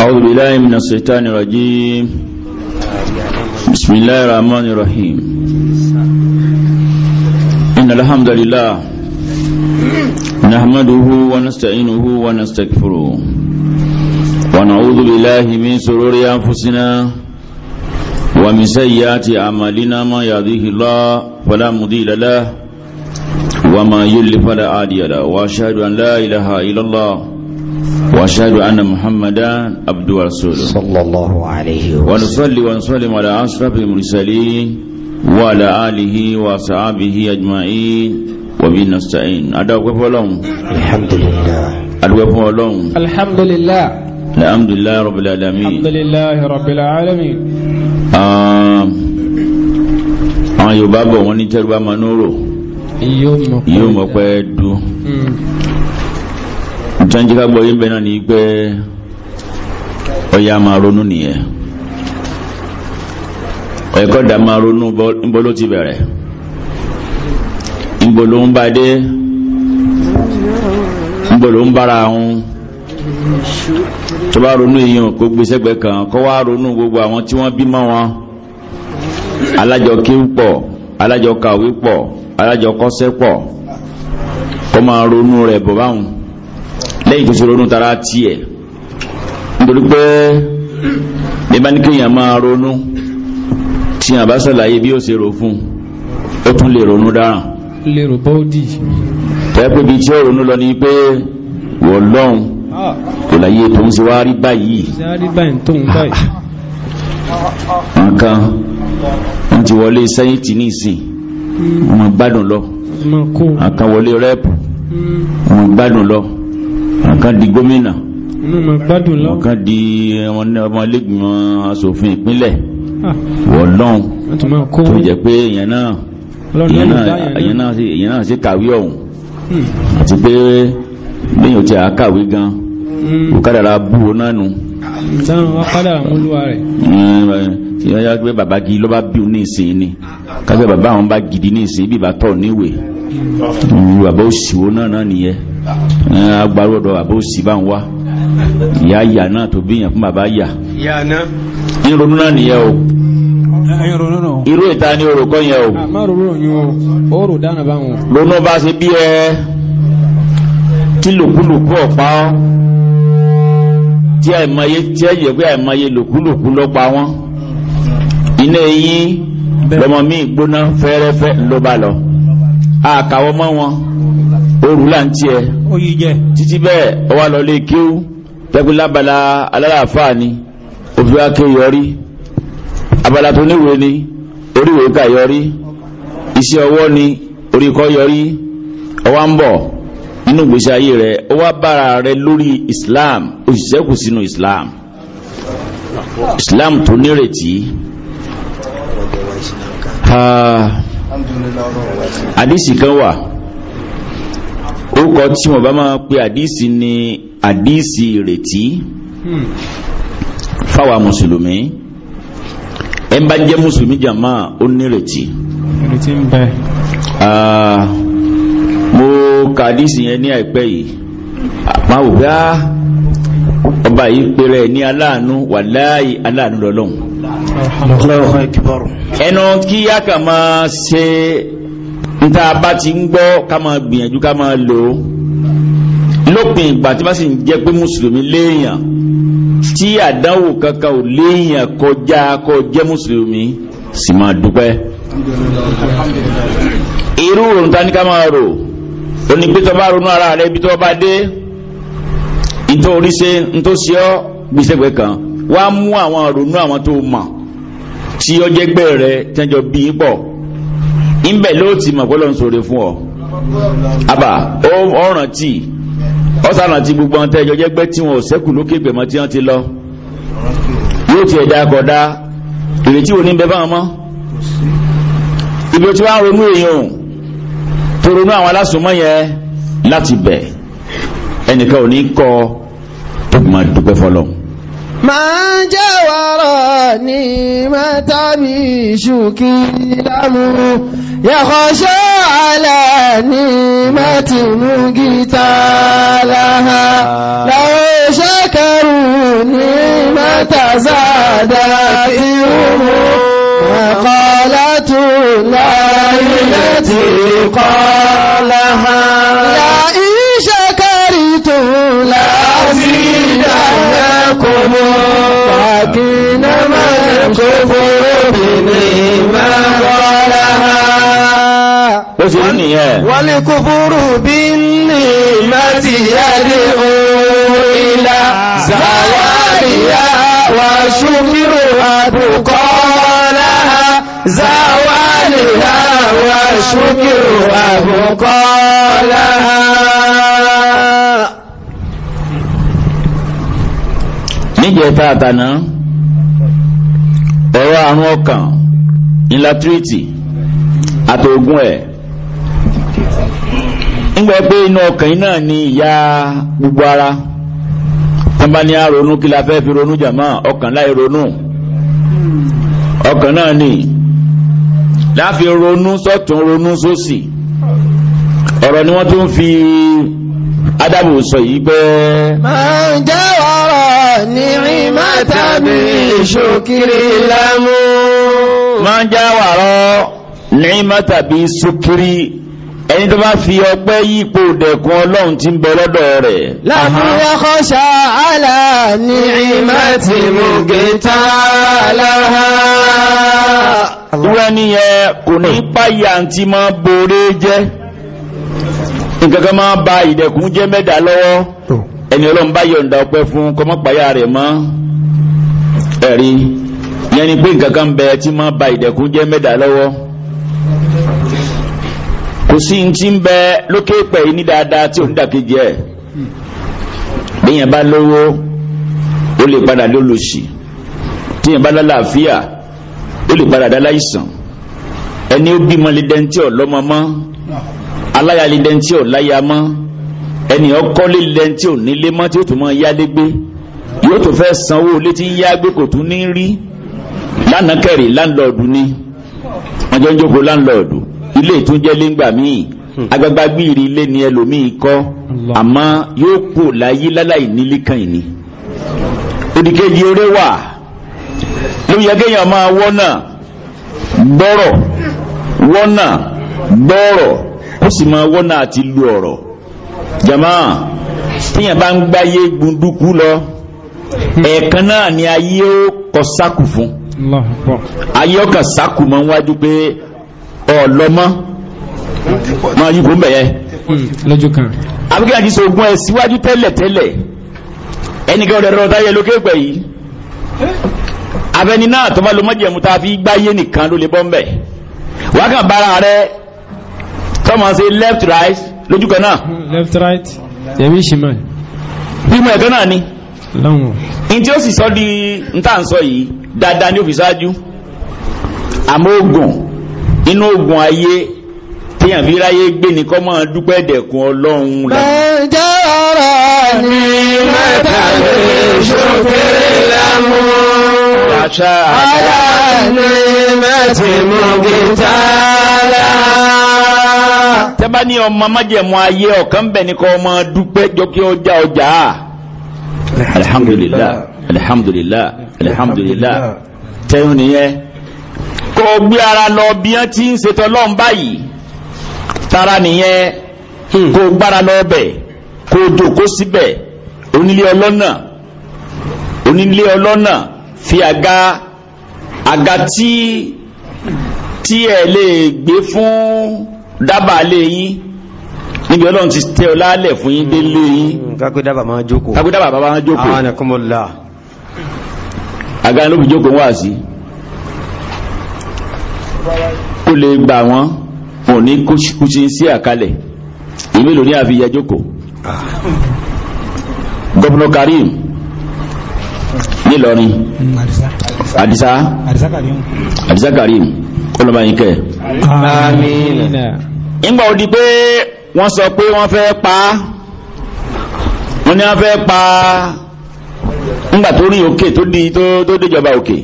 أعوذ بالله من الشيطان الرجيم بسم الله الرحمن الرحيم إن الحمد لله نحمده ونستعينه ونستغفره ونعوذ بالله من سرور أنفسنا ومن سيئات أعمالنا ما يهديه الله فلا مضل له وما يضلل فلا هادي له وأشهد أن لا إله إلا الله وأشهد أن محمدا عبد ورسوله صلى الله عليه وسلم ونصلي ونسلم على أشرف المرسلين وعلى آله وصحابه أجمعين وبه نستعين أدعوك فلهم الحمد لله أدعوك فلهم الحمد لله الحمد لله رب العالمين الحمد لله رب العالمين àwọn yorùbá bọ̀ wọ́n ní tẹ́rù يوم máa nóró yóò mọ̀ tí wọ́n jẹ́ ká gbọ́ yín bẹ́ẹ̀ náà ni pé ọ̀yà máa ronú nìyẹn ẹ̀kọ́ dà máa ronú níbo ló ti bẹ̀rẹ̀ níbo ló ń bá dé níbo ló ń bára àwọn tó bá ronú èèyàn kó gbé sẹ́gbẹ̀ẹ́ kan kó wá ronú gbogbo àwọn tí wọ́n bí mọ́ wọn alájọ kéwú pọ̀ alájọ kàwé pọ̀ alájọ kọ́ṣẹ́ pọ̀ kó máa ronú rẹ̀ bọ̀ báwọn lẹ́yìn tó ṣe ronú tara tiẹ̀ nítorí pé bí bá ní kéèyàn máa ronú tí a bá ṣàlàyé bí ó ṣe rò fún ó tún lè ronú dáràn. lérò bọ́ọ̀dì. tẹ́ pé bí tí ó ronú lọ ni pé wọ́n ah. kò láyé tó ń ṣe wá rí báyìí. Ah. nǹkan ń ti wọlé sẹ́yìn tì ní ìsìn wọn gbádùn lọ nǹkan wọlé rẹ́pù wọn hmm. gbádùn lọ ọ̀kan di gómìnà ọ̀kan di eh, ọmọlẹ́gbìmọ̀ asòfin ìpínlẹ̀ ah. wọ̀lọ́n tó jẹ́ pé èèyàn náà èèyàn náà sì kàwé ọ̀hún hmm. àti pé lẹ́yìn ò ti àkàwé gan òkàdàrà hmm. búrò náà nù táwọn wá padà múlùwà rẹ̀. tí wọ́n yá gbé bàbá gidi ló bá bí òun ní ìsìn ni kágbé bàbá àwọn bá gidi ní ìsìn bí bàtọ̀ níwèé bàbá òsìwò náà náà nìyẹn agbárò ọ̀dọ̀ bàbá òsì bá ń wá ìyá yà náà tó bíyàn fún bàbá yà ìrònú náà nìyẹn o irú ìta ni orúkọ yẹn o lónà bá ṣe bí ẹ tí lòkúlòkú ọ̀pá ọ́ tí àìmọye tí ẹ̀yẹ̀ pé àìmọye lòkúlòkú ló pa wọ́n iná eyín lọmọ mi gbóná fẹ́rẹ́fẹ́ ló bá lọ àkàwọ́ mọ́ wọn òru là ń tiẹ̀ títí bẹ́ẹ̀ ọwá lọ lé kíú tẹ́kùn lábala alálàáfáà ni òfin wa yọrí abala tó níwèé ni oríwèé kà yọrí iṣẹ́ ọwọ́ ni orí kọ́ yọrí ọwá ń bọ̀ nínú ìgbésí ayé rẹ ó wá bára rẹ lórí Islam ó sì sínú Islam Islam tó nírètí àdìsí kan wà orúkọ tí wọ́n bá máa pe àdìsí ni àdìsí ìrètí fáwa mùsùlùmí ẹ bá jẹ́ mùsùlùmí jàmáà ó nírètí. ìrètí ń bẹ kàdísì yẹn ní àìpẹ́ yìí àmọ́ òbí á ọba yìí pèrè ní aláàánú wàláhì aláàánú lọ́lọ́hun ẹnu kí a kà máa ṣe níta bá ti ń gbọ́ ká máa gbìyànjú ká máa lò ó lópin ìgbà tí wọ́n sì ń jẹ́ pé mùsùlùmí léèyàn tí àdánwò kankan ò léèyàn kọjá kó jẹ́ mùsùlùmí sì máa dúpẹ́ irú òǹtaníkà máa rò. onígbètò bá ronú ara rẹ ibi tó bá dé ìtò ntò sí ọ gbèsègbè kan wá mú àwọn ronú àwọn tó ma tí rẹ tẹjọ bí pọ ńbẹ ti mọ̀ pé ló ń fún ọ àbà ó rántí ó sàrántí gbogbo àwọn tẹjọ jẹgbẹ tí wọn ò ti lọ yóò ti ẹ̀dá kọ̀dá ìrètí wo ibi tí wọn ronú toronú àwọn alásùnmọ́ yẹn láti bẹ̀ ẹnìkan ò ní kọ́ tó fi dúpẹ́ fọlọ́. máa jẹ́ wàrà ní mẹ́tàbí ṣùkì lámúrú yàtọ̀ ṣọ́ àlẹ́ ní mẹ́tìmú gíta láha láwọn ṣẹ́kẹ̀rù ní mẹ́tàzádà ìrùmọ́. قالت لا التي قالها لئن شكرت لأزيدنكم لكن من كفر بنعمة والكفر بالنعمة يدعو إلى زوالها وشكر أبقاها زوالها والشكر أبقالها níjẹta àtàná ọ̀rọ̀ àrùn ọkàn ìlàtíríìtì àtògùn ẹ̀ nígbà pé inú ọkàn iná ni ìyá gbogbo ara tán bá ní a kí la fẹ́ fi ronú jàmá ọkàn láì ronú ọkàn náà ni láàfin ronú sọ́tún ronú sósì ọ̀rọ̀ ni wọ́n tún fi adábò sọ yìí pé máa jẹ́ jẹ́ ọ̀rọ̀ ní mátà bí ẹni tó bá fi ọpẹ́ yípo dẹ̀kun ọlọ́run tí ń bẹ lọ́dọ̀ rẹ̀ láàmúyá kọ́ṣà àlà ní rí mú gẹ̀ẹ́ta lára wúrẹ́ níyẹn kò ní hmm. páyà tí máa boré jẹ́ nǹkankan máa ba ìdẹ̀kùn jẹ́ mẹ́ta lọ́wọ́ hmm. ẹni ọlọ́run bá yọ̀ǹda ọpẹ́ fún kọ́mọ́páyà rẹ̀ mọ́ ẹ̀rí yẹn ni pé nǹkankan bẹ tí máa ba ìdẹ̀kùn jẹ́ mẹ́ta lọ́wọ́ kò sí ti ń bẹ lókè pẹ̀ ní dáadáa tí onídàkejì ẹ̀ bíyẹn bá lówó ó lè padà lólùsì tíyẹn bá lálàáfíà lè padà dá láìsàn ẹni ó bímọ lè dẹ́ntì ọ̀lọ́mọ mọ́ aláya lè dẹ́ntì ọ̀láya mọ́ ẹni ọkọ́ lè dẹ́ntì ònílé mọ́ tí ó tún mọ́ yálé gbé yóò tó fẹ́ sanwó létí yá gbé kò tún ní rí lánàá kẹrì láńlọ́ọ̀dù ni wọ́n jọ ń jókòó láńlọ́ọ̀dù ilé ìtúnjẹ́ léńgbà míì hmm. agbagba gbìrì ilé ni ẹlòmíì kọ́ àmọ́ yóò kú láyé láláì nílé kan ìní. òdìkejì eré wà ló yẹ kéèyàn máa wọ́nà gbọ́rọ̀ wọ́nà gbọ́rọ̀ ó sì máa wọ́nà àti lu ọ̀rọ̀ jama téèyàn bá ń gbáyé gbunduku lọ ẹ̀ẹ̀kan náà ni ayé ó kọ sákù fún ayé ó kà sákù mọ́ wájú pé ọlọ́mọ́ máa yípo ń bẹ̀yẹ hmm, lójú kan àbíkẹ́ àti sògùn ẹ̀ síwájú tẹ́lẹ̀ abẹni náà tó bá lo mọ́jẹ̀mú tá a fi gbáyé nìkan ló lè bọ́ mbẹ̀ wákàn bára rẹ tọ́mọ sí left right lójú kan náà. left right yẹmi ṣìmọ̀. bímọ ẹ̀tọ́ náà ni. lọ́wọ́. n tí ó sì sọ di n tá à ń sọ yìí dáadáa ní òfin ṣáájú àmọ́ oògùn inú oògùn ayé téèyàn fi ráyé gbé ni kọ́ máa dúpẹ́ dẹ̀kun ọlọ́run la. bẹ́ẹ̀ ọ̀rọ̀ mi mẹ́ta lè ṣòfin lámú tẹ́bá ní ọmọ májẹ̀mú ayé ọ̀kan bẹ̀ ní kọ́ ọmọ dúpẹ́ jọ kí ọjà ọjà alhamdulillah alhamdulillah alhamdulillah tẹ́hùn nìyẹn kò gbé ara lọ bí wọ́n ti ń ṣètò ọlọ́run báyìí tara nìyẹn hmm. kò gbára lọ bẹ̀ kò jòkó síbẹ̀ onílé ọlọ́nà onílé ọlọ́nà fi àga àga tí tí ẹ lè gbé fún dábàá lé yín níbi ọlọ́run ti tẹ́ ọ lálẹ̀ fún yín délé yín hmm, kápẹ́ dábàá máa jókòó kápẹ́ dábàá máa jókòó àwọn ẹ̀kọ́mọ́lá àga ló fi jókòó wá sí kó lè gbà wọ́n wọn ní kúṣí sí àkálẹ̀ èmi lóní àfi yẹ jókòó ah. gọ́vùnà Karim nílọrin àdìsá àdìsá karim ọlọ́mọ yìí kẹ́ nígbà ó di pé wọ́n sọ pé wọ́n fẹ́ pa wọ́n ní wọ́n fẹ́ pa nígbà tó rí òkè tó di tó déjọba òkè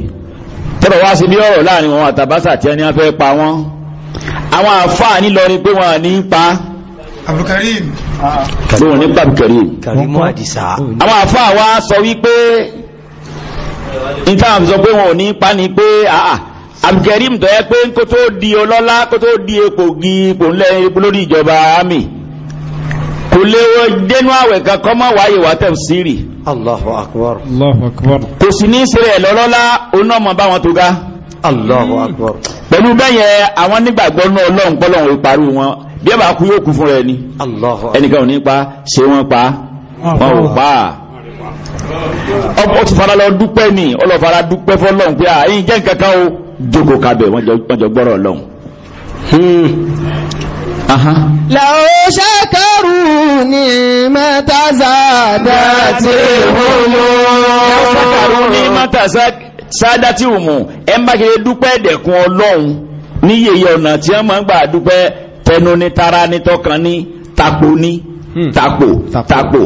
tọ́rọ̀ wá sí bí ọ̀rọ̀ láàrin wọn àtàbásà tí ẹni wọ́n fẹ́ pa wọ́n àwọn àfáà nílọrin pé wọ́n ní pa abdulkarim lóhun ní abdulkarim àwọn àfáà wá sọ wípé ní táwọn sọ pé wọn ò ní pa ni pé àà abdulkarim tó yẹ pé kó tó di ọlọ́lá kó tó di epo gi ipò ńlẹ̀ epo lórí ìjọba àmì kò lè wọ dénú àwẹ̀ kan kọ́ mọ́ wáyé wà tẹ̀ sírì. Allahu akbar. Allahu akbar. kò sì ní sèrè lọ́lọ́lá oná ọmọ bá wọn tó ga. Allahu akbar. pẹ̀lú bẹ́yẹ àwọn nígbàgbọ́ náà ọlọ́run pọ́lọ́run ìparí wọn bí ẹ bá kú yóò kú fún rẹ ni. Allahu akbar. ẹnìkan pa ṣé wọ́n pa wọn ò pa ó ti fara lọ dúpẹ́ ní ọlọ́fara dúpẹ́ fọ́lọ́hun pé àyín jẹ́ nǹkan kan ó jókòó kabẹ̀ wọ́n jọ gbọ́rọ̀ lọ́hun hmm. làwọn ṣàkàrù ní mẹ́tàzà dàtí ìhùmù ṣàkàrù ní mẹ́tàzà dàtí ìhùmù ẹ má kéré dúpẹ́ ẹ̀dẹ̀kun ọlọ́hun ní yèyé ọ̀nà tí wọ́n máa ń gbà dúpẹ́ tẹnu ní tara ní tọkàn ní tako ní tapo tapo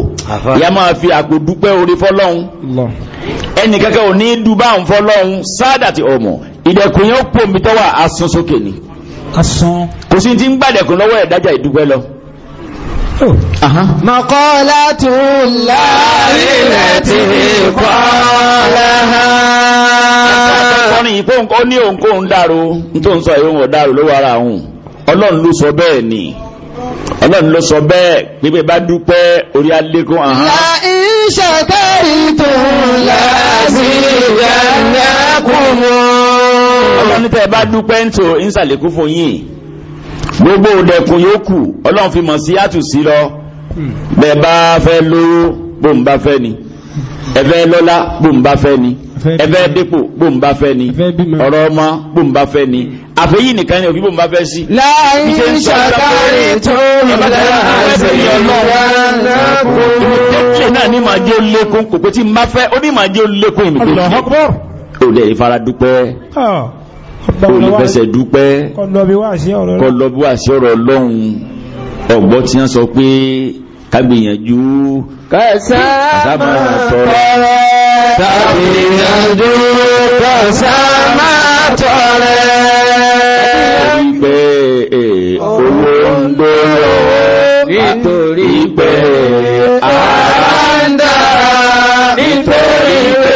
Ya máa fi àpò dúpẹ́ orí fọ́lọ́hun ẹnì kẹ́kẹ́ ò ní dubá ń fọ́lọ́hun sáàdà ti ọmọ ìdẹ̀kùn yẹn pò mí tọ́wọ́ asán sókè ni kò sí ti ń gbàdẹ̀kùn lọ́wọ́ ẹ̀dájà ìdúpẹ́ lọ. Oh. tó ti kọ́ lẹ́hà. ní dàrú nítorí sọ ìwọ̀n dàrú lówó ọlọ́run ló sọ bẹ́ẹ̀ pípẹ́ bá dúpẹ́ orí alékún àhán. la ìṣẹ̀kẹ́ ìtò láti ìyànnákùn mọ́. ọlọ́run tẹ́ bá dúpẹ́ ń tò ń sàlékún fún yín gbogbo òdẹ̀kùn yòókù ọlọ́run fi mọ̀ sí àtúnṣí lọ hmm. bẹ́ẹ̀ bá fẹ́ lówó bóun bá fẹ́ ni ẹfẹ́ lọ́lá bóńbá fẹ́ ni ẹfẹ́ dépò bóńbá fẹ́ ni ọ̀rọ̀ ọmọ bóńbá fẹ́ ni àfẹ́yí nìkan ni òbí bóńbá fẹ́ sí. láàyè ṣàkárì tó lọ́dà àṣeyọ lọ́wọ́ ìmọ̀tẹ́tẹ̀ náà ní màá jẹ́ lékún kò tí má fẹ́ ó ní màá jẹ́ lékún ìmọ̀tẹ́tẹ̀ ó lè fara dúpẹ́ dúpẹ́ kọlọ́bí wà sí ọ̀rọ̀ ọlọ́run ọ̀gbọ́ tí sọ pé kágbìyànjú kásámà tọrọ kágbìyànjú kásámà tọrọ wípé owó ń gbòòrò nítorí pé àáńdà nítorí pé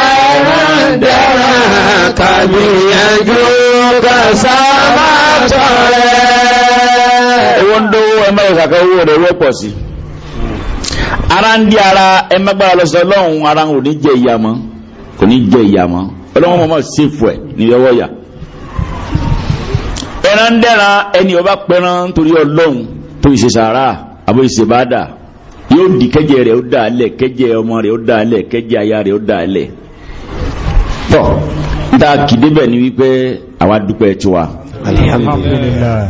ẹ̀rọ̀ǹdà kágbìyànjú kásámà owó ń dówó ẹ má lọ sàkà owó rẹ̀ wẹ́ pọ̀ sí ara ń di ara ẹ má gbára lọ sọ lọ́hùn ara ò ní jẹ ìyà mọ́ kò ní jẹ ìyà mọ́ ọlọ́wọ́n mọ̀ sí fò ẹ̀ níyọwọ́ yà ẹran dẹ́ran ẹni ọba pẹran nítorí ọlọ́hun tó ìṣe sàárà àbó ìṣe bá dà yóò di kẹjẹ rẹ̀ ó dà á lẹ̀ kẹjẹ ọmọ rẹ̀ ó dà á lẹ̀ kẹjẹ aya rẹ̀ ó dà á lẹ̀ tọ́ nta kìdébẹ̀ ni wípé àwa dúpẹ́ tiwa. alihamdulilayi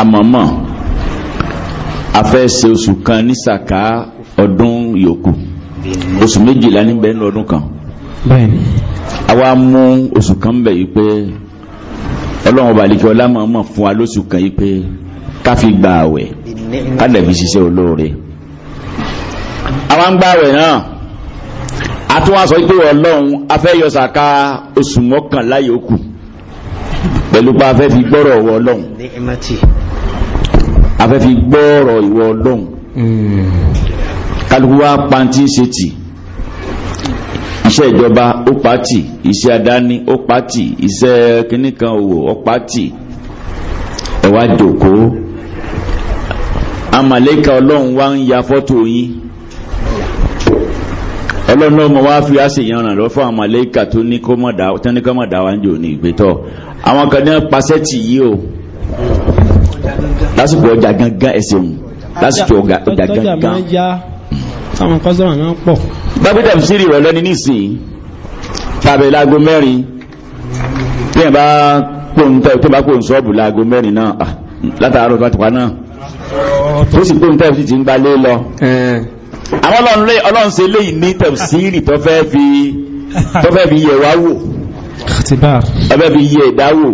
àmọ́mọ́ afẹ́ṣe oṣù kan ní sàká ọdún yòókù oṣù méjìlá níbẹ̀ ní ọdún kan àwa mú oṣù kan bẹ̀ yìí pé ọlọ́run ọba àlekẹ́ ọlámọ̀ọ́mọ̀ fún wa lóṣù kan yìí pé ká fi gba àwẹ̀ ká dẹ̀ fi ṣiṣẹ́ olóore àwọn gbà àwẹ̀ náà a tún wá sọ pé ọlọ́run afẹ́yọ oṣù mọ́kànlá yòókù. pẹ̀lú pa afẹ́ fi gbọ́rọ̀ ọwọ́ ọlọ́run afẹ́ fi gbọ́rọ̀ ìwọ ọlọ́run kálukú wa pantí ṣe tì iṣẹ́ ìjọba ó pàtì iṣẹ́ àdáni ó pàtì iṣẹ́ kìnnìkan ó pàtì ọlọ́run wá ń ya fọ́tò yín ọlọ́run fi ràn lọ́fọ́ tó ní àwọn kan ní pasẹ́tì yìí o lásìkò ọjà gangan ẹ̀sìn òun lásìkò ọjà gangan. táwọn kọ́sọ́mà náà pọ̀. bábítà sírì rẹ̀ lọ́ni nísìnyí tàbí láago mẹ́rin tí ẹ̀ bá pòǹtẹ̀ tó bá pòǹ sọ́ọ̀bù láago mẹ́rin náà látàárọ̀ fatiwa náà tó sì pòǹtẹ̀ sì ti ń gbalé lọ. àwọn ọlọ́run ṣe léyìn ní tẹ̀síìrì tó fẹ́ fi yẹ̀ wá wò ẹbẹ́ bí yẹ ìdáwò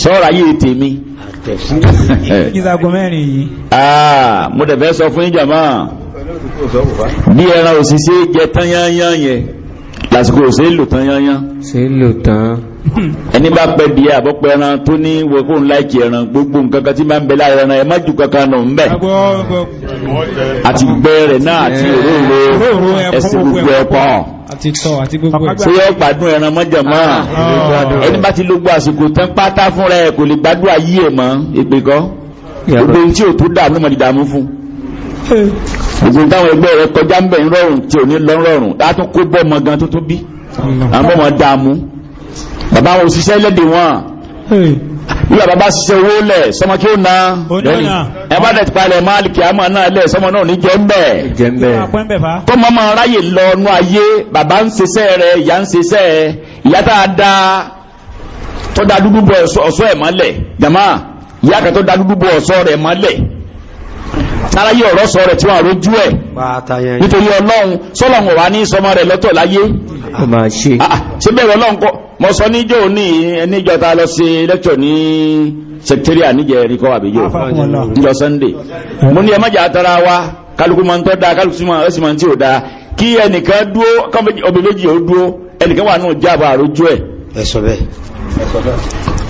sọ́ọ̀rọ̀ ayé tèmi ah, mo dẹ̀ fẹ́ sọ fún ìjàmá bí ẹran òṣìṣẹ́ jẹ tán yányán yẹn lásìkò òṣèlò tán ẹni bá pẹ di àbọ̀pẹ̀ ẹran tó ní wọ́kùn láìkì ẹran gbogbo nǹkan kan tí máa ń bẹ láàrin ẹran ẹ má jù kankan nù ńbẹ. àti gbẹrẹ náà àti òróró ẹsẹ gbogbo ẹ pọ̀. ṣé yọ gbádùn ẹran mọ́jọ̀ mọ́ ẹni bá ti lógbó àsìkò tán pátá fúnra ẹ kò lè gbádùn ayé ẹ mọ́ èpè kọ́ gbogbo ohun tí ò tó dààmú mọ̀ dìdààmú fún ògùn táwọn ẹgbẹ́ rẹ kọjá ń bẹ̀ ń rọrùn tí ò ní lọ rọrùn látún kó bọ́ ọmọ gan tó tó bí àwọn ọmọ dààmú bàbá wọn òṣìṣẹ́ lẹ́dẹ̀ wọn nígbà bàbá ṣiṣẹ́ owó lẹ̀ sọmọ kí ó na ẹbá dẹ̀ palẹ̀ máàlìkì àmà náà lẹ̀ sọmọ náà ní jẹ́ńbẹ̀ kọ́ mọ́ máa ráyè lọ ọnú ayé bàbá ń ṣiṣẹ́ rẹ̀ ìyá ń ṣiṣẹ́ ìyá tá a da tó da dúdú bọ ọ̀ṣọ́ ẹ̀ mọ́lẹ̀ jàmá ìyá kan tó da dúdú bọ ọ̀ṣọ́ rẹ̀ mọ́lẹ̀ sáráyé ọ̀rọ̀ sọ rẹ̀ tí wọ́n àrójú ẹ̀ nítorí ọlọ́run sọ́lọ́run wà ní sọmọ rẹ̀ lọ́tọ̀ láyé ó máa ṣe ah, ah, ṣe bẹ̀rẹ̀ ọlọ́nkọ́ mọ́ sọ níjọ́ ní ẹníjọta lọ sí lẹ́kṣọ̀ ní sẹkítẹ́rìà níjẹ̀ ríkọ́ àbíjọ́ níjọ sunday mo ní ẹmọ́jà atara wa kálukú máa ń tọ́ da kálukú sí máa ń sìmọ̀ tí ò da kí ẹnìkan dúó ọbẹ̀ méjì ó dúó ẹnìkan wà náà jábọ̀ àrójú ẹ̀ ẹ̀sọ̀ bẹ́ẹ̀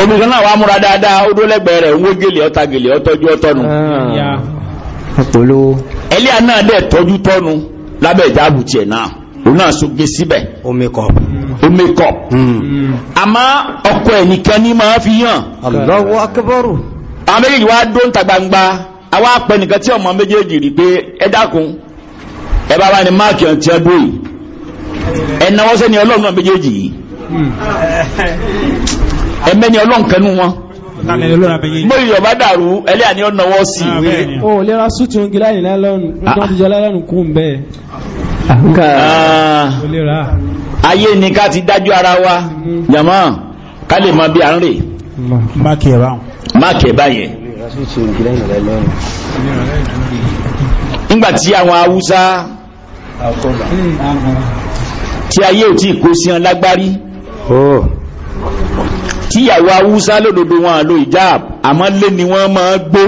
obìnrin náà wà múra dáadáa ó dúó lẹ́gbẹ̀ẹ́ rẹ̀ ń gèlè ọta gèlè ọtọ́jú ọtọ́nu ah. ẹlẹ́à náà dẹ̀ tọ́jú tọ́nu lábẹ́ ìjáàbù tiẹ̀ náà òun náà soge síbẹ̀ ó ama àmá ọkọ̀ ẹ̀nìkan ní máa fi yàn Allahu Akbar àwọn méjèèjì wá dó ń ta gbangba àwọn apẹ nìkan tí ọmọ méjèèjì rí pé ẹ dákun ẹ bá wà ní máàkì ọ̀tí ọdún yìí ẹ náwó sẹ́ni méjèèjì yìí ẹ mẹ́ni ọlọ́run kanú wọn bóyí ọba dàrú ẹlẹ́à ni ọ náwó sí i. o lè ra sútù ah, ah. ń gíláyìn lálọ́nù ń tọ́ Ah. ayé ni ká ti dájú ara wa jàmọ́ ká lè mọ bí à ń rè máàkì ẹ̀bá yẹn nígbàtí àwọn haúsá tí ayé ò tí kó sí ọ lágbárí oh. tí ìyàwó haúsá lódodo wọn àlò ìjáàb àmọ́ ilé ni wọ́n máa gbé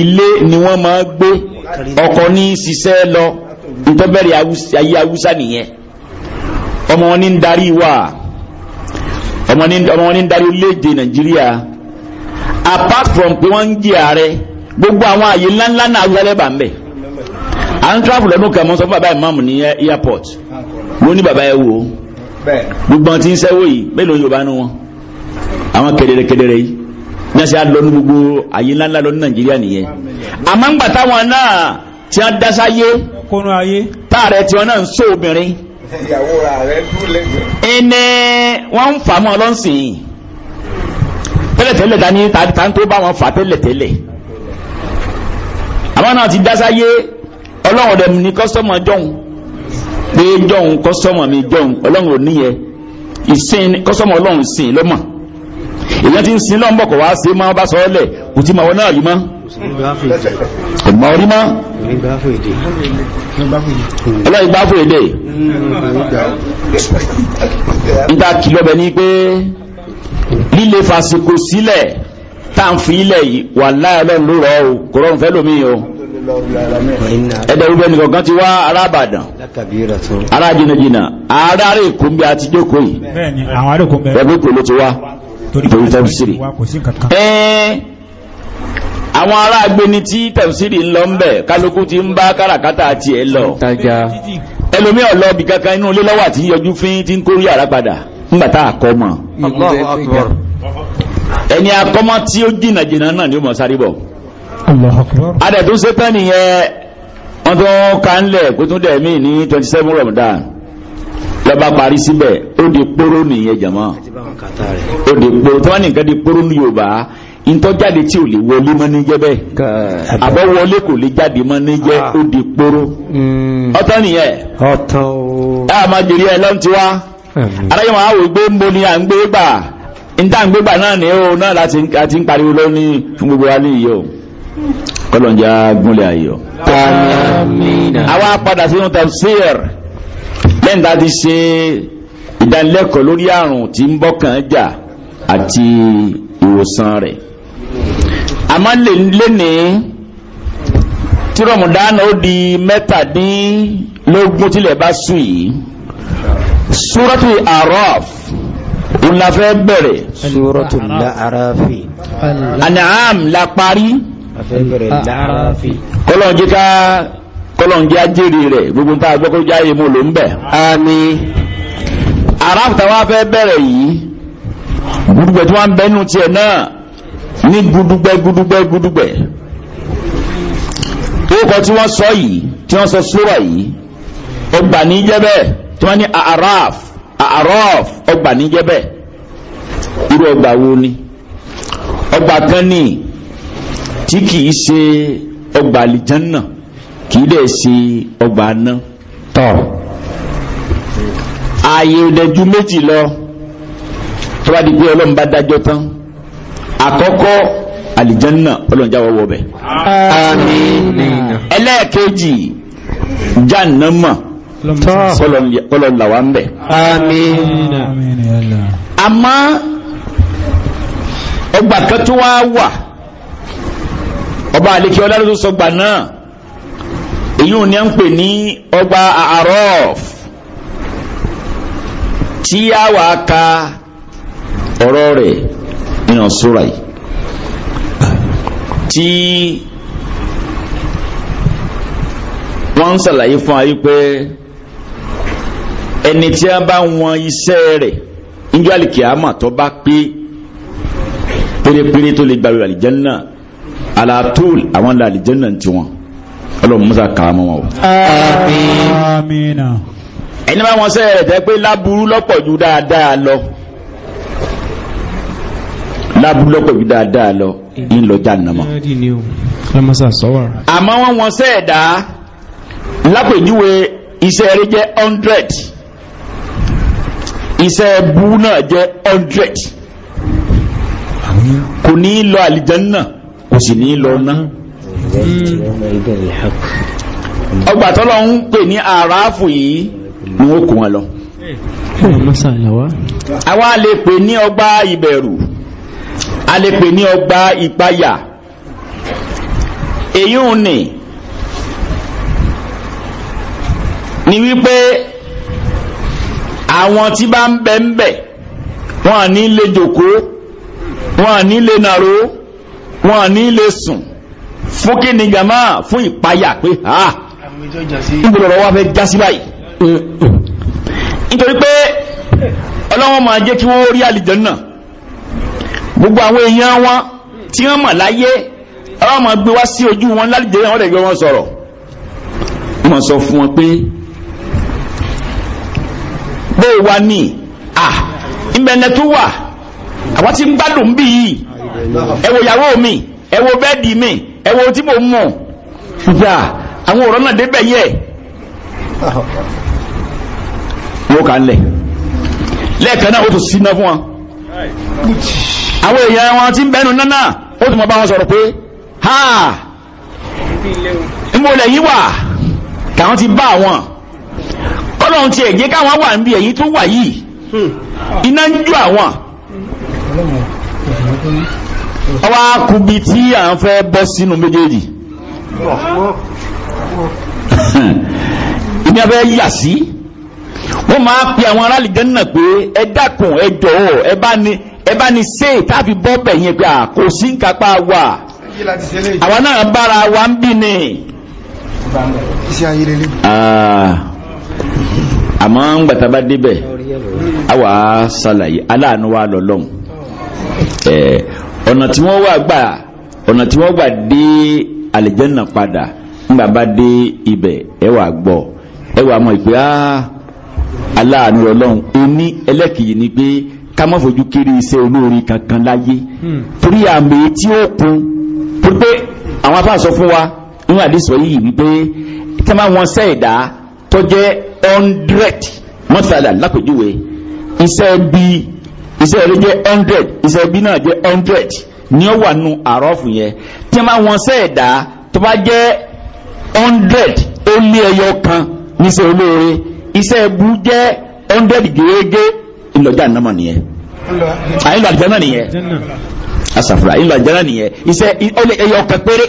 ilé ni wọ́n máa gbé ọkọ ní ṣiṣẹ́ lọ ntọ́bẹ̀rẹ̀ ayé haúsá nìyẹn ọmọ wọn ní ń darí wa ọmọ wọn ní ń darí orílẹ̀-èdè nàìjíríà apart from pé wọ́n ń jẹ ààrẹ gbogbo àwọn àyè ńláńlá náà haúsá lẹ́bà ń bẹ̀ à ń travel lọ́dún kan mọ́ sọ fún bàbá ìmáàmù ní airport wọ́n ní bàbá ẹ wò ó gbogbo wọn ti ń sẹ́wọ́ yìí mélòó yorùbá nu wọn àwọn kedere kedere yìí ní ẹsẹ̀ àlọ́nu gbogbo àyè ńláńlá lọ nàìjíríà nìyẹn àmọ́ ń gbà táwọn náà ti á dásáyé kónú ayé táàrẹ tí wọn náà ń sọ obìnrin ẹni wọ́n ń fà mọ́ ọlọ́sìn tẹ́lẹ̀tẹ́lẹ̀ dání tàbí tó bá wọn fà tẹ́lẹ̀tẹ́lẹ̀ àwọn náà ti dásáyé ọlọ́run ọ̀dẹ̀ ní kọ́sọ́mọ̀ jọ̀hún pé jọ̀hún kọ́sọ́mọ̀ mi jọ̀hún ọlọ́run ò níyẹ ìsìn kọ́sọ́mọ̀ ọlọ́run sìn lọ́mọ̀ èèyàn ti ń sin lọ́mọ̀ kọ̀ wá sí máa bá sọ ọ́ lẹ̀ kò tí máa wọ náà rí mọ́ ẹ̀gbọ́n orí mọ́ ọlọ́yìn gbáfò èdè nígbà kìlọ́bẹ̀ ní pé líle fàsìkò sílẹ̀ táàfin ilẹ̀ yìí wà láàrín ló rọ o kò rọrùn fẹ́ lómi o ẹ̀dẹ̀ rúbẹ̀ nìkan kan ti wá arábàdàn ará jìnnàjìnnà ará rẹ̀ kò ń bí àti jókòó yìí ẹgbẹ́ kò ló ti wá àwọn ará agbeni tí tẹ̀síìrì ń lọ ń bẹ̀ kálukú ti ń bá káràkátà àti ẹ̀ lọ ẹlòmí ọ̀lọ́ bí kankan inú ilé lọ́wọ́ àti yọjú fín tí ń kórí àrá padà ńgbà tá a kọ́ mọ̀ ẹni akọ́mọ́ tí ó jìnà jìnà náà ni ó mọ̀ sáré bọ̀ adẹ̀tún sétán nìyẹn wọ́n tó ká ń lẹ̀ kó tún dẹ̀ ní twenty seven Ramadan lọ́ba parí síbẹ̀ ó di poro nìyẹn jàmọ́ ó di poro tí wọ́n ní nǹkan di poro ní Yorùbá ntọ́jáde tí ò lè wọlé mọ́ ní jẹ́ bẹ́ẹ̀ àbọ̀ wọlé kò lè jáde mọ́ ní jẹ́ ah. ó di poro mm. ọ̀tọ̀ nìyẹn ọ̀tọ̀ o ẹ àmọ́ jèrè ẹ lọ́n ti wá aráyé wọn àwọn ìgbé ń bo ni à ń gbé gbà níta ń gbé gbà náà ni ó náà láti ń pariwo lọ ní fún gbogbo wa ní ìyẹn o kọlọ̀njà gúnlẹ̀ ayọ̀ àwa padà sínú tafsir lẹ́yìn tá a ti ṣe ìdánilẹ́kọ̀ọ́ lórí àrùn tí ń bọ́kàn jà àti ìwòsàn rẹ̀ àmọ́ lè léni tí rọmùdánù ó di mẹ́tàdínlógún tilẹ̀ bá sùn yìí súrọ́tù araf ìlàfẹ́ bẹ̀rẹ̀ súrọ́tù láàráfì àníhàm la parí kọlọ̀njẹ́ ká kọlọ̀njẹ́ ajẹ́rì rẹ̀ gbogbo ta gbọ́kọ́já yìí mú ló ń bẹ̀ àmín àrọ́f tàwọn afẹ́ bẹ̀rẹ̀ yìí gbogbo tí wọ́n ń bẹ́nu tiẹ̀ náà ní gudugbẹ gudugbẹ gudugbẹ orúkọ tí wọ́n sọ yìí tí wọ́n sọ súrà yìí ọgbà níjẹ́ bẹ́ẹ̀ tí wọ́n ní àràf àràf ọgbà níjẹ́ bẹ́ẹ̀ irú ọgbà wo ni ọgbà kan ní tí kìí ṣe ọgbà àlìjánná kìí dẹ̀ ṣe ọgbà aná tọ̀ ààyè òdẹ̀jú méjì lọ tó bá di pé ọlọ́run bá dájọ́ tán àkọ́kọ́ àlìjánná ọlọ́njáwọ́ wọ bẹ̀. àmín. ẹlẹ́ẹ̀kejì jahannama kọlọ̀làwà ń bẹ̀. àmín. àmọ́ ọgbà kan tó wá wà ọba àlekí ọlọ́run tó sọgbà náà èyí ò ní à ń pè ní ọgbà àárọ̀f tí a wà ka ọ̀rọ̀ rẹ̀ nínú súra yìí tí wọ́n ń ṣàlàyé fún wa wípé ẹni tí a bá wọn iṣẹ́ rẹ̀ níjọ́ àlìkìyàmà tó bá pé pérépéré tó lè gbàlú àlìjẹ́nà aláàtúl àwọn ilẹ̀ àlìjẹ́nà tí wọ́n ọlọ́run musa kàá wọn. ẹni bá wọn sẹ́yẹ̀ rẹ̀ jẹ́ pé láburú lọ́pọ̀ ju dáadáa lọ lábúlọ́pọ̀ bí dáadáa lọ ń lọ jàǹnàmọ́. àmọ́ wọn wọn sẹ́ẹ̀dá lápèjúwe iṣẹ́ eré jẹ́ hundred iṣẹ́ bú náà jẹ́ hundred kò ní lọ àlìjánná kò sì ní lọ ná. ọgbà tọ́lọ́ ń pè ní àràáfù yìí ni wọ́n kó wọn lọ. àwa lè pè ní ọgbà ìbẹ̀rù a lè pè ní ọgbà ìpayà èyí ò ní ni wípé àwọn tí bá ń bẹ ń bẹ wọn à ní lè jòkó wọn à ní lè nàró wọn à ní lè sùn fún kí gàmá fún ìpayà pé ha níbo lọ́rọ̀ wá fẹ́ já sí báyìí nítorí pé ọlọ́wọ́n máa jẹ́ kí wọ́n rí àlìjẹ́ náà gbogbo àwọn èèyàn wọn tí wọ́n mọ̀ láyé ọlọ́run máa gbé wá sí ojú wọn lálejò wọn lè gbé wọn sọ̀rọ̀ wọ́n máa sọ fún wọn pé bóò wá ní à ìmẹ̀lẹ̀ tó wà àwọn tí ń gbádùn ń bì yìí ẹ wo ìyàwó mi ẹ wo bẹ́ẹ̀dì mi ẹ wo tí mo mọ̀ ìyá àwọn ọ̀rọ̀ náà débẹ̀ yẹ wọ́n kà ń lẹ̀ lẹ́ẹ̀kan náà ó tún sí iná fún wọn àwọn èèyàn wọn ti ń bẹnu náà ó ti mọ bá wọn sọ̀rọ̀ pé ha ìmọ̀lẹ̀ yìí wà káwọn ti bá wọn kọ́lọ́hún ti ẹ̀jẹ̀ káwọn wà níbi èyí tó wà yìí iná ń jó àwọn ọwọ́ akubi tí à ń fẹ́ bọ́ sínú méjèèjì ìní abẹ́ yà sí wọ́n máa pe àwọn aráàlú jẹ́ nínà pé ẹ dákun ẹ jọ̀ọ́ ẹ bá ní ẹbá ni ṣe tàbí bọ́bẹ̀ yẹn pé kò sí nkápá wa àwọn náà bára wa ń bí ni àmọ́ ń gbàtà bá débẹ̀ àwa ṣàlàyé aláàánú wa lọ́lọ́hun ọ̀nà tí wọ́n wà gbà ọ̀nà tí wọ́n gbà dé bá dé ibẹ̀ ẹ wà gbọ́ ẹ ká má fojú kiri iṣẹ́ olóore kankan láyé hmm. torí àmì tí ó kun torí pé àwọn afá fún wa nínú àdìsọ yìí wípé tí wọ́n wọn sẹ́ ẹ̀dá tó jẹ́ hundred mọ́tàlá lápèjúwe iṣẹ́ bí iṣẹ́ rẹ jẹ́ hundred iṣẹ́ bí náà jẹ́ hundred ní ó wà nù àrọ́fù yẹn tí wọ́n wọn sẹ́ ẹ̀dá tó bá jẹ́ hundred ó lé ẹyọ kan níṣẹ́ olóore iṣẹ́ bú jẹ́ hundred gẹ́gẹ́ ìlọjà nàmọ nìyẹn àyìn lọ àjẹmọ nìyẹn asàfùrà àyìn lọ àjẹmọ nìyẹn iṣẹ́ ẹyọ kan péré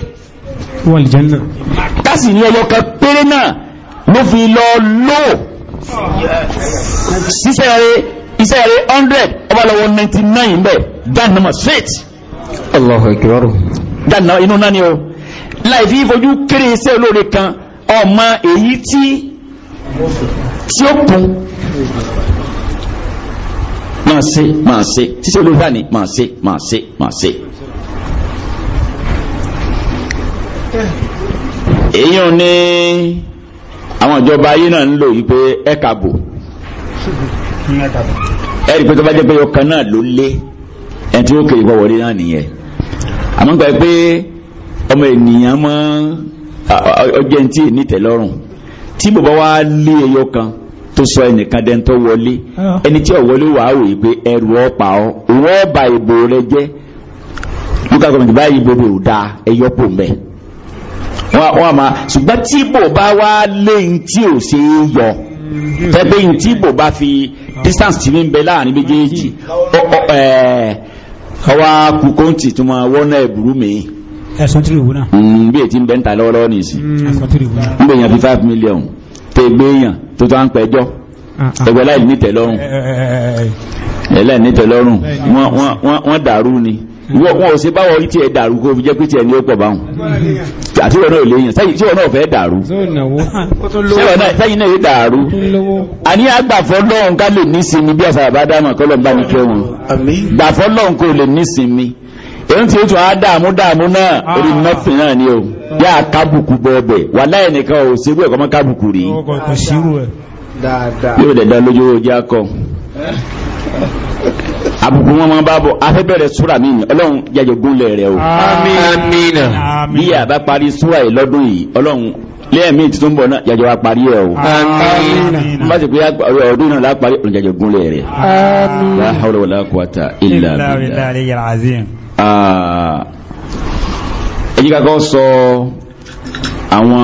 kásì ní ẹyọ kan péré náà ló fi lọ lò sísẹ rẹ iṣẹ́ rẹ hundred ọba lọ́wọ́ ninety nine bẹ́ẹ̀ dan nàmọ straight. Allah akbar. dan nàmọ inú náà ni o láì fi fojú kéré iṣẹ́ olóore kan ọmọ èyí tí tí ó kún máa ṣe máa se títí olórí àní máa ṣe máa ṣe máa ṣe. èèyàn ní àwọn ìjọba ayé náà ń lò wípé ẹ kàbò ẹ rí i pé tó bá jẹ́ pé ọkàn náà ló lé ẹni tí ó kéré bọ́ wọlé náà nìyẹn àmọ́ gbà pé ọmọ ènìyàn mọ́ ọjọ́ ẹni tí ì ní tẹ̀lọ́rùn tí bàbá wa lé ẹyọ kan tó sọ ẹnìkan dẹ́n tó wọlé ah. ẹni tí ò wọlé wà á wòye pé ẹrù ọ̀pá ọ wọ́n ba ìbò rẹ jẹ́ lukà gọmẹ̀ntì báyìí ìbò rẹ ò dáa ẹyọ pò mẹ́ wọ́n a máa ṣùgbọ́n tí ìbò bá wá lé ní ò ṣe é yọ tẹ́gbẹ́ ní ìbò bá fi distance ti ní bẹ láàrin méjèèjì ọwọ́ kùkọ́ǹtì tó máa wọ́n náà ẹ̀bùrú mi. ẹ̀sán tìrìbù náà. Hmm, bí èyí ti ń bẹ́ ń ta lọ́wọ́lọ́wọ́ nìyí sí. ẹ̀sán tìrìbù náà. ń bẹ̀yàn fi five million tó gbé èèyàn tó tó à ń pẹjọ́ ah, ah. ẹgbẹ́ láì nítẹ̀ lọ́rùn eh, eh, eh, ẹlẹ́ nítẹ̀ lọ́rùn wọ́n dàrú ni hmm. wọ́n ò sí báwọ̀ orí tí ẹ dàrú kó fi jẹ́ pé tí ẹni ó pọ̀ báhùn àti ìwọ̀n náà léyìn tí wọ́n náà fẹ́ dàrú sẹ́yìn náà dàrú a ní àgbàfọ́ lọ́hùn ká lè nísinmi bí àsàbádámà kọ́lọ̀ bá ní kẹ́ wọn gbàfọ́ lọ́hùn kó lè nísinmi èyí tí ó tún á dààmú dààmú náà ah. orí nọ́ọ̀fì náà ni o yá kábùkù bọ̀ọ̀bẹ̀ wà láì nìkan ò ṣe gbẹ̀kọ́ mọ́ kábùkù rí yóò dẹ̀ dá lójú ojú akọ àbùkù wọn máa bá bọ̀ afẹ́bẹ̀rẹ̀ súra mi ni ọlọ́run jẹjọ gúnlẹ̀ rẹ o amínà bí a bá parí súra yìí lọ́dún yìí ọlọ́run lẹ́ẹ̀mí tí tó ń bọ̀ náà jẹjọ wa parí o amínà bá ti pé ọdún náà ọlọ́run jẹjọ gúnlẹ̀ rẹ amínà ẹ jẹ́ ká kọ́ sọ àwọn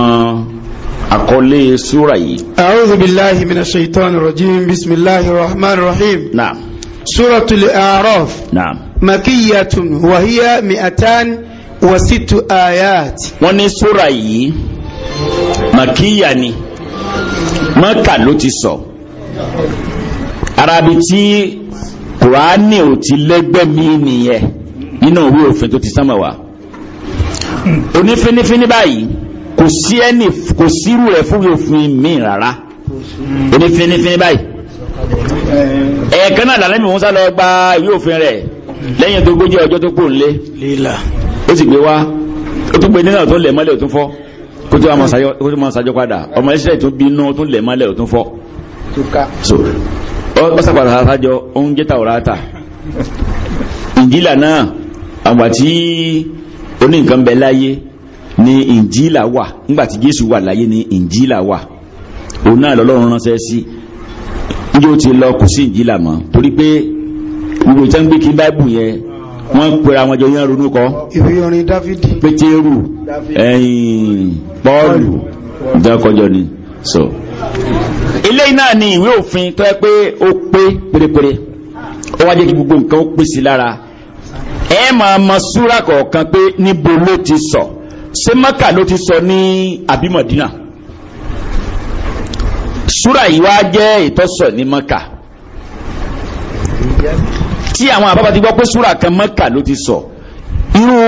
àkọlé súra yìí. a'udhu billahi minash shaitani rajim bismillahir rahmanir rahim. naam. suratul a'raf. Na. makiyatun wa hiya mi'atan wa sittu ayat. wọ́n ní súra yìí makiya ni maka ló ti sọ arabi tí kùránì ò ti lẹ́gbẹ̀ẹ́ mi nìyẹn nínú òwe òfin tó ti sámà wá onífinifini báyìí kò sí ẹni kò sírú rẹ̀ fún òfin míì rárá onífinifini báyìí ẹ̀ẹ̀kan náà làlẹ́ mi musa lọ gba ìwé òfin rẹ̀ lẹ́yìn tó gójì ọjọ́ tó kù ńlé ó sì gbé wá ó tún gbé nínú ọ̀tún lẹ̀ mọ́lẹ̀ òtún fọ́ kó tó máa ṣàjọ padà ọmọ ẹ̀ṣẹ̀ tó bí iná tó lẹ̀ mọ́lẹ̀ òtún fọ́ ọ sàpàdà àtàjọ oúnjẹ tàwọ̀rọ̀ àtà ìdílà náà àgbà tí oní nǹkan bẹ láyé ní ìnjílà wà nígbà tí Jésù wà láyé ní ìnjílà wà òun náà lọ́lọ́run ránṣẹ́ sí níjó ti lọ kò sí ìnjílà mọ́ torí pé gbogbo ìtàn gbé kí báìbù yẹn wọ́n pèrè àwọn jọ yẹn ronú kọ. ìwé orin Pétérù ẹ̀yìn Pọ́ọ̀lù ìdákọjọ ni so. eléyìí náà ni ìwé òfin tó yẹ pé ó pé pérépéré ó wá kí gbogbo nǹkan ó pèsè lára ẹ máa mọ súrà kọ̀ọ̀kan pé níbo ló ti sọ ṣé mọ́kà ló ti sọ ní àbí mọ̀dínà súrà yìí wá jẹ́ ìtọ́sọ̀ ní mọ́kà tí àwọn àbábà ti gbọ́ pé súrà kan mọ́kà ló ti sọ irú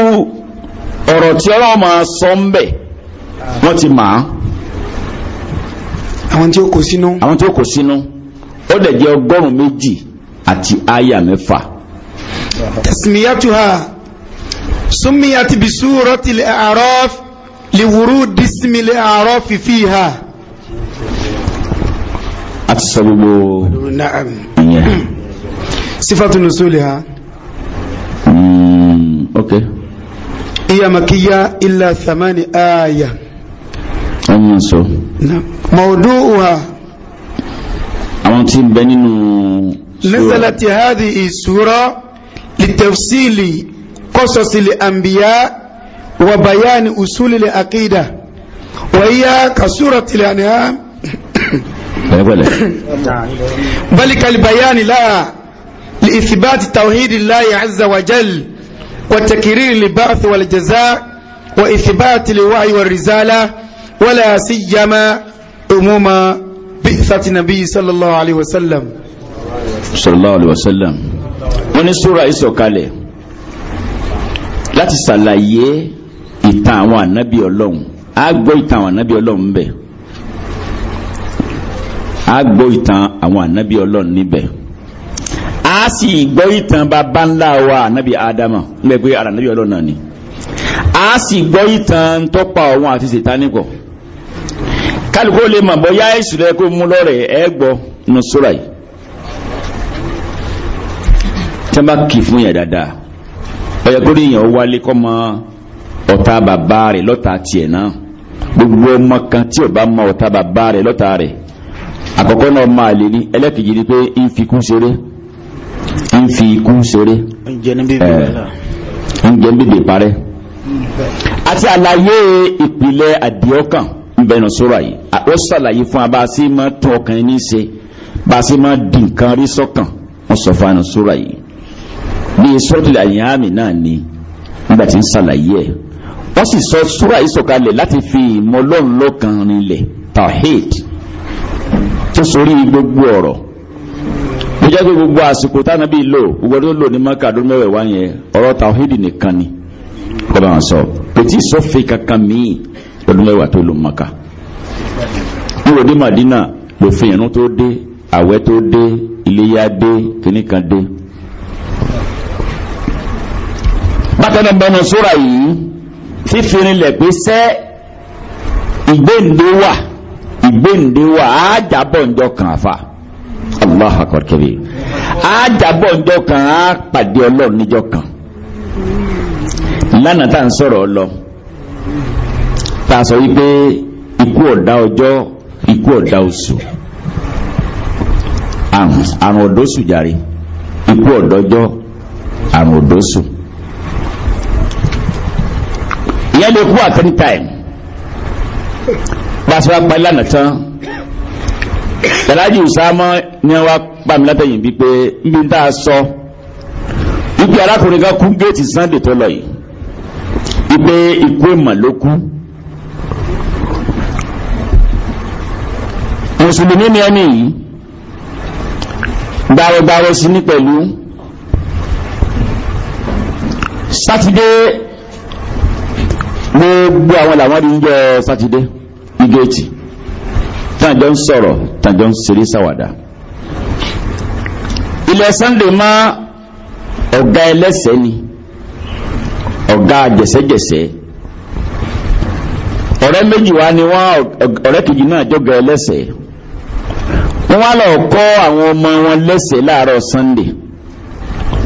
ọ̀rọ̀ tí ọlọ́run máa sọ ń bẹ̀ wọ́n ti mà á. àwọn tí ó kó sínú. àwọn tí ó kó sínú ó dẹ̀ jẹ́ ọgọ́rùn-ún méjì àti àyà mẹ́fà. تسميتها سميت بسورة الأعراف لورود اسم الأعراف فيها السبب نعم صفة نزولها اوكي هي مكية إلا ثمان آية نعم موضوعها àwọn tí ń bẹ nínú. نزلت هذه السورة بتفصيل قصص الأنبياء وبيان أصول العقيدة وهي كسورة الأنعام بل كالبيان لا لإثبات توحيد الله عز وجل وتكرير البعث والجزاء وإثبات الوعي والرسالة ولا سيما عموم بعثة النبي صلى الله عليه وسلم صلى الله عليه وسلم wọ́n ní sura ìsọ̀kalẹ̀ láti ṣàlàyé ìtàn àwọn ànábì ọlọ́run á gbọ́ ìtàn àwọn ànábì ọlọ́run ń bẹ á gbọ́ ìtàn àwọn ànábì ọlọ́run níbẹ̀ á sì gbọ́ ìtàn bàbá ńlá wa ànábì ádámà ń bẹ pé ara ànábì ọlọ́run náà ni á sì gbọ́ ìtàn tọ́pa ọ̀hún àti ṣètánìkọ̀ kálukó lè mọ̀ bóyá èṣù rẹ kó mú lọ́rẹ̀ ẹ gbọ́ nù sura yìí tí wọ́n bá kì í fún yàn dáadáa ọ̀yọ́ kó níyàn ó wálé kọ́ mọ ọ̀tá bàbá rẹ̀ lọ́tà tiẹ̀ náà gbogbo ọmọ kan tí ò bá mọ ọ̀tá bàbá rẹ̀ lọ́tà rẹ̀ àkọ́kọ́ náà máa lè ní ẹlẹ́kìjì ni pé ń fi kún ṣeré ń fi kún ṣeré ń jẹ ní bèbè parẹ́ àti àlàyé ìpìlẹ̀ àdìọ́kàn ìbẹ̀nà sọ́ra yìí ó ṣàlàyé fún abá máa tún ọkàn ní ṣe bá máa dì nǹkan rí sọ́kàn wọ́n sọ fún àná sọ́ra yìí bí sọ́tìlì àyàmì náà ni nígbà tí ń ṣàlàyé ẹ̀ wọ́n sì sọ súrà ìsọ̀kalẹ̀ láti fi ìmọ̀ ọlọ́run lọ́kan rinlẹ̀ tawhid tó sórí gbogbo ọ̀rọ̀ mo jẹ́ pé gbogbo àsìkò tánàbí lò gbogbo tó lò ní maka ọdún mẹ́wẹ̀ẹ́ wá yẹn ọ̀rọ̀ tawhid nìkan ni kọ́ bá wọn sọ kò tí ì sọ́fin kankan míì ọdún mẹ́wàá tó lò maka níwò ní Madina lòfin ìrún tó dé àwẹ̀ tó dé iléyà dé kìnnìkan dé bákẹ́nà bẹnu sóra yìí fífìrinlẹ̀ pé sẹ́ ìgbéǹde wà ìgbéǹde wà ájàbọ̀ ǹjọ́ kan àfà allah akbar kẹbi ájàbọ̀ ǹjọ́ kan á pàdé ọlọ́run níjọ́ kan lánàá tá à ń sọ̀rọ̀ lọ tá a sọ wípé ikú ọ̀dá ọjọ́ ikú ọ̀dá oṣù àrùn ọ̀dọ́sù jàre ikú ọ̀dọ́jọ́ àrùn ọ̀dọ́sù ìyẹn lè kú at any time bá a sọ apá ìlànà tán Alhaji Usama ni wọn pa mi látẹ̀yìn bíi pé níbi tá a sọ ipe arákùnrin kan kú géètì Sunday tó lọ yìí ipe ikú èèmọ̀ ló kú mùsùlùmí ni ẹni yìí gbàrọgbàrọ sí ní pẹ̀lú sátidé gbogbo àwọn làwọn rí jọ sátidé igéètì tàjọ ń sọ̀rọ̀ tàjọ ń ṣeré sàwàdà ilẹ̀ sunday má ọ̀gá ẹlẹ́sẹ̀ ni ọ̀gá jẹ̀sẹ̀jẹ̀sẹ̀ ọ̀rẹ́ méjì wá ni wọ́n ọ̀rẹ́ kejì náà jọ́gà ẹlẹ́sẹ̀ wọ́n wá lọ kọ́ àwọn ọmọ wọn lẹ́sẹ̀ láàárọ̀ sunday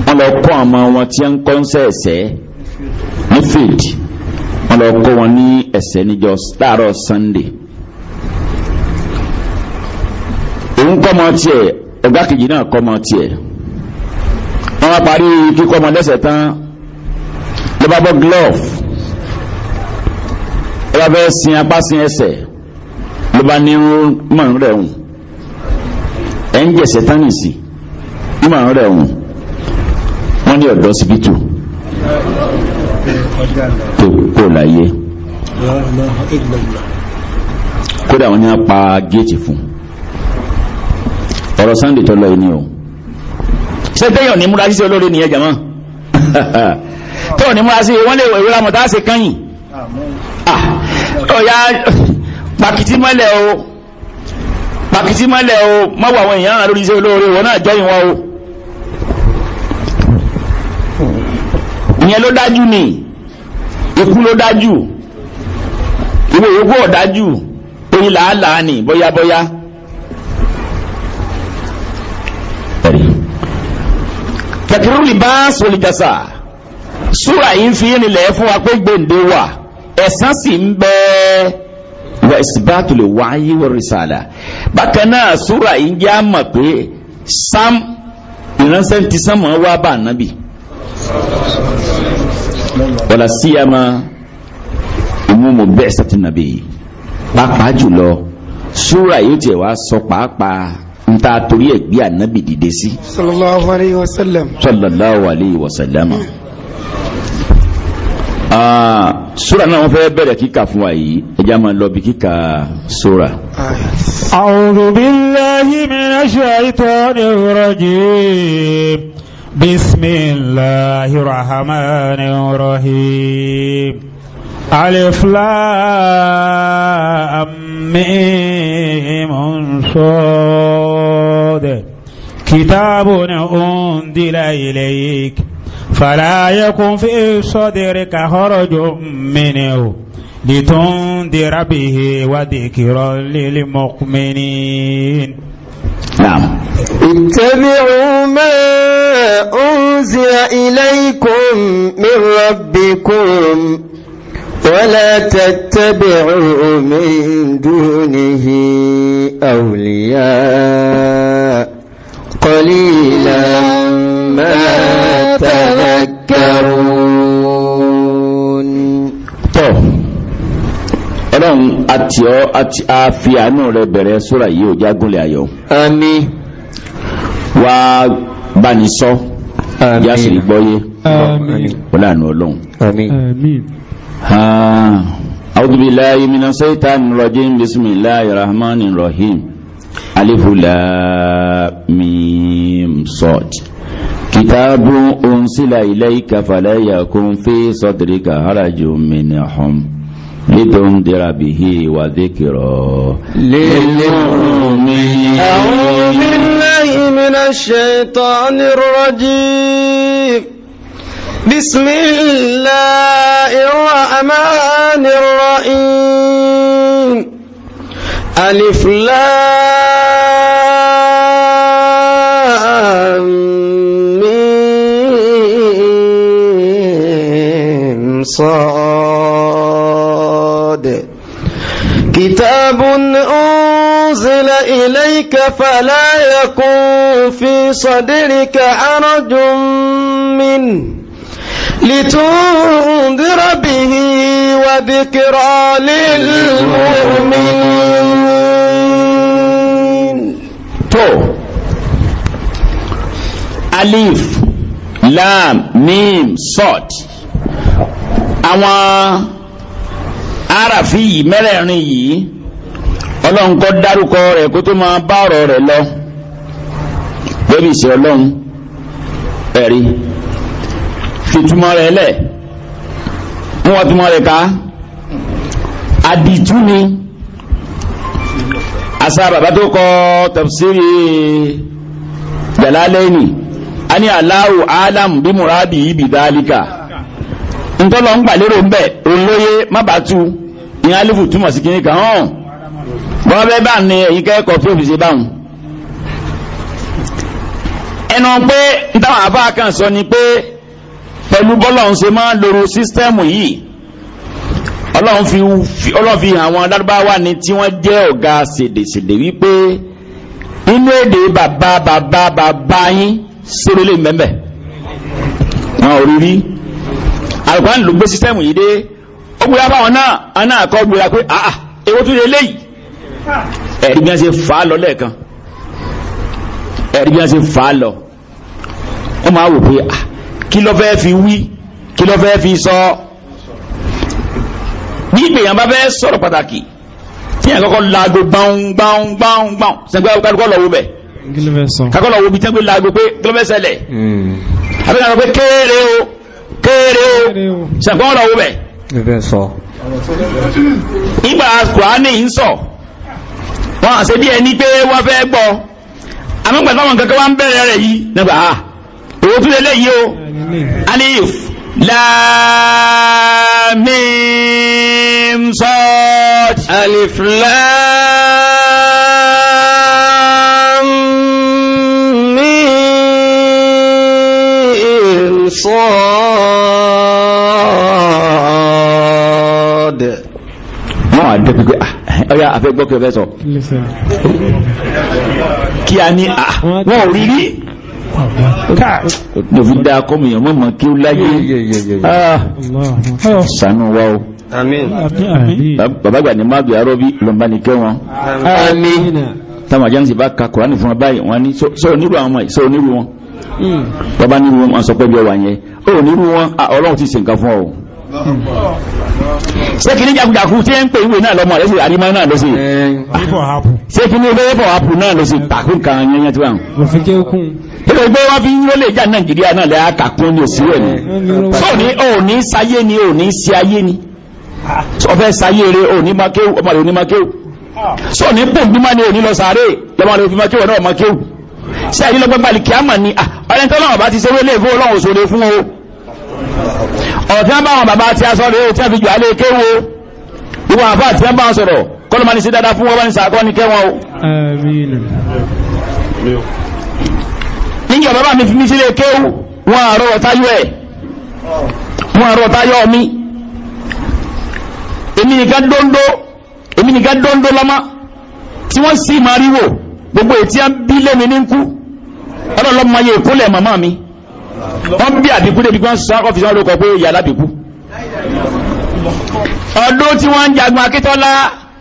wọ́n lọ kọ́ àwọn ọmọ wọn tí wọ́n ń kọ́ ń sẹ̀ẹ̀sẹ̀ ní fèdì lọ kọ́ wọn ní ẹ̀sẹ̀ níjọ láàárọ̀ sunday òun kọ́ mọ tiẹ̀ ọ̀gá kejì náà kọ́ mọ tiẹ̀ wọ́n wá parí kíkọ́ ọmọ lẹ́sẹ̀ tán ló bá bọ́ glove ló bá fẹ́ sin apá sin ẹsẹ̀ ló bá ní mọ̀rún rẹ̀ hùn ẹ̀ ń jẹ̀sẹ̀ tán nìsí mọ̀rún hùn wọ́n ní ọ̀dọ́ síbítù tó kó láyé kódà wọn ni a pa géètì fún ọ̀rọ̀ sunday tó lọ yìí o ṣé téèyàn ní múra ṣíṣe olóore nìyẹn jàmọ́ téèyàn ní múra ṣe wọ́n lè wẹ̀wẹ̀ ramọ̀ tá a ṣe kányìn ah, ọ̀yà pàkìtì mọ́lẹ̀ o pàkìtì mọ́lẹ̀ o mọ́wọ́ àwọn èèyàn lórí iṣẹ́ olóore wọn náà jọ ìwọ̀n o. ìyẹn ló dájú ni ikú ló dájú ìwé ìyókù ọ̀dájú oyin làálàá ni bóyábóyá. tẹ̀kìrú rìbá sọlìjàsà súra yìí ń fi rinlẹ̀ fún wa pé gbèǹde wà ẹ̀san sì ń bẹ́ẹ̀ wa isbatu le wáyé wa risala bákan náà súra yìí ń jẹ́ àmọ̀ pé sam ìránṣẹ́ ti sánmọ́ wá bá ànábì wala siyama umumu bẹ́ẹ̀sẹ̀tì nàbí pàápàá jùlọ súra yóò tiẹ̀ wá sọ pàápàá n ta torí ẹ̀ gbé ànábì dìde sí. sallallahu alayhi wa sallam. sallallahu alayhi wa sallam. súra náà wọ́n fẹ́ bẹ̀rẹ̀ kíkà fún wa yìí بسم الله الرحمن الرحيم ألف لام ميم صاد كتاب أنزل إليك فلا يكن في صدرك حرج منه لتنذر به وذكرا للمؤمنين نعم اتبعوا ما أنزل إليكم من ربكم ولا تتبعوا من دونه أولياء قليلا ما تذكرون ọlọ́run àti ọ́ àti a fi àánú rẹ̀ bẹ̀rẹ̀ sóra yìí ò jágúnlẹ̀ ayọ̀. àmín. wàá bá ní sọ yásì gbọ́yé ọlànà ọlọ́run. أعوذ بالله من الشيطان الرجيم بسم الله الرحمن الرحيم ألف لام ميم صاد كتاب أنزل إليك فلا يكن في صدرك حرج منهم لتنذر به وذكرى للمؤمنين أعوذ بالله من الشيطان الرجيم بسم الله الرحمن الرحيم ألف لام صاد كتاب أنزل إليك فلا يكن في صدرك حرج منه لتنذر به وذكرى للمؤمنين تو ألف لام ميم صوت. àwọn àràfí yìí mẹ́rẹ̀ẹ̀rin yìí ọlọ́run kọ́ dárúkọ rẹ̀ kó tó máa bá ọ̀rọ̀ rẹ̀ lọ lórí ìṣe ọlọ́run ẹ̀rí fìtumọ̀ rẹ̀ lẹ̀ mú wọn rẹ̀ ká àdìtú asa bàbá tó kọ tafsiri Jalalaini a ní Allahu alam bí muradi ibi dálíkà ntọ́lọ́ ń gbà lérò ń bẹ̀ olóyè mábàtú ìyẹn alifu túmọ̀ sí kínní kan hàn bọ́n bẹ́ẹ̀ bá ní ẹ̀yìn kẹ́kọ̀ọ́ fún òfìsè báwọn. ẹnu pé táwọn àbá kan sọ ni pé pẹ̀lú bọ́lọ̀ ń ṣe máa ń lòrò sísítẹ́ẹ̀mù yìí ọlọ́run fi ọlọ́run fi hàn àwọn adárúbáwá ni tí wọ́n jẹ́ ọ̀gá ṣèdèṣèdè wípé nínú èdè bàbá bàbá bàbá yín sórí lè mẹ́mẹ́ wọn ò rí rí Al-Qur'an ló gbé sísẹ́mù yìí dé ó gbé abáwọn náà aná àkọ́ gbéra pé àà ah, ah, èwo tún lè léyìí ẹ̀rí bí wọ́n ṣe fà á lọ lẹ́ẹ̀kan ẹ̀rí bí wọ́n ṣe fà á lọ wọ́n máa wò pé ah, kí ló fẹ́ fi wí kí ló fẹ́ fi sọ ní ìgbéyàn bá fẹ́ sọ̀rọ̀ pàtàkì tí yẹn kọ́kọ́ laago gbáhùngbáhùngbáhùn sẹ́gbẹ́ kálukọ́ lọ wo bẹ̀ kakọ́ lọ wo bí tẹ́gbẹ́ laago pé kí ló fẹ́ ṣẹlẹ̀ hmm. àbẹ́ká lọ pé kéèrè o téèrè o ṣẹ̀kọ́ ọ̀rọ̀ wo bẹ̀. ìgbà kùránì ń sọ wọn àṣẹ bí ẹni pé wọ́n fẹ́ gbọ́ amúgbà táwọn kankan wá ń bẹ̀rẹ̀ rẹ̀ yìí nígbà á owó tún lélẹ́yìí o alif láàmì sọ́ọ̀tì alif láàmì. صاد wọ́n wà dé pípé ọ̀yá ah, eh, àfẹ́gbọ́kẹ́ fẹ́ sọ kí a ní àwọn òrírí ló fi dá akọ́mìyàn mọ́mọ́ kí ó láyé sànú ah. wa o bàbá gbà ní mágbé arọ́bí lọ́mbà ní kẹ́ wọn táwọn àjẹ́ǹsì bá ka kùránì fún ọ báyìí wọ́n ní sọ onírú àwọn sọ onírú wọn Hmm. bá ní wọn máa sọ pé bí ọwà yẹn ó ní irú wọn ọlọ́run ti ṣe nǹkan fún ọ. ṣé kìíní jagunjagun tí ń pè ìwé náà lọ́mọ àlẹ́sì àrímọ́ náà lọ́sì. náà lọ́sì kan yẹnyẹn tí wọ́n. wọn fi nàìjíríà náà lẹ́yà ní òsì rẹ̀ ni. sayé ni sí ayé ni. sayé ọmọdé ah. lọ sí àdílọ́gbẹ́gbàlì kìámà ni ọ̀rẹ́ bá ti ṣeré lè fún ọlọ́run òṣèré fún o ọ̀rọ̀ wọ́n bá wọn bàbá tí a sọ̀rọ̀ èyí tí a fi jù á lè ìwọ̀n àbá tí wọ́n bá wọn sọ̀rọ̀ kọ́lọ́ máa ní sí dáadáa fún wọn sàkọ́ ní kẹ́wọn o. níjọba bá mi fi mí sílé kéwu wọn àrò ọ̀táyọ̀ ẹ̀ wọn àrò ọ̀táyọ̀ mi èmi nìkan dóńdó èmi nìkan dóńdó lọ́mọ tí wọ́n sì máa ríwò gbogbo ètí à ń bí lẹ́mi ní kú ọlọ́lọ́mọ ayé ìkólẹ̀ màmá mi wọ́n bí àbíkú débi wọ́n sọ ọ́fíìsì wọn lókọ̀ pé ìyá alábìkú ọdún tí wọ́n ń jagun akíntọ́lá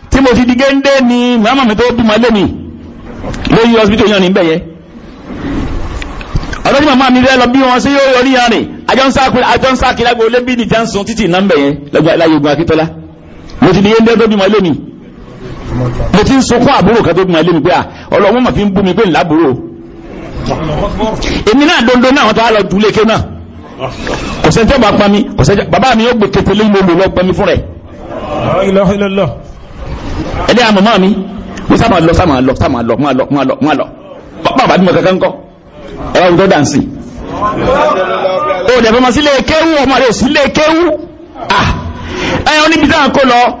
tí mo ti di géńdé ni màmá mi tó bímọ lẹ́mi lóyún hospital yàn níbẹ̀ yẹ ọdún tí màmá mi rẹ lọ bí wọn sí yóò yọrí yàn rìn àjọ ń sáàkì lágbo lébí ni tí a ń sun títì náà ń bẹ̀ yẹn láyé ogun akíntọ́lá mo ti di géńdé tó bímọ lẹ́mi mo ti ń sunkún àbúrò kan tó bí ma lé mi pé à ọlọ́wọ́n mà fi ń bú mi pé ńlábúrò èmi náà dondo náà wọ́n tó á lọ dúlé ké náà kò sẹ́ńtẹ́ bá pa mi kò sẹ́ńtẹ́ bàbá mi yóò gbé kété lé mo lò lọ pa mi fún rẹ̀. ẹ̀dẹ́ àmọ́ mọ́ mi mo sábà lọ sábà lọ sábà lọ máa lọ máa lọ máa lọ bàbá mi kankan kọ ẹ̀rọ mi tó dà ń sìn. o dẹ̀ sílé kéwú ọmọ rẹ̀ sílé kéwú ẹ̀ ọ́ níbi táwọn kó lọ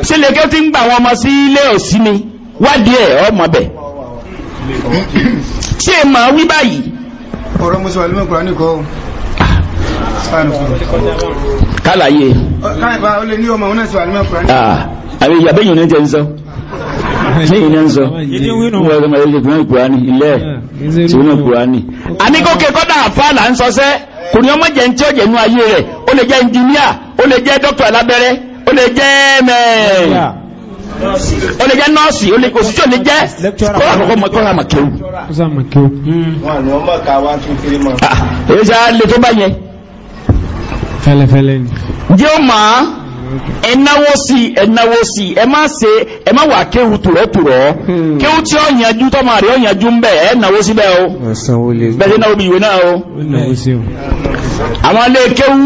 ṣe lè kẹ́ tí ń gbà wọn ọmọ sí ilé òsí ni wádìí ẹ̀ ọmọ bẹ̀ ṣe mọ̀ wí báyìí ọ̀rọ̀ mùsùlùmí kùrán nìkọ́ kálàyé àbí ìyàbẹ́yìn ní jẹ́ ń sọ ṣe ìní ń sọ wọ́n ọmọ ilé ìpínlẹ̀ kùránì ilẹ̀ tí ó náà kọ́dà àfáàlà ń sọ sẹ́ kò ní ọmọ jẹ́ ń tí ó nú ayé rẹ̀ ó lè jẹ́ engineer ó lè jẹ́ dókítà alábẹ́rẹ́ ó lè jẹ́ mẹ́ẹ̀ ó lè jẹ́ nọ́ọ̀sì ó lè kò sí tí ó lè jẹ́ kọ́ra kọ́kọ́ mọ́ kọ́ra mà kéwù. Hmm. Ah, èyí sá lè tó bá yẹn. fẹ́lẹ́fẹ́lẹ́ ni. jẹ́ ó máa ẹnáwó sí ẹnáwó sí ẹ má ṣe ẹ má wà kéwù tùrọ̀tùrọ̀ hmm. kéwù tí ó yanjú tọ́ máa rí ó yanjú ń bẹ̀ ẹ náwó síbẹ̀ o bẹ́ẹ̀ sí náwó bí ìwé náà o. àwọn ilé kéwù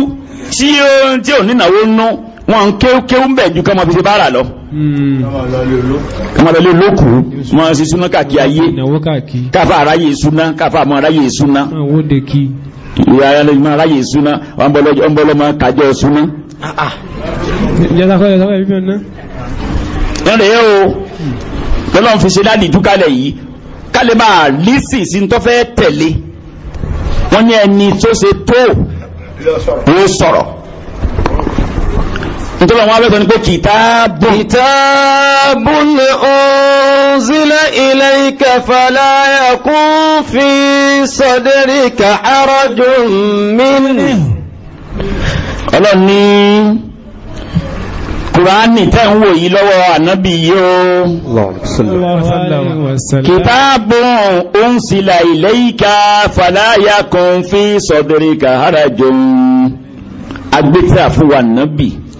tí ó ní náwó nú wọn kéwú bẹ̀ ju kọmọ fi ṣe bára lọ kọmọ lọ lókù wọn sì suna. kàkí ayé káfà aráyè súná káfà mọ aráyè súná ìyá aráyè súná ọmọbọlọmọ kájọ súná. wọ́n rèé o lọ́lọ́run fi ṣe láti dúkàlẹ̀ yìí kálẹ̀ máa lísì sí tó fẹ́ tẹ̀lé wọ́n ní ẹni tó ṣe tó ó nítorí àwọn abẹ́tọ̀ ní pé kìtàbùn kìtàbùn unzila ilayka fala yakun fi sadrika harajun minhu ọlọ́ni kùránì tẹ́ ń wò yí lọ́wọ́ ànábì yóò kìtàbùn unzila ilayka fala yakun fi àfúwà nábì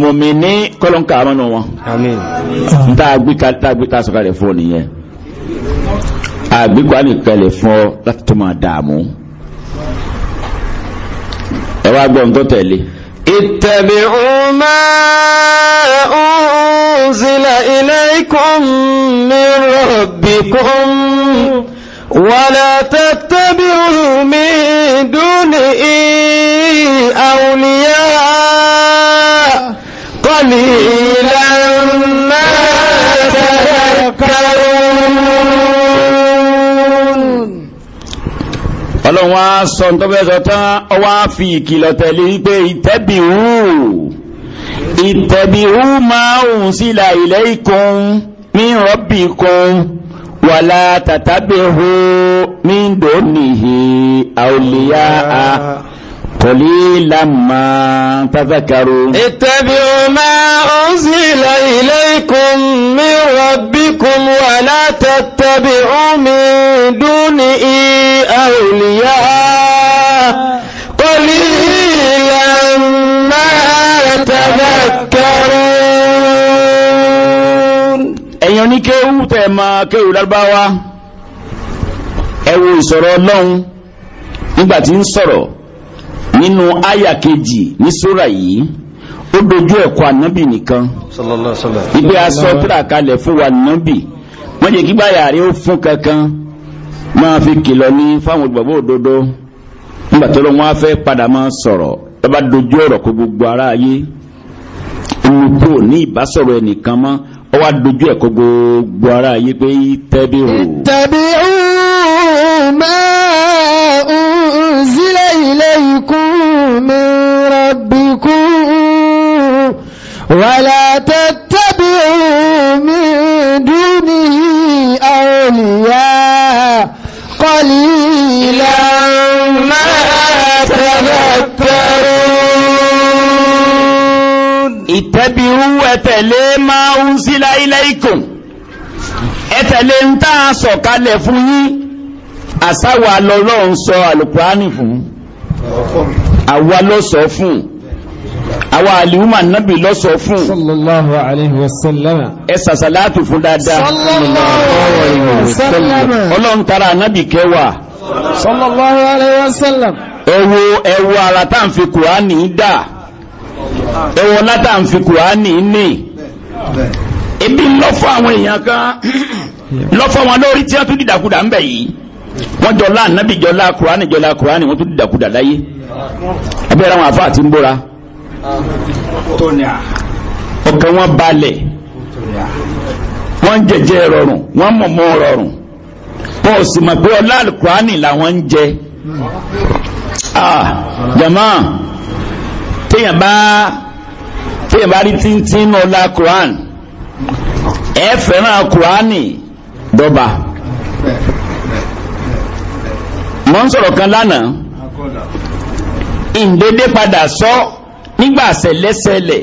mọ̀mí ní kọ́lọ́nkà àmọ́nà wọn ntàgbéta sọ̀kalẹ̀ fún nìyẹn àgbégbá nìkalẹ̀ fún ọ láti tó máa dààmú ẹ wá gbọ́ nǹkan tẹ̀lé. اتبعوا ما أنزل إليكم من ربكم ولا تتبعوا من دونه أولياء قليلا ما تذكرون ọlọ́run wá sọ tó fẹ́ sọ tán ọ wá fi ìkìlọ̀ tẹ̀lé wípé ìtẹ́bìhú ìtẹ̀bìhú máa ń sílà ilẹ̀ ikun ní rọ́bì ikun wà látàtàbìhú ní dòníhì àwòlíyà قليلا ما تذكروا اتبعوا ما أنزل إليكم من ربكم ولا تتبعوا من دونه أولياء قليلا ما تذكرون ẹ̀yàn ní kéwù tẹ̀ máa kéwù lárúbáwá ẹ wo ìsọ̀rọ̀ ọlọ́run nígbà tí ń sọ̀rọ̀ nínú àyà kejì ní sóra yìí ó dojú ẹ̀kọ́ ànábì nìkan ibi aṣọ tíra kalẹ̀ fún wa nábì wọ́n jẹ́ kí báyà rí ó fún kankan máa fi kìlọ̀ ní fáwọn olùgbàgbọ́ òdodo nígbà tó lọ́wọ́ á fẹ́ padà máa sọ̀rọ̀ ẹ bá dojú ọ̀rọ̀ kó gbogbo ara ayé olùkó ní ìbásọ̀rọ̀ ẹnìkan mọ́ ọ wá dojú ẹ̀kọ́ gbogbo ara ayé pé tẹ́bí o. ìtẹ̀bí ó máa ń zílẹ̀ ilé ikú. من ربكم ولا تتبعوا من دونه أولياء قليلا ما تذكرون اتبعوا وتلي ما أنزل إليكم ẹ̀tẹ̀lé ń tàà فني fún yín àsáwà lọ́lọ́run sọ àlùkùránì fún àwa ló sọ fún àwa àlìhùmà nábì ló sọ fún sallallahu alaihi wasallam ẹ sàṣàlátù fún dáadáa sallallahu alaihi wasallam ọlọ́run tara nábì kẹwàá sallallahu alaihi wasallam ẹwọ ẹwọ ara tá à ń fi kùránì dà ẹwọ látà ń fi kùránì ní ebi lọ́fọ́ àwọn èèyàn kan lọ́fọ́ wọn lórí tí wọ́n tún dìdàkudà ń bẹ̀ yìí wọ́n jọlá ànábì jọlá kùránì jọlá kùránì wọ́n tún dìdàkudà láyé ẹgbẹ́ àwọn àfáà ti ń bóra ọkàn wọn balẹ̀ wọn ń jẹjẹ rọrùn wọ́n mọ̀mọ́ rọrùn wọ́n sì mọ̀ pé ọlá alukurani làwọn ń jẹ jama téèyàn bá téèyàn bá rí tíntín ọlá kuran ẹ fẹ́ràn Efe dọ́ba mọ́ ń sọ̀rọ̀ kan lánàá ìǹdédé padà sọ nígbà sẹ̀lẹ́sẹ̀lẹ̀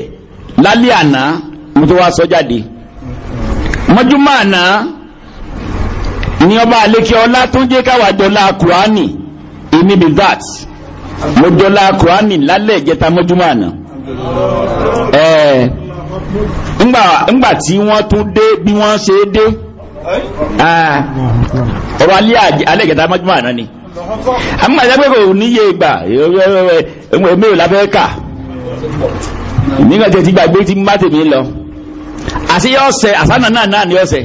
lálẹ́ àná mo tó wá sọ jáde mọ́júmọ́ àná ni ọba àlékè ọlá tó ń jẹ́ káwá jọlá kùránì èmi bí that mo jọlá kùránì lálẹ́ ìjẹta mọ́júmọ́ àná ǹgbà tí wọ́n tún dé bí wọ́n ṣe dé ọ̀rọ̀ alẹ́ ìjẹta mọ́júmọ́ àná ni. Eh, àmì àjẹpẹ́ kò níye ìgbà èmi ò lábẹ́ kà nígbà tí ti gbàgbé tí má tèmi lọ àti yọ ọsẹ àsánà náà náà ni ọsẹ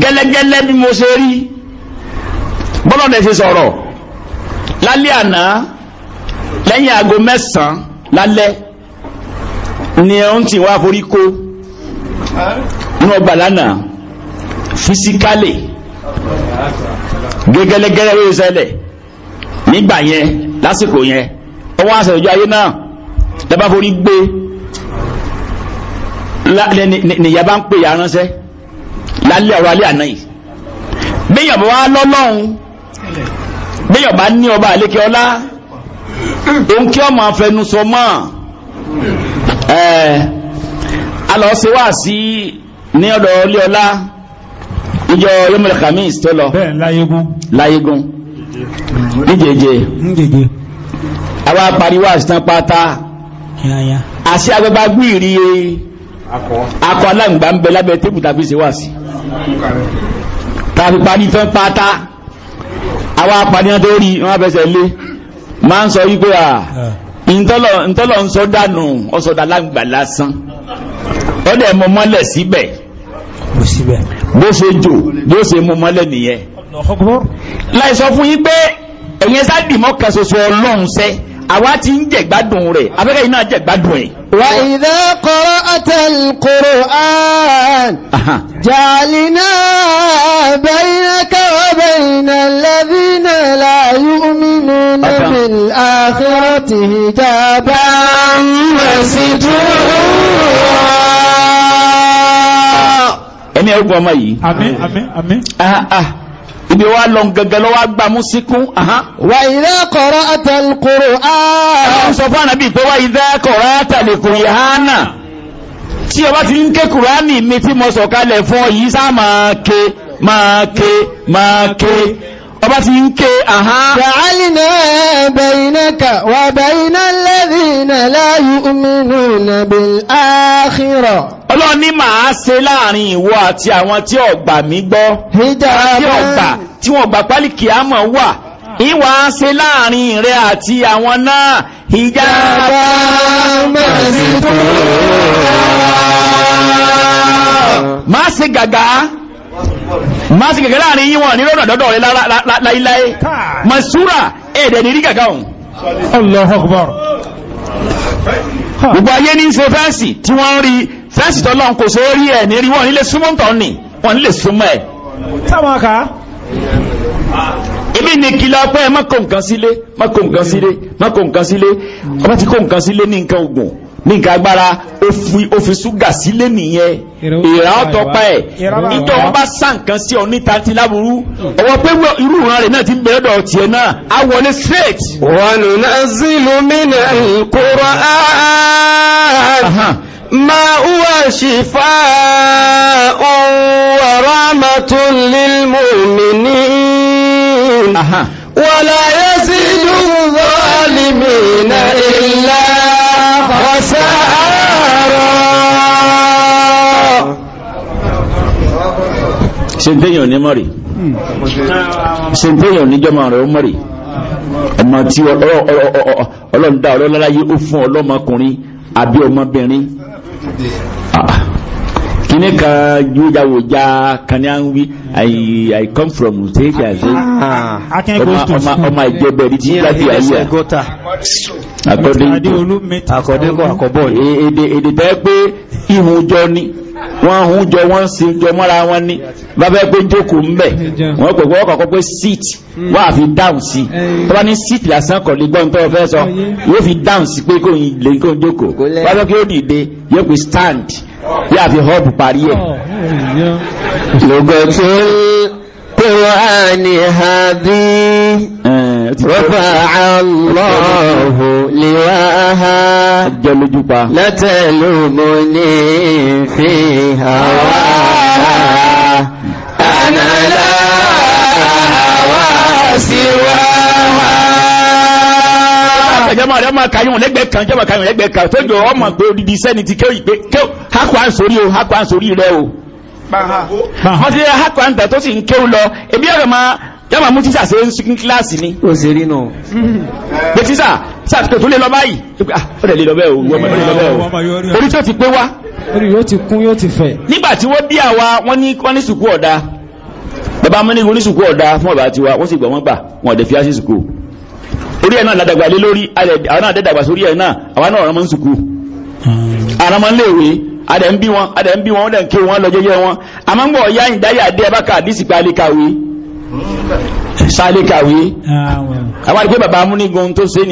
gẹ́lẹ́gẹ́lẹ́ bí mo ṣe rí bọ́lọ̀dẹ̀ ti sọ̀rọ̀ lálẹ́ àná lẹ́yìn aago mẹ́sàn-án lálẹ́ ni ẹ̀hún ti wá forí kó inú ọgbà lánàá fisikálì gẹ́gẹ́lẹ́gẹ́lẹ́ ló ṣẹlẹ̀ nígbà yẹn lásìkò yẹn ọwọ́ àṣẹ ìjọ ayé náà lọ́ba forí gbé nìyà bá ń pè ya ránṣẹ́ lálẹ́ ọ̀rọ̀ alẹ́ àná yìí bẹ́yàn bá wá lọ́lọ́run bẹ́yàn bá ní ọba àlékè ọlá òun kí ọmọ afẹnusọ mọ́ ẹ̀ alọ́ ṣe wá sí ní ọ̀dọ̀ ilé ọlá ìjọ yomul khamis tó lọ bẹ́ẹ̀ láyégún láyégún níjèjè níjèjè àwa pariwo àṣìtàn pátá àṣì agbẹ́gbá gbìrì akọ aláǹgbà ń bẹ lábẹ́ tébù tàbí ṣe wà sí tàbí parí tán pátá àwa apànìyàn tó rí wọn fẹsẹ̀ lé máa ń sọ wípé à ntọ́lọ̀ ń sọ dànù ọ̀sọ̀dà láǹgbà lásán ọ̀dẹ̀ mọ́ mọ́lẹ̀ síbẹ̀ bó ṣe jò bó ṣe mú mọ́lẹ̀ nìyẹn láì sọ fún yín pé ẹ̀yin sá dìmọ́ ọlọ́run sẹ́ àwa ti ń jẹ̀gbádùn rẹ̀ abẹ́rẹ́ yìí náà jẹ̀gbádùn ẹ̀. wà ìdá kọ́rọ́ àtẹ̀lùkọ́rọ́ àn jàlínà bẹ́yìnà káwọ́ bẹ́yìnà lẹ́bìnà láàyò mímú níbi àkẹ́rọ̀ tìjábà ń rẹ̀ sí dúró. ẹ̀mí ẹ̀rùn ọmọ yìí. àmín àmín àmín. Ah, ah. ibi wa lọ gẹ́gẹ́ lọ́wọ́ gba mú síkún. wà ìdá kọ̀rọ̀ àtàlùkùrù áà. ẹ̀rọ sọ fún ànábì pé wà ìdá kọ̀rọ̀ àtàlùkùrù yàhánà tí ọba ti ń ké kùránì mi tí mo sọ̀kalẹ̀ fún ọ yìí sá máa ké máa ké máa ké ọba ti ń ké àhá ja'alna baynaka wa bayna alladhina la yu'minuna bil akhirah ọlọ́ni máa ṣe láàrin ìwọ àti àwọn tí ọgbà mi gbọ́ àti tí wọ́n gbà pálíkì àmọ́ wà ìwà ṣe láàrin rẹ àti àwọn náà hijaba mẹ́sìtò máa ṣe gàgà ma sì ni, láàrin yíwọ̀n ní lọ́nà rẹ̀ láíláí masura èdè ní rí gàgá òun Allahu Akbar gbogbo ayé ní ṣe fẹ́ǹsì tí wọ́n rí fẹ́ǹsì tọ́lọ́ kò ṣe rí ẹ̀ ní rí wọ́n nílé súnmọ́ tọ́ ní wọ́n nílé súnmọ́ ẹ̀ sáwọn ká ibi ní kìlọ̀ pé má kó nǹkan sílé má kó nǹkan sílé má kó nǹkan sílé ọba ti kó nǹkan sílé ní nǹkan ogun ní nǹkan agbára ó fi ṣúgà sílé nìyẹn ìrà ọ̀tọ̀pá ẹ̀ ìjọ wọn bá sá nǹkan sí ọ níta ti láburú ọwọ́ pé irú ìran rẹ̀ náà ti ń bẹ̀rẹ̀ dọ̀ tiẹ̀ náà á wọlé straight. wọn ò ná sílùú mi ní ìkóró ما هو شفاء ورحمة للمؤمنين ولا يزيد الظالمين إلا خسارة sentẹ́yìn òní mọ́rí sentẹ́yìn òní jọmọ rẹ̀ ó mọ́rí ọmọ tí ọlọ́ndà ọlọ́láyé ó fún ọlọ́mọkùnrin àbí ọmọbìnrin ah, ah kini ka juja woja kani an wi i i come from state as ọmọ ìjẹbẹ di ti láti ayé according to àkọ́bọ̀ èdè èdè tẹ́ pé ihun jọ ni wọ́n hun jọ wọ́n sì jọ mọ́ra wọn ní bàbá pé jókòó ń bẹ̀ wọ́n pẹ̀lú ọkọ̀ kọ́ pé sit wọ́n àfi dáhùn sí eh. tó bá ní sit lásán kọ̀ lè gbọ́n tó fẹ́ sọ yóò fi dáhùn sí pé kò ń jókòó bàbá kí ó dìde yóò pè stand yà fi hub parí ẹ̀ lọ́gọ́ tí ó ń القرآن هذه رفع الله لواها لا تلومني في هواها أنا لا هوى سواها jama rẹ ma kayun lẹ́gbẹ̀ẹ́ kan jama kayun lẹ́gbẹ̀ẹ́ kan tó jọ ọmọ pé odidi sẹni ti kéwì pé kéw hako à ń sórí o hako à ń sórí rẹ o. wọ́n ti rẹ hako à ń tà tó sì ń kéw lọ ebi ọ̀rọ̀ ma jama mú tíṣà ṣe ń sùn kíláàsì ni. o ṣe rí nù. pé tíṣà tíṣà tó lè lọ báyìí ó lè lọ bẹ́ẹ̀ o wọ́n lè lọ bẹ́ẹ̀ o orí tó ti pé wá. orí yóò ti kún yóò ti fẹ̀. nígbà tí wọ́n bí àwa wọ́n ní wọ́n ní sùkú ọ̀dà bàbá mọ́nìkún ní sùkú ọ̀dà fún ọ̀bà tiwa wọ́n sì gbọ́ wọ́n gbà wọn ọ̀dẹ̀ fi á sí sùkú. orí ẹ̀ náà ládàgbà lé lórí àwọn náà dẹ́dàgbà sórí ẹ̀ náà àwọn náà ọ̀rọ̀ mọ́ ń sùkú hmm. àwọn ọmọ léèwé adẹ̀ ń bí wọn adẹ̀ ń bí wọn lẹ́ǹkí wọn lọ jẹ́jẹ́ wọn àmọ́ ń bọ̀ ya ìdáyà dé ẹ bá àdísì pé alẹ́ kàwé hmm. àwọn àdìgbé bàbá amúnigun tó ṣe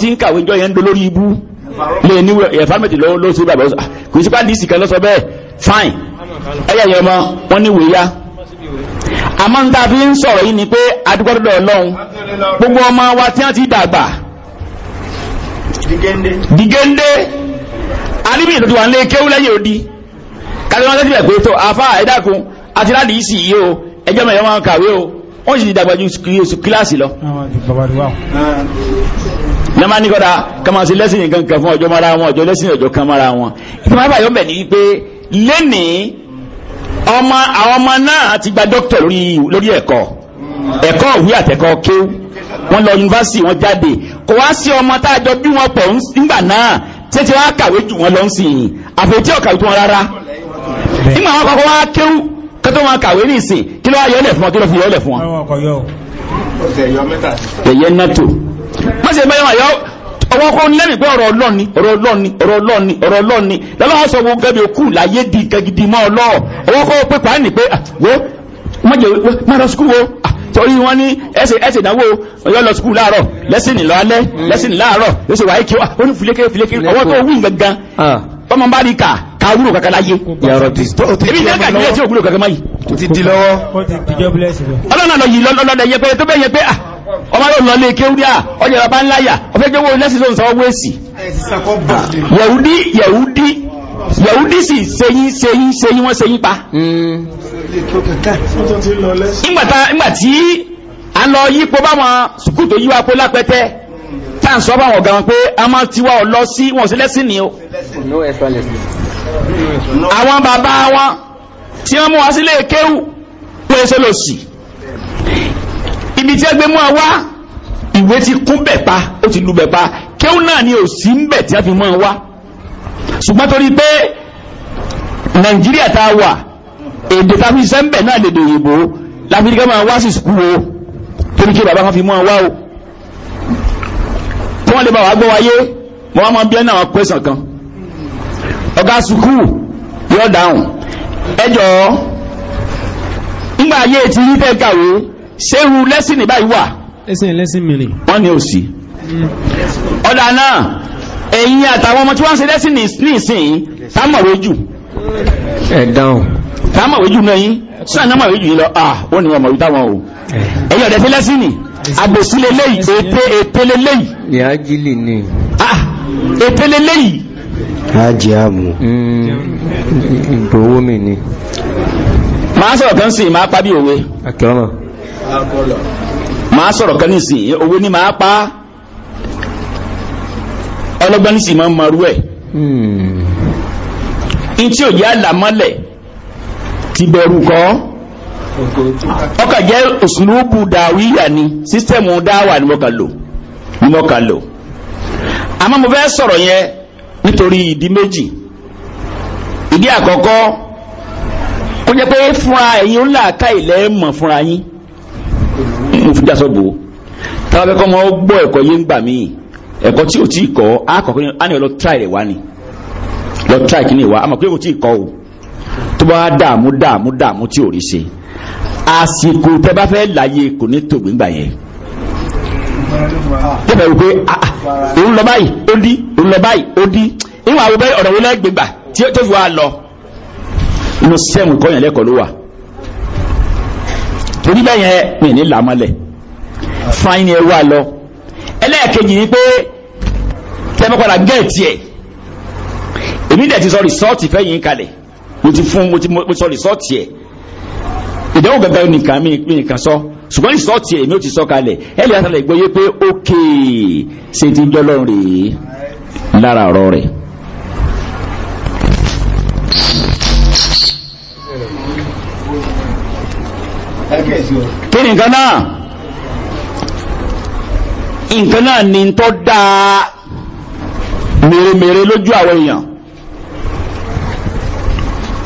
tí ń kàwé jọ yẹn ń do lórí ibú lè ní ẹ̀fámẹ́tì ló ṣe bàbá ah, kò sí pé àdísì kan lọ́sọ bẹ́ẹ̀ fine ẹ̀yà yẹn wọ́n àmọ́ ń tàbí ń sọ̀rọ̀ yìí ni pé adúgbọ́dọ̀ ọlọ́run gbogbo ọmọ wa tí wọ́n ti dàgbà dìgéńdé alíbì ìtọ́jú wa ń lé kéwú lẹ́yìn òdi kàtí wọ́n tẹ́tí ẹ̀kọ́ tó afá ẹ̀dàkùn àti láti ìsì yìí o ẹjọ́ mẹ́rin wọn kàwé o wọ́n sì ti dàgbà ju oṣù kíláàsì lọ. lẹ́mà ah. ní kọ́dà kàmá sí lẹ́sìn nǹkan kan fún ọjọ́ mara wọn ọjọ́ lẹ́sìn ọjọ́ kan mara wọn ìfọwọ́fà yóò bẹ̀ ní wípé lénìí ọmọ àwọn ọmọ náà ti gba dókítà lórí lórí ẹ̀kọ́ ẹ̀kọ́ òwe àtẹ̀kọ́ kéwú wọ́n lọ yunifásitì wọ́n jáde kò wá sí ọmọ tá a jọ bí wọ́n pọ̀ nígbà náà tètè wá kàwé jù wọ́n lọ ń sìn yìí àfẹ̀tí ọ̀kàwé tó wọn rárá nígbà wọn kọ́kọ́ wá kéwú kótó wọn kàwé ní ìsìn kí ló wá yọ ilẹ̀ fún wọn kí ló fi yọ ilẹ̀ fún wọn. ẹ̀yẹ nẹ́tò wọ́n sì bẹ́ẹ̀ ọwọ́ kó ń lẹ́mìí pé ọ̀rọ̀ ọlọ́ni ọ̀rọ̀ ọlọ́ni ọ̀rọ̀ ọlọ́ni ọ̀rọ̀ ọlọ́ni lọ́lọ́wọ́ sọ wọn gẹ́bí okú láyé di gẹ́gidi mọ́ ọlọ́ ọwọ́ kó pé pàánì pé ah, wo wọ́n jẹ wọ́n lọ sukú wo ah, torí wọ́n ní ẹsẹ̀ ẹsẹ̀ ìdánwò yọ lọ sukú láàárọ̀ lẹ́sìn ní lọ́lẹ́ mm. lẹ́sìn láàárọ̀ lọ́sẹ̀ wáyé kí ó ní fìlékè fìlékè ọwọ́ tó wù gangan ah. ọmọ bá rí kà ta wúlò kankan láyé yàrá ti ebi ní ẹgbẹ́ ìgbìyànjú òwúlò kankan máyì tó ti di lọ́wọ́ ọlọ́nà lọ yìí lọ́lọ́dẹ yẹ pé tó bẹ́ẹ̀ yẹ pé à ah, ọmọ yóò lọ lé kéwúrí à ah, ọjà bàbá ńlá yà ọfẹ́ jẹ́ wọ́n lẹ́sìn lóun sanwó wẹ́sì yẹ̀wúdí yẹ̀wúdí yẹ̀wúdí sì sẹ́yìn sẹ́yìn sẹ́yìn wọ́n sẹ́yìn pa. nígbà tí a lọ yípo báwọn sùkúù tó yíwa pé lápẹ́tẹ́ tá sọ báwọn ọ̀gá wọn pé a máa tiwa ọ̀ lọ sí wọn sí lẹ́sìn ni o. no extra lesson àwọn bàbá wọn tí wọ́n mú wa sílé kéwù wọ́n ṣe lò sí ibi tí wọ́n gbé mú wa wá ìwé ti kún bẹ̀ pa ó ti lu bẹ̀ pa kéwù náà ni ò sí ń bẹ̀ tí wọ́n fi mú wa ṣùgbọ́n torí pé nàìjíríà tá a wà èdè tá a fi ṣiṣẹ́ ń bẹ̀ náà lè dè òyìnbó láfíríkà máa wá sí sùkú o torí kí bàbá kan fi mú wa o kí wọ́n lè bá wa gbọ́ wáyé wọ́n máa bí ẹ́ náà wọ́n pẹ́sàn kan ọ̀gá sùkú yọ dáhùn ẹjọ́ ńgbà ayé ti rí fẹ́ kàwé ṣéhu lẹ́sìn ní báyìí wà lẹ́sìn lẹ́sìn mìíràn wọ́n ní òsì ọ̀dà náà ẹ̀yin àtàwọn ọmọ tí wọ́n ń ṣe lẹ́sìn ní ìsìn támọ̀wé jù ẹ̀dáhùn támọ̀wé jù náà yín sáà náà mọ̀wé jù yín lọ ah wọ́n ní ọmọ ìta wọn o ẹ̀yin ọ̀dẹ̀ sí lẹ́sìn ní àgbèsílẹ̀ lẹ́yìn ètè ètè lẹ́yìn ìyá jílì ni ah ètè lẹ́yìn hajji àmù ìgbòwó mi ni máa sọ̀rọ̀ kan sí máa pa bí òwe akẹ́ọ̀nà máa sọ̀rọ̀ kan sí òwe ni máa pa ọlọ́gbọ́n sì máa marú ẹ̀ e. hmm. in tí ò yá làmọ́lẹ̀ ti bẹ̀rù kọ́ ọkà jẹ́ òsùnlúùbù dàwíyà ni sísẹ̀mù dáwà ni mo àmọ́ mo fẹ́ nítorí ìdí méjì ìdí àkọ́kọ́ kó jẹ́ pé fúnra ẹ̀yin ńlá ká ilẹ̀ mọ̀ fúnra yín mo fi dáṣọ bò ó táwọn akẹ́kọ̀ọ́ máa gbọ́ ẹ̀kọ́ yé ń gbà míì ẹ̀kọ́ tí ò tí ì kọ́ àkọ́kọ́ á ní ọ lọ tíráì rẹ̀ wá ni lọ tíráì kí ni ìwà àmọ́ pé kò tí ì kọ́ o tó bá dààmú dààmú dààmú tí ò rí ṣe àsìkò tẹ bá fẹ́ láyé kò ní tògbìngbà yẹn tó bẹ̀rù pé ah, ah, òun lọ báyìí ó dí òun lọ báyìí ó dí níwọ̀n àwọn ọ̀rọ̀ wọn lẹ́gbẹ̀gbà tí ó fi wá lọ inú sẹ́mu kọ́yàn lẹ́kọ̀ọ́ ló wà torí bẹ́ẹ̀ mi ní làmọ́lẹ̀ fain yẹn wà lọ ẹlẹ́ẹ̀kejì ni pé tẹ́mọ́kọ́dà gẹ́ẹ̀tì ẹ̀ èmi dẹ̀ ti sọ rìsọ́ọ̀tì fẹ́yìn kalẹ̀ mo ti fún mo ti sọ rìsọ́ọ̀tì ẹ̀ ìdánwò gẹ́gẹ́ nìkan sọ ṣùgbọ́n ìsọ́ọ̀tì èmi ò ti sọ kalẹ̀ ẹ lè àtàlẹ̀ gbọ́ yé pé ókè ṣe ti ń jọ lọ́rùn rèé lára ọ̀rọ̀ rẹ̀. kí ni nǹkan náà nǹkan náà ni tó dáa mèremère lójú àwọn èèyàn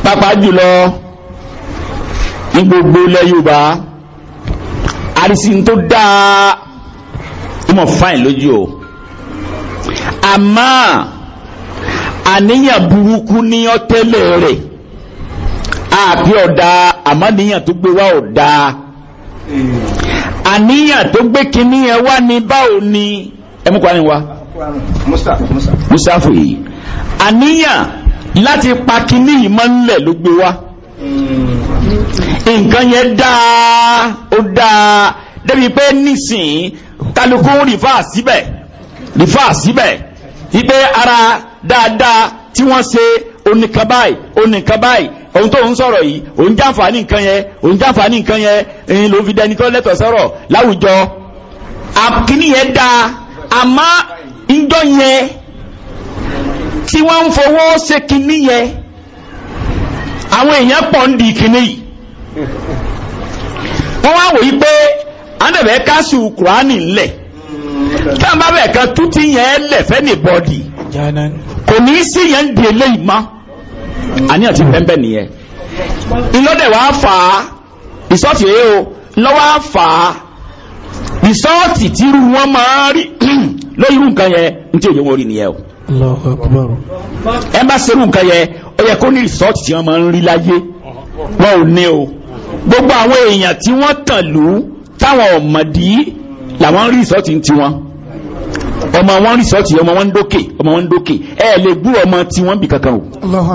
pàápàá jùlọ ní gbogbo ilẹ̀ Yorùbá àrísí tó dáa ó mọ̀ fáìn lójú o àmọ́ àníyàn burúkú ní ọtẹ́lẹ̀ rẹ̀ àbí ọ̀dà àmọ́ níyàn tó gbé wá ọ̀dà àníyàn tó gbé kinní yẹn wá ní báwo ni ẹmú kwani wa musafu yìí àníyàn láti pa kinní yìí mọ́ ńlẹ̀ ló gbé wá nǹkan yẹn dáa ó dáa débi pé nísìn kálukú rìfà síbẹ̀ rìfà síbẹ̀ wípé ara dáadáa tí wọ́n ṣe onìkan báyìí onìkan báyìí ohun tó ń sọ̀rọ̀ yìí òun jàǹfààní nǹkan yẹn òun jàǹfààní nǹkan yẹn èyí ló fi dẹni tó lẹ́tọ̀ọ́ sọ̀rọ̀ láwùjọ àkíní yẹn dáa àmọ́ ìjọ yẹn tí wọ́n ń fowó ṣe kíní yẹn àwọn èèyàn pọ̀ ń di kíní yìí wọ́n wá wòye pé àndẹ̀bẹ̀ káṣù kùránì ńlẹ̀ a bá bẹ̀ kan tútí yẹn lẹ̀ fẹ́ ní bọ́ọ̀dì kò ní í sí yẹn ń di eléyìí mọ́ àní àti pẹ́ńpẹ́ nìyẹn ìlọ́dẹ̀ wàá fà á ìsọ́ọ̀tì yìí o lọ́wọ́ á fà á ìsọ́ọ̀tì tí o ẹ nǹkan yẹn ó yẹ kó ní rìsọ́ọ̀tì tí wọ́n máa ń rí láyé wọn ò ní o gbogbo àwọn èèyàn tí wọ́n tàn lù táwọn ọ̀mọ̀dí làwọn ń rí rìsọ́ọ̀tì ń tiwọn ọmọ wọn rìsọ́ọ̀tì ọmọ wọn ń dókè ọmọ wọn ń dókè ẹ lè gbúrò ọmọ tí wọ́n bì kankan o. Allahu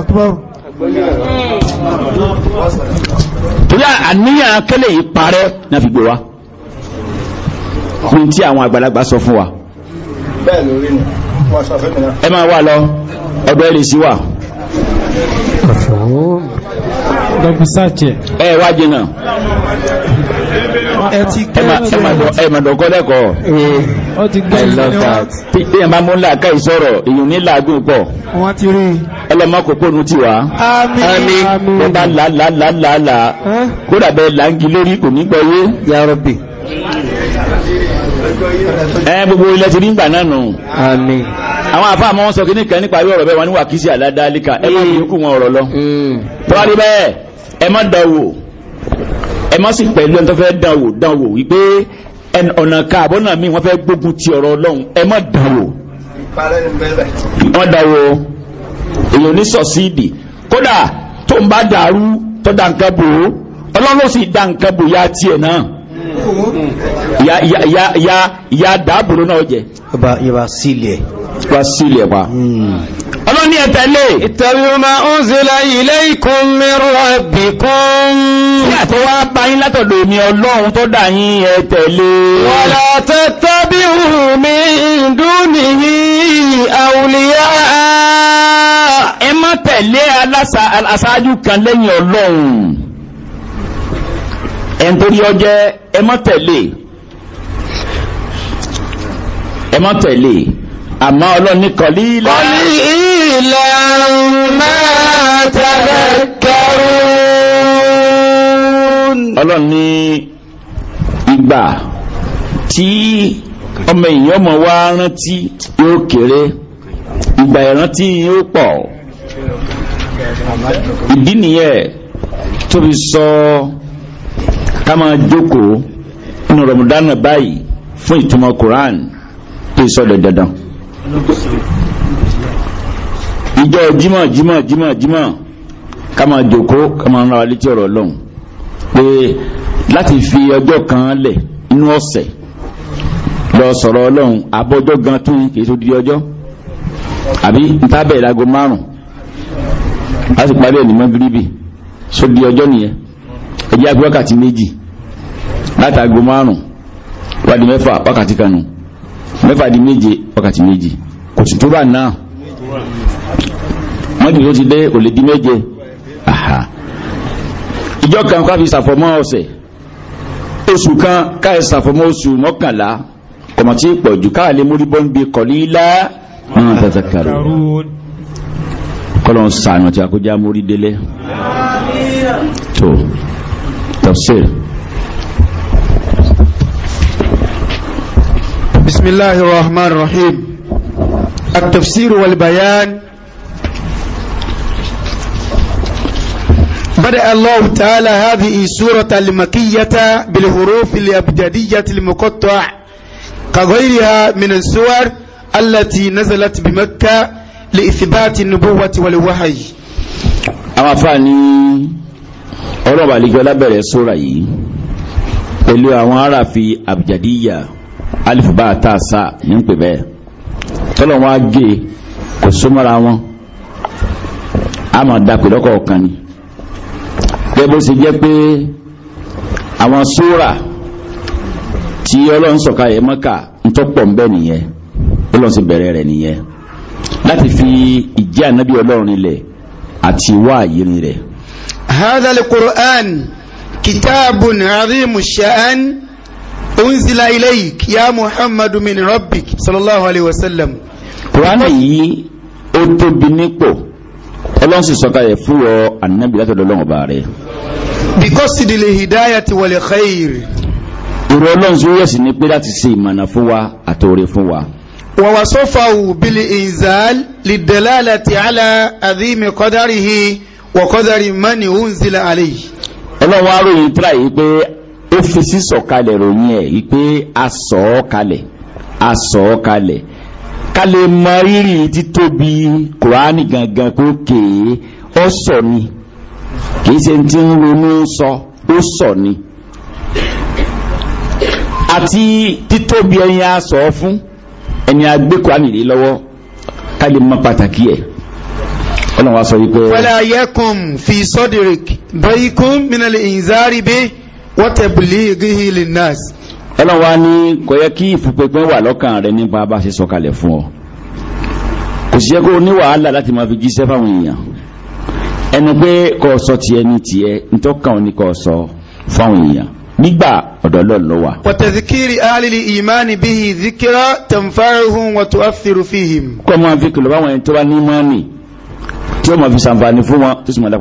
àníyàn akẹ́lẹ̀ yìí parẹ́ náà fi wa ohun tí àwọn àgbàlagbà sọ fún wa. ẹ máa wà lọ ọdọ ẹ lè sí wa ẹ wá jìnà ẹ mà dọ̀kọ́ lẹ́kọ̀ọ́ I love that bí ẹ máa mú làákà ìsọ̀rọ̀ èyàn ní làágùn pọ̀ ọlọ́mọ kòkó nu ti wá àmín ẹ bá làálàálàálà kódà bẹ́ẹ̀ láǹgì lórí kò ní gbọ́yé yàrọ̀bì ẹ gbogbo ilẹ̀ ti ní ìgbà náà nù àmín àwọn àfa àmọ́ wọn sọ kí nìkan nípa irú ọ̀rọ̀ bẹ́ẹ̀ wọn ní wàkísí àdáadáalíkà ẹ má hmm. fi yókù wọn ọ̀rọ̀ lọ tọ́wárí hmm. bẹ́ẹ̀ ẹ má dán wò ẹ má sì pẹ̀lú ẹni tó fẹ́ dán wò dán wò wípé ọ̀nà káàbọ̀ náà mi wọ́n fẹ́ gbógun ti ọ̀rọ̀ ọlọ́run ẹ má dán wò wọ́n dán wò èèyàn ní sọ̀síìdì kódà tó ń bá dàrú tó dá nǹkan bò ọlọ́run sì dá nǹkan bò yá tiẹ̀ náà ya ya ya ya ya dáàbòrò náà jẹ. yọba sílẹ̀. yọba sílẹ̀ wa. Hmm. ọlọ́ni ẹ tẹ̀lé. ittabi'u ma unzila ilaykum min rabbikum. bí àti wá bá yín látọ̀dọ̀ mi ọlọ́run tó dà yín ẹ tẹ̀lé. wala tattabi'u min dunihi awliya. ẹ má tẹ̀lé aláṣáájú kan lẹ́yìn ọlọ́run ẹn torí ọjẹ́ ẹ má tẹ̀lé ẹ má tẹ̀lé àmọ́ ọlọ́ni kọ̀lí ilẹ̀. kọ̀lí ilẹ̀ máa tẹ̀lé kẹrún. ọlọ́ni ìgbà tí ọmọ èèyàn mọ̀ wá rántí yóò kéré ìgbà ìrántí yóò pọ̀ ìdí nìyẹn tó sọ. So, kama-joko inu nínú rọmọdánà báyìí fún ìtumọ̀ Quran tó sọ̀dọ̀ dandan. ìjọ jímọ̀ jímọ̀ jímọ̀ jima jima máa jókòó ká máa rán wa létí ọ̀rọ̀ fi ọjọ́ kan lẹ̀ inu ọ̀sẹ̀ lọ sọ̀rọ̀ Ọlọ́run abọ́jọ́ gan tún kì í di ọjọ́ a méjì látago márùn wádi mẹ́fà wákàtí kanu mẹ́fà di méje wákàtí méje kò sì tó bá náà mọ́tò tó ti dé kò lè di méje aha ìjọ kan káfi ṣàfọ̀mọ́ ọ̀sẹ̀ oṣù kan káyẹ ṣàfọ̀mọ́ oṣù mọ́kànlá kọ̀mọ̀tí pọ̀ jù káà lè mórí bọ́m̀bì kọ̀lí ilá náà tẹ̀sẹ̀ kàrò kọ́lọ́n sàánà tí a kó délé tó tafsir بسم الله الرحمن الرحيم التفسير والبيان بدأ الله تعالى هذه سورة المكية بالحروف الأبجدية المقطع كغيرها من السور التي نزلت بمكة لإثبات النبوة والوحي أما فاني أولا بالي جولا بره سورة pẹ̀lú àwọn aráfi alifuba ata sa ní ń pè bẹ́ẹ̀ tọ́lọ̀ wọn á gé kò súnmọ́ra wọn a máa da pè lọ́kọ̀ kan ni bẹ́ẹ̀ bó ṣe jẹ́ pé àwọn súra tí ọlọ́run sọ̀ka yẹn mọ́kà ń tọ́pọ̀ ń bẹ́ nìyẹn ọlọ́run láti fi ìjẹ́ ànábì ọlọ́run ilẹ̀ àti wá àyè rẹ̀. hadha quran kitabun azim ash unzila ilayk ya muhammadu min rabbik sallallahu alayhi wa sallam. kùránà yìí ó tóbi nípò ọlọ́run sì sọ̀kalẹ̀ fún ọ ànábì látọ̀dọ̀ ọlọ́run ọba rẹ̀. because ìdílé hidayati wal khair. ìrọ̀ ọlọ́run sì yẹ̀ sí ni pé láti ṣe ìmọ̀nà fún wa àtòrè fún wa. ووصفه بالإنزال للدلالة على عظيم قدره وقدر من أنزل عليه. ọlọ́run wá ròyìn tíra yìí pé ó fi sísọ̀ kalẹ̀ ròyìn ẹ̀ wípé a sọ ọ́ kalẹ̀ a sọ ọ́ kalẹ̀ ká lè mọ rírì títóbi kùránì gangan kó kéé ó sọ ni kì í ṣe ti ń ronú sọ ó sọ ni àti títóbi ẹni a sọ ọ́ fún ẹni a kùránì lé lọ́wọ́ ká lè pàtàkì ẹ̀ ọlọ́run wa sọ wípé. wala yakum fi sọ́dìrìk bẹ́ẹ̀kún mìnàlẹ̀ ìzárí bẹ́ẹ̀. wa tablighihi linnas. ní kò yẹ kí ìfipẹ́pẹ́ wà lọ́kàn rẹ nípa bá ṣe sọ̀kalẹ̀ fún ọ kò sí yẹ kó láti máa fi jíṣẹ́ fáwọn èèyàn ẹni pé kò sọ tiẹ̀ ní tiẹ̀ ní kò sọ fáwọn èèyàn nígbà ọ̀dọ̀ zikira kọ́ máa fi kìlọ̀ báwọn ẹni tó bá ní tí ó máa fi fún wọn tó sì máa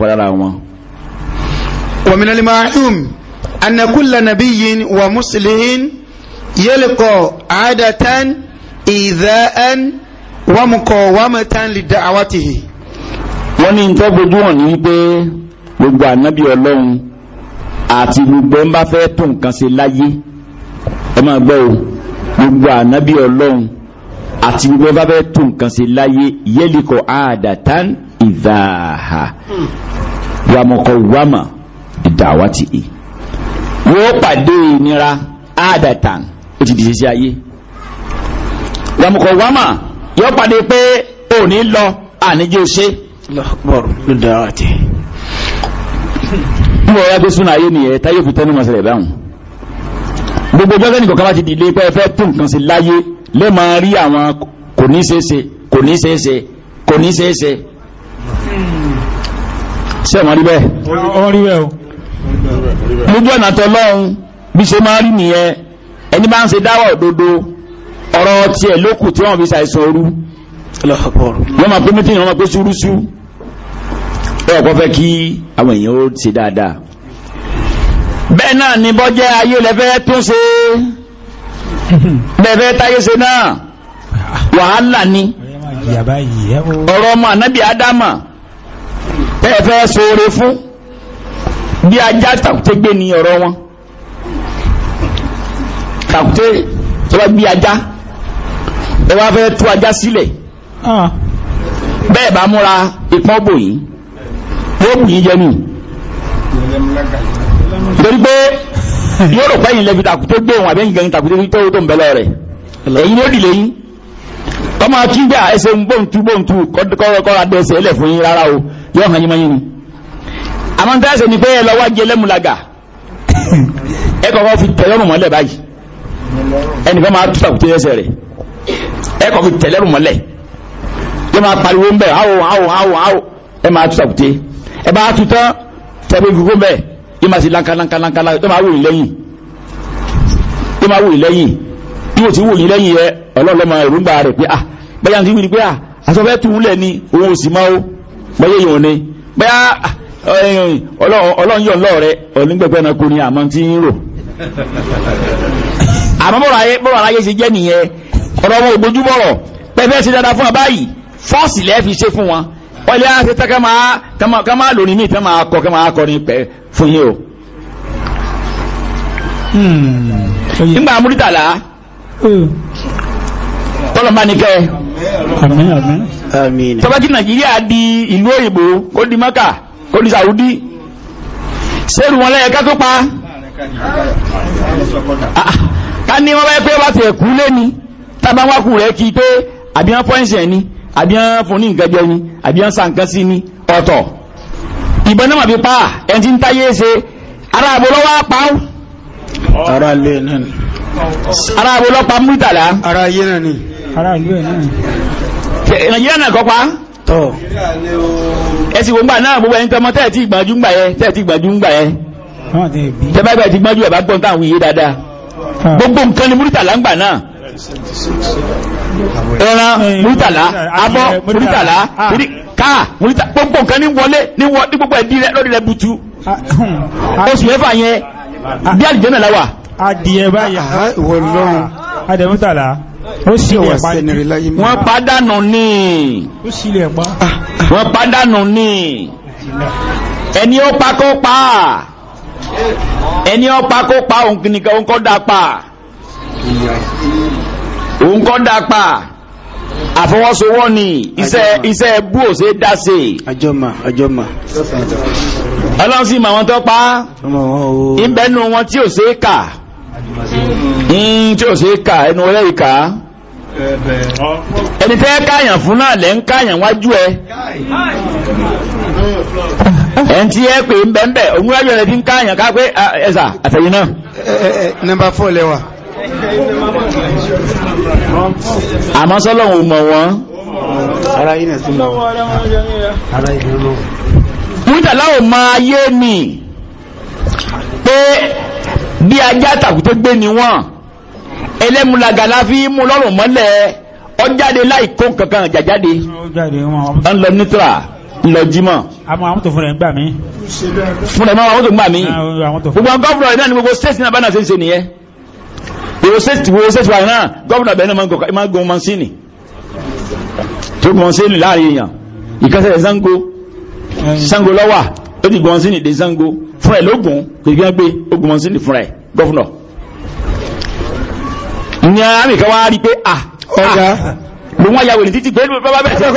أن كل نبي ومسلم يلقى عادة إيذاء ومقاومة لدعوته wọ́n ní tó gbójú hàn ní pé gbogbo ànábì ọlọ́run àti gbogbo ń bá fẹ́ tó nǹkan ṣe láyé ẹ máa gbọ́ o gbogbo ànábì ọlọ́run àti gbogbo ń bá fẹ́ tó nǹkan ṣe láyé yẹ́lìkọ̀ àdàtàn ìdáhà hmm. wàmọ̀kọ̀ wàmà ìdáwàtì yìí wọ́n pàdé ìnira àádàtà ó ti dìde sí ayé wàmùkọ̀ wàmà yọ pàdé pé ò ní lọ àníjẹ́ ṣe mo ya gbé súnà ayé nìyẹn táyé fi tẹnu mọ́sẹ̀lẹ̀ báwọn gbogbo ọjọ́ sẹ́nì kọ̀ọ̀kan bá ti dìde pé ẹ fẹ́ tún nǹkan sí láyé lè máa rí àwọn kò o lójú ọ̀nà tọ́lọ́run bí ṣe máa rí nìyẹn ẹni bá ń ṣe dáwà òdodo ọ̀rọ̀ tiẹ̀ lókù tí wọ́n fi ṣàìsàn orú wọ́n máa pé mítìnì wọ́n máa pé ṣúrúṣú ẹ̀kọ́ fẹ́ kí àwọn èèyàn ó ṣe dáadáa bẹ́ẹ̀ náà ni bọ́jẹ́ ayé lẹ́fẹ́ tún ṣe bẹ́ẹ̀fẹ́ táyé ṣe náà wàhálà ni ọ̀rọ̀ ọmọ ànábì ádámà tẹ́ẹ̀fẹ́ ṣoore fún bí ajá tàkùté gbé ni ọ̀rọ̀ wọn tàkùté tó bá gbé ajá ẹ wá fẹ́ tú ajá sílẹ̀ ah. bẹ́ẹ̀ bá múra ìpọ́n bò yín yóò bù yín jẹ nù torí pé yóò rò pẹ́yìn lẹ́bi tàkùté gbé òun àbẹ́yìn gẹ̀yìn tàkùté tó ń bẹ̀lẹ̀ rẹ̀ ẹ̀yin ló dìlé yín tọ́mọ kí ẹsẹ̀ ń bóǹtú bóǹtú kọ́ra dẹ́sẹ̀ ẹlẹ̀ fún yín rárá o yóò hàn yín mọ́ yín ni àmọ́ tẹ́sẹ̀ ni pé ẹ lọ wájú ẹlẹ́múlaga ẹ kọ́kọ́ fi tẹ̀lẹ́rùn mọ́lẹ̀ báyìí ẹnìkan máa tún àkùtẹ́ ẹsẹ̀ rẹ̀ ẹ kọ́kọ́ fi tẹ̀lẹ́rùn mọ́lẹ̀ yóò máa pariwo ń bẹ̀ áwò áwò áwò áwò ẹ máa tún àkùtẹ́ ẹ bá tún tán tẹ̀wé gbogbo bẹ́ẹ̀ yóò máa sì lanka lanka lanka lanka yóò máa wòye lẹ́yìn yóò máa wòye lẹ́yìn yóò ti wòye lẹ́yìn yẹ ọlọ́ọ̀lọ́mọ ah bẹ́ẹ̀ yà ni pé ah àsọfẹ́ ni òun ò sì máa ó bẹ́ẹ̀ ọlọ́run yọ̀ lọ́ọ̀ rẹ onígbẹ̀gbẹ́ náà kò ní àmọ́ tí ń rò àmọ́ bọ̀rọ̀ ayé bọ̀rọ̀ ayé ṣe jẹ́ nìyẹn ọ̀rọ̀ wọn ògbójúbọ̀rọ̀ pẹ́fẹ́ sí dáadáa fún abáyì fọ́ọ̀sì lẹ́ẹ̀ fi ṣe fún wọn wọ́n lé àṣẹ tá ká máa lórí mi tán máa kọ́ ká máa kọ́ ní pẹ́ fún yín o. Hmm. nígbà múrítàlá hmm. tọ́lọ̀ bá ní kẹ́ tọ́bákì nàìjíríà di ìlú òyìnbó ó di mọ́kà kò ní Saudi sẹ́rù wọn lẹ́yẹ ká tó pa ah, ah, ká ní wọ́n báyẹ́ pé wá ti ẹ̀kú lé ni tábà wá kú rẹ̀ kí pé àbíyàn pọ́ìnsì ẹ̀ ni àbíyàn fún ní nǹkan jẹ ni àbíyàn sa sí ni ọ̀tọ̀ ìbọn náà fi pa ẹni tí ń táyé ṣe ara àbò lọ́wọ́ pa ó. ara lè náà ni. ara àbò lọ́pàá mú ìtàlá. ara yé náà ni. ara ìlú ẹ̀ náà ni. nàìjíríà náà kọ́ pa tọ́ ẹ sì wọ́n gbà náà gbogbo ẹni tọmọ tẹ́ẹ̀ tí ìgbàjú ń gbà yẹ tẹ́ẹ̀ tí ìgbàjú ń gbà yẹ tẹ́ẹ̀ bá ti gbájú ẹ̀ bá gbọ́n táwọn iye dáadáa ah. gbogbo nǹkan ni múrítàlá ń gbà náà ẹran múrítàlá abọ́ múrítàlá káà múrítàlá gbogbo nǹkan ní wọlé ní gbogbo ẹ̀dí rẹ lórí rẹ butu ah. oṣù mẹ́fà yẹn bí àlìjẹ́ náà láwà. adìyẹ báyà ah, wọlọ́run adẹ̀mútàlá ó sì lè pa wọ́n pàdánù ní wọ́n pàdánù ní ẹni ó pa kó pa ẹni ó pa kó pa òun nìkan òun kọ́ da pa òun kọ́ da pa àfọwọ́sowọ́ ni iṣẹ́ iṣẹ́ bú ò ṣe dá se àjọmà àjọmà ọlọ́run sì mà wọ́n tó pa ìbẹ́nu wọn tí ò ṣe kà Hmm, tí ò sí kà ẹnu ọlẹ́yìí kà á ẹni tẹ́ káyàn fún náà lẹ́ ń káyàn wájú ẹ ẹn tí ẹ pè ń bẹ́ẹ̀ òun wájú ẹ ti ń káyàn ká pé ah, ẹ̀sà àtẹ̀yìn náà. nọ́mbà fọ́ lẹ́wà. àmọ́ sọ́lọ́hún ò mọ̀ wọ́n. ara yìí nà tún mi pé bí ajá tàkùté gbé ni wọ́n ẹlẹ́múlagà la fi mú lọ́rùn mọ́lẹ̀ ọjáde láì kó kankan jàjáde ń lọ nítorá lọ jímọ̀ àwọn àwọn tó fún rẹ̀ ń gbà mí fún rẹ̀ máa àwọn tó gbà mí ah, gbogbo gọ́ọ̀fúnra rẹ̀ náà ni gbogbo sẹ́sì náà bá náà ṣe ń ṣe nìyẹn gbogbo sẹ́sì wà náà gọ́ọ̀fúnra bẹ̀rẹ̀ náà máa ń gun mọ́sínì tó gun mọ́sínì láàrin èèyàn ìkẹsẹ̀ sango sango eh. lọ́wà ó ti gun mọ́sínì dé sango fún ẹ̀ lógún gbègbè gbé ogun mọ́ sí ní fúnra ẹ̀ gọ́fúnà ní àmì kan wá rí pé à ah, ah, ọ̀gá ló wọ́n yàwó ní títí pẹ̀lú bàbá bẹ́sẹ̀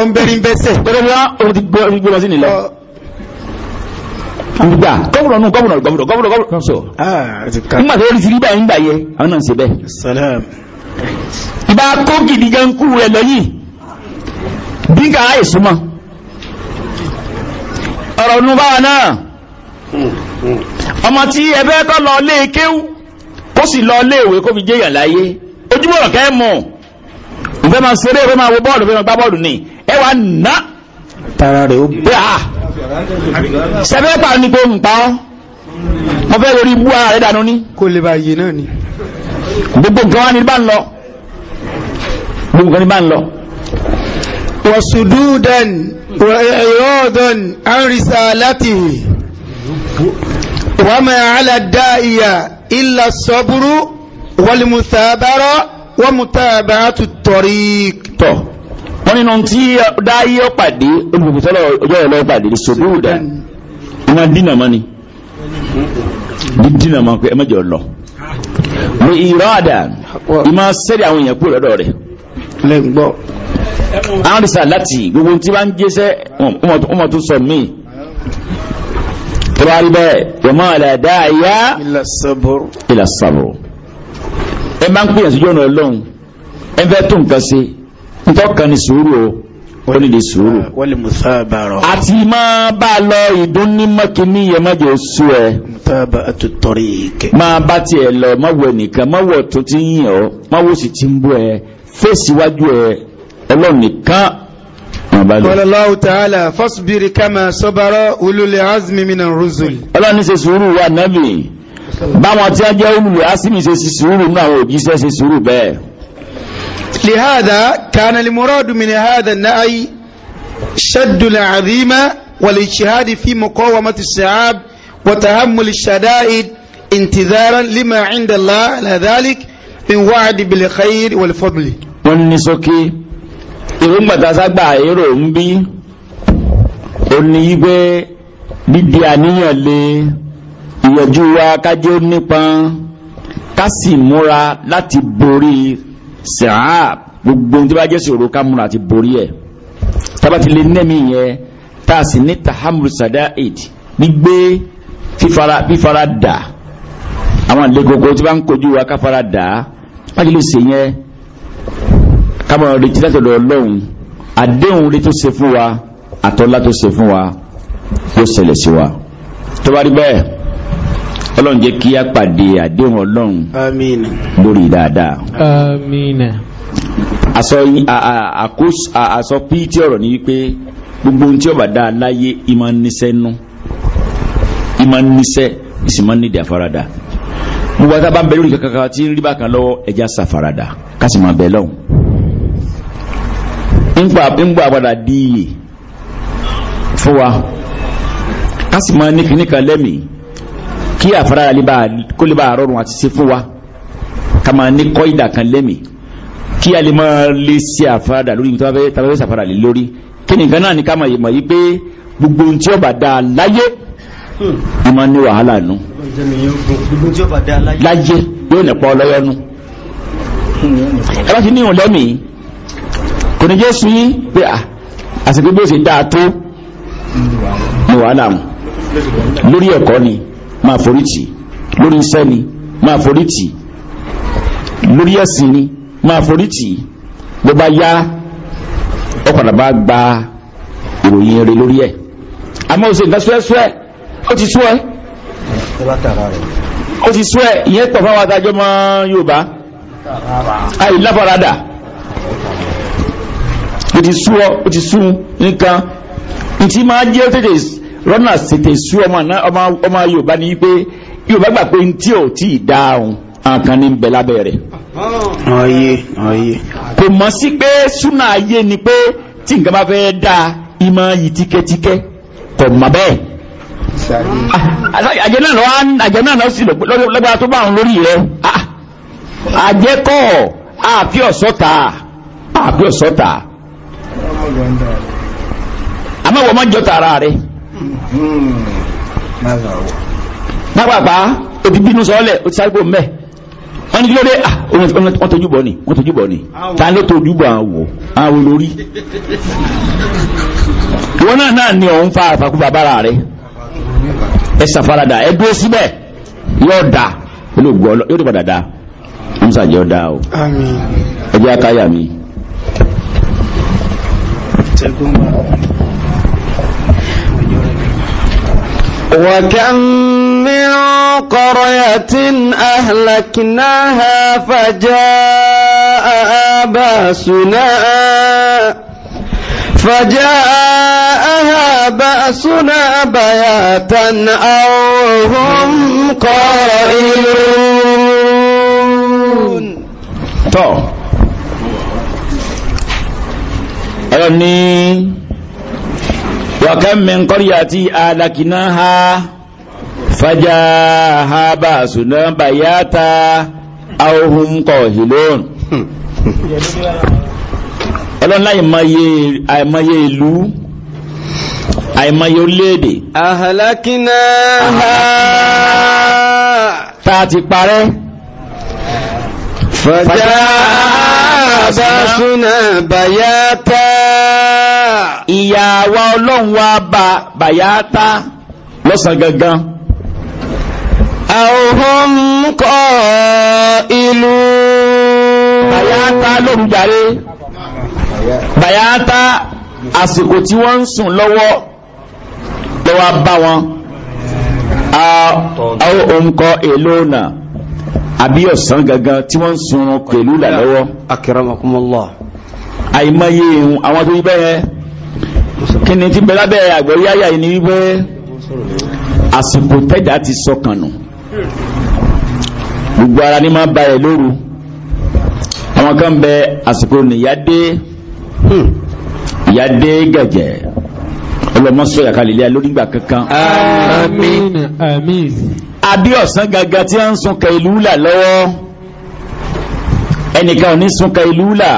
ọmọbìnrin bẹ́sẹ̀ pẹ̀lú wọn òun ti gbé lọ sí nílọ gbà gọ́fúnà nù gọ́fúnà gọ́fúnà gọ́fúnà gọ́fúnà sọ ah, nígbà tó rí ti rí báyìí nígbà yẹ àwọn náà ń ṣe bẹ́ẹ̀ ìbá kó gidi gan kú rẹ̀ lọ́yìn bí kàá èso mọ́ ọ̀rọ̀ nù báwa náà ọmọ tí ẹbẹ́ kọ́ lọ lé kéwú kó sì lọ lé ìwé kó fi jẹ́yàn láyé ojúbọ̀rọ̀ kẹ́ mọ̀ ìfẹ́ máa ṣeré ìfẹ́ máa wo bọ́ọ̀lù ìfẹ́ máa gbá bọ́ọ̀lù ni ẹ wà ná tara rẹ̀ ó bẹ́ à ṣẹfẹ́ pa ní kó ń pa ọ́ mo fẹ́ lórí bú ara rẹ̀ dànù ní. kò lè bá yé náà ni. gbogbo nǹkan wá bá ń lọ gbogbo nǹkan ní bá ń lọ. wasududan wa iradan an risalatihi. وما على الداعية إلا الصبر والمثابرة ومتابعة الطريق wọ́n nínú tí dáyé pàdé olùgbòsọ́lọ̀ ọjọ́ ìlọ́ pàdé ní ṣòbúrú dá iná dínà mọ́ ni dínà mọ́ pé ẹmẹ́jọ lọ ní ìrọ́dà ìmá sẹ́rẹ̀ àwọn èèyàn kúrò lọ́dọ̀ rẹ̀ lẹ́gbọ́ àwọn ìsà gbogbo tí wọ́n ń jẹ́sẹ́ ọmọ tó sọ míì tó bá rí bẹ́ẹ̀ yọmọ àlàdá àyà ilà sàbùrù ẹ máa ń pè yàn sí jọ́nà ọlọ́run ẹ fẹ́ tó nǹkan ṣe ntọ́kan ni sùúrù o ó nílé sùúrù àti máa bá a lọ ìdúnnímọ́kì ní ìyẹmọ́jọ oṣù ẹ máa bá tiẹ̀ lọ mọ́wọ́ nìkan mọ́wọ́ tó ti ń yàn ọ́ mọ́wọ́ sì ti ń bú ẹ fèsì wájú ẹ ọlọ́run Qala Allahu ta'ala fasbir kama sabara ulul azmi minar rusul. Ọlọ́run ní ṣe sùúrù wa nábì. Báwọn tí a jẹ́ ulul azmi ṣe sùúrù ní àwọn òjíṣẹ́ ṣe sùúrù bẹ́ẹ̀. Lihada kana al-muradu min hadha an-nahy shaddu al-'azima wal-ijtihad fi muqawamati saab wa tahammul ash-shada'id lima 'inda Allah ala dhalik min wa'di bil-khayr wal-fadl. Wọ́n ìrúgbàtàságbà èrò ń bí ó ní wípé dídí àníyàn lè ìyẹ̀jú wa kájí ó nípọn ká sì múra láti borí sàá gbogbo tí bá jẹ́ sòro ká múra àti borí ẹ̀ tábà ti lè nẹ́mí yẹn tá a sì ní tahamul sadaid gbígbé fífara dà àwọn àlekòkò tí bá ń kojú wa ká fara dà á má jẹ́ lè sèyẹn kámọ̀ retí látọ̀dọ̀ ọlọ́run àdéhùn rí tó ṣe fún wa àtọ́lá tó ṣe fún wa yóò ṣẹlẹ̀ sí wa tó bá rí bẹ́ẹ̀ ọlọ́run jẹ́ kí a pàdé àdéhùn ọlọ́run àmín lórí dáadáa àmín àsọ pí tí ọ̀rọ̀ ní wípé gbogbo ohun tí ó bá dáa láyé ìmọ̀ níṣẹ́ nú ìsìnmọ́ nídìí àfaradà gbogbo àtàbà ń bẹ lórí kankan tí ń rí bákan lọ́wọ́ ẹja ṣàfaradà kásìmọ̀ bẹ̀ lọ́hùn ń gbà padà di iyì fún wa a sì máa ní kíníkà lẹ́mìí kí àfaradà kó lè bá àrọ̀rùn àti ṣe fún wa ká máa ní kọ́ ìdà kan lẹ́mìí kí a lè máa lè ṣe àfaradà lórí ibi tí wọ́n fẹ́ ṣàfaradà lé lórí kí nìkan náà ní ká máa yè mọ̀ pé gbogbo ohun tí ó bá dáa láyé ìmọ̀ ní wàhálà nù láyé yóò nẹ̀pọ̀ ọlọ́yọ́nù ẹ bá ti ní ìhùn lẹ́mìí kò ní jésù yí pé àti pé bó ṣe dáa tó ní wàhálà lórí ẹ̀kọ́ ni máa forí tì lórí iṣẹ́ ni máa forí tì lórí ẹ̀sìn ni máa forí tì bó bá yá ọkọ̀nà bá gba ìròyìn rẹ lórí ẹ̀ àmọ́ òṣèlú lọ́sọ́ẹ́sọ́ẹ́ ó ti sọ́ ó ti sọ́ ìyẹn tọ̀ fáwọn adájọ́ mọ́ Yorùbá àìláfaradà ó ti sú ọ ó ti sú nǹkan ntí máa jẹ́ tètè rọ́nà tètè sú ọmọ Yorùbá ni pé Yorùbá gbà pé ntí ò tí ì dáhùn àǹkan ní bẹ̀ lábẹ́ rẹ̀ ọ̀yẹ́ ọ̀yẹ́ kò mọ̀ sí pé súnà ayé ni pé tí nǹkan bá fẹ́ dá ìmọ̀ yìí tíkẹ́tíkẹ́ kò mọ̀ bẹ́ẹ̀ ah, ah, àjẹ́ náà lọ́wọ́ àjẹ́ náà lọ́wọ́ sí lọ́gbàá tó bá àwọn lórí rẹ̀ ah, àjẹ́kọ̀ọ́ àfi ọ̀sọ́ta àfi ọ̀sọ́ta. àmọ́ ìwọ mọ́ jọ tààrà rẹ̀ pápápá o ti bínú o ti sáré bò mẹ́ wọ́n ní lórí ah, wọ́n tọ́jú bọ̀ ni wọ́n tọ́jú bọ̀ ni ta ló tọ́jú lórí náà náà ni òun fa àfàkù ẹ ẹ dúró yóò yóò padà o ẹ akáyà mi. وكم من قرية أهلكناها فجاء بأسنا فجاءها بأسنا بياتا أو هم قائلون طيب. ọlọ́run ní wàkàmẹ́ nkọ́rìyà tí alakina ha fàjà ha bá sùnà bàyàtà ahùn kọ̀hìlón ọlọ́run láì àìmọye ìlú àìmọye orílẹ̀-èdè ahalakina ha tá parẹ́ فجاء باسنا بياتا ìyà wa ọlọ́run wa bá bàyátá lọ́sàn gangan àwọn kọ́ ìlú bàyátá lóru jàre bàyátá àsìkò tí wọ́n ń sùn lọ́wọ́ lọ́wọ́ bá wọn àwọn kọ́ ìlú náà àbí ọ̀sán gangan tí wọ́n ń sunrun pẹ̀lú là lọ́wọ́. akramakumullah. àìmọye ìhun àwọn tó yí bẹ́ẹ̀ kí ni ti bẹ lábẹ́ àgbẹ̀yé yìí ni wípé àsìkò tẹ́jà ti sọ kanu, gbogbo ara ní máa ba ẹ̀ lóru àwọn kan bẹ àsìkò nìyá dé hmm. ìyá dé ọlọ́mọ sọ yàkàlẹ̀ ilé lórí ìgbà kankan. àmín àmín. abíọ̀sán gàgà tí a ń sunka ìlú là lọ́wọ́ ẹnìkan ò ní sunka ìlú là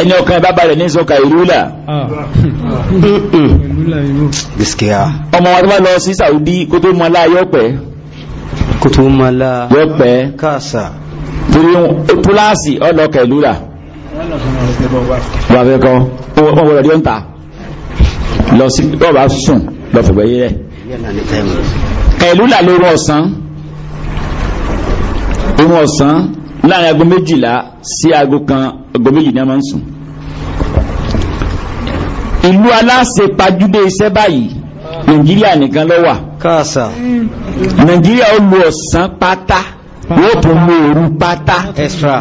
ẹni ọkàn ìbába rẹ̀ ní sunka ìlú là. Ah. ọmọ wa tó bá lọ sí Saudi kó tó mọ aláyọ̀ pẹ́. kó tó mọ aláyọ̀ pẹ́. káàsà. torí púláàsì ọlọ́kà ìlú là. wà fẹ́ kọ́ wọ́n wọ́n wọ́n lọ́ọ́ di ọ́n ta lọ sí bọ́ọ̀bá sùn lọ fẹ̀gbẹ́ yé rẹ̀ ẹ̀lú là lórí ọ̀sán irun ọ̀sán láàrin aago méjìlá sí aago kan aago méjì ní a máa ń sùn ìlú aláṣẹ pajúdé iṣẹ́ báyìí nàìjíríà nìkan ló wà káàsà nàìjíríà ó lu ọ̀sán pátá wọ́n tún mú òru pátá extra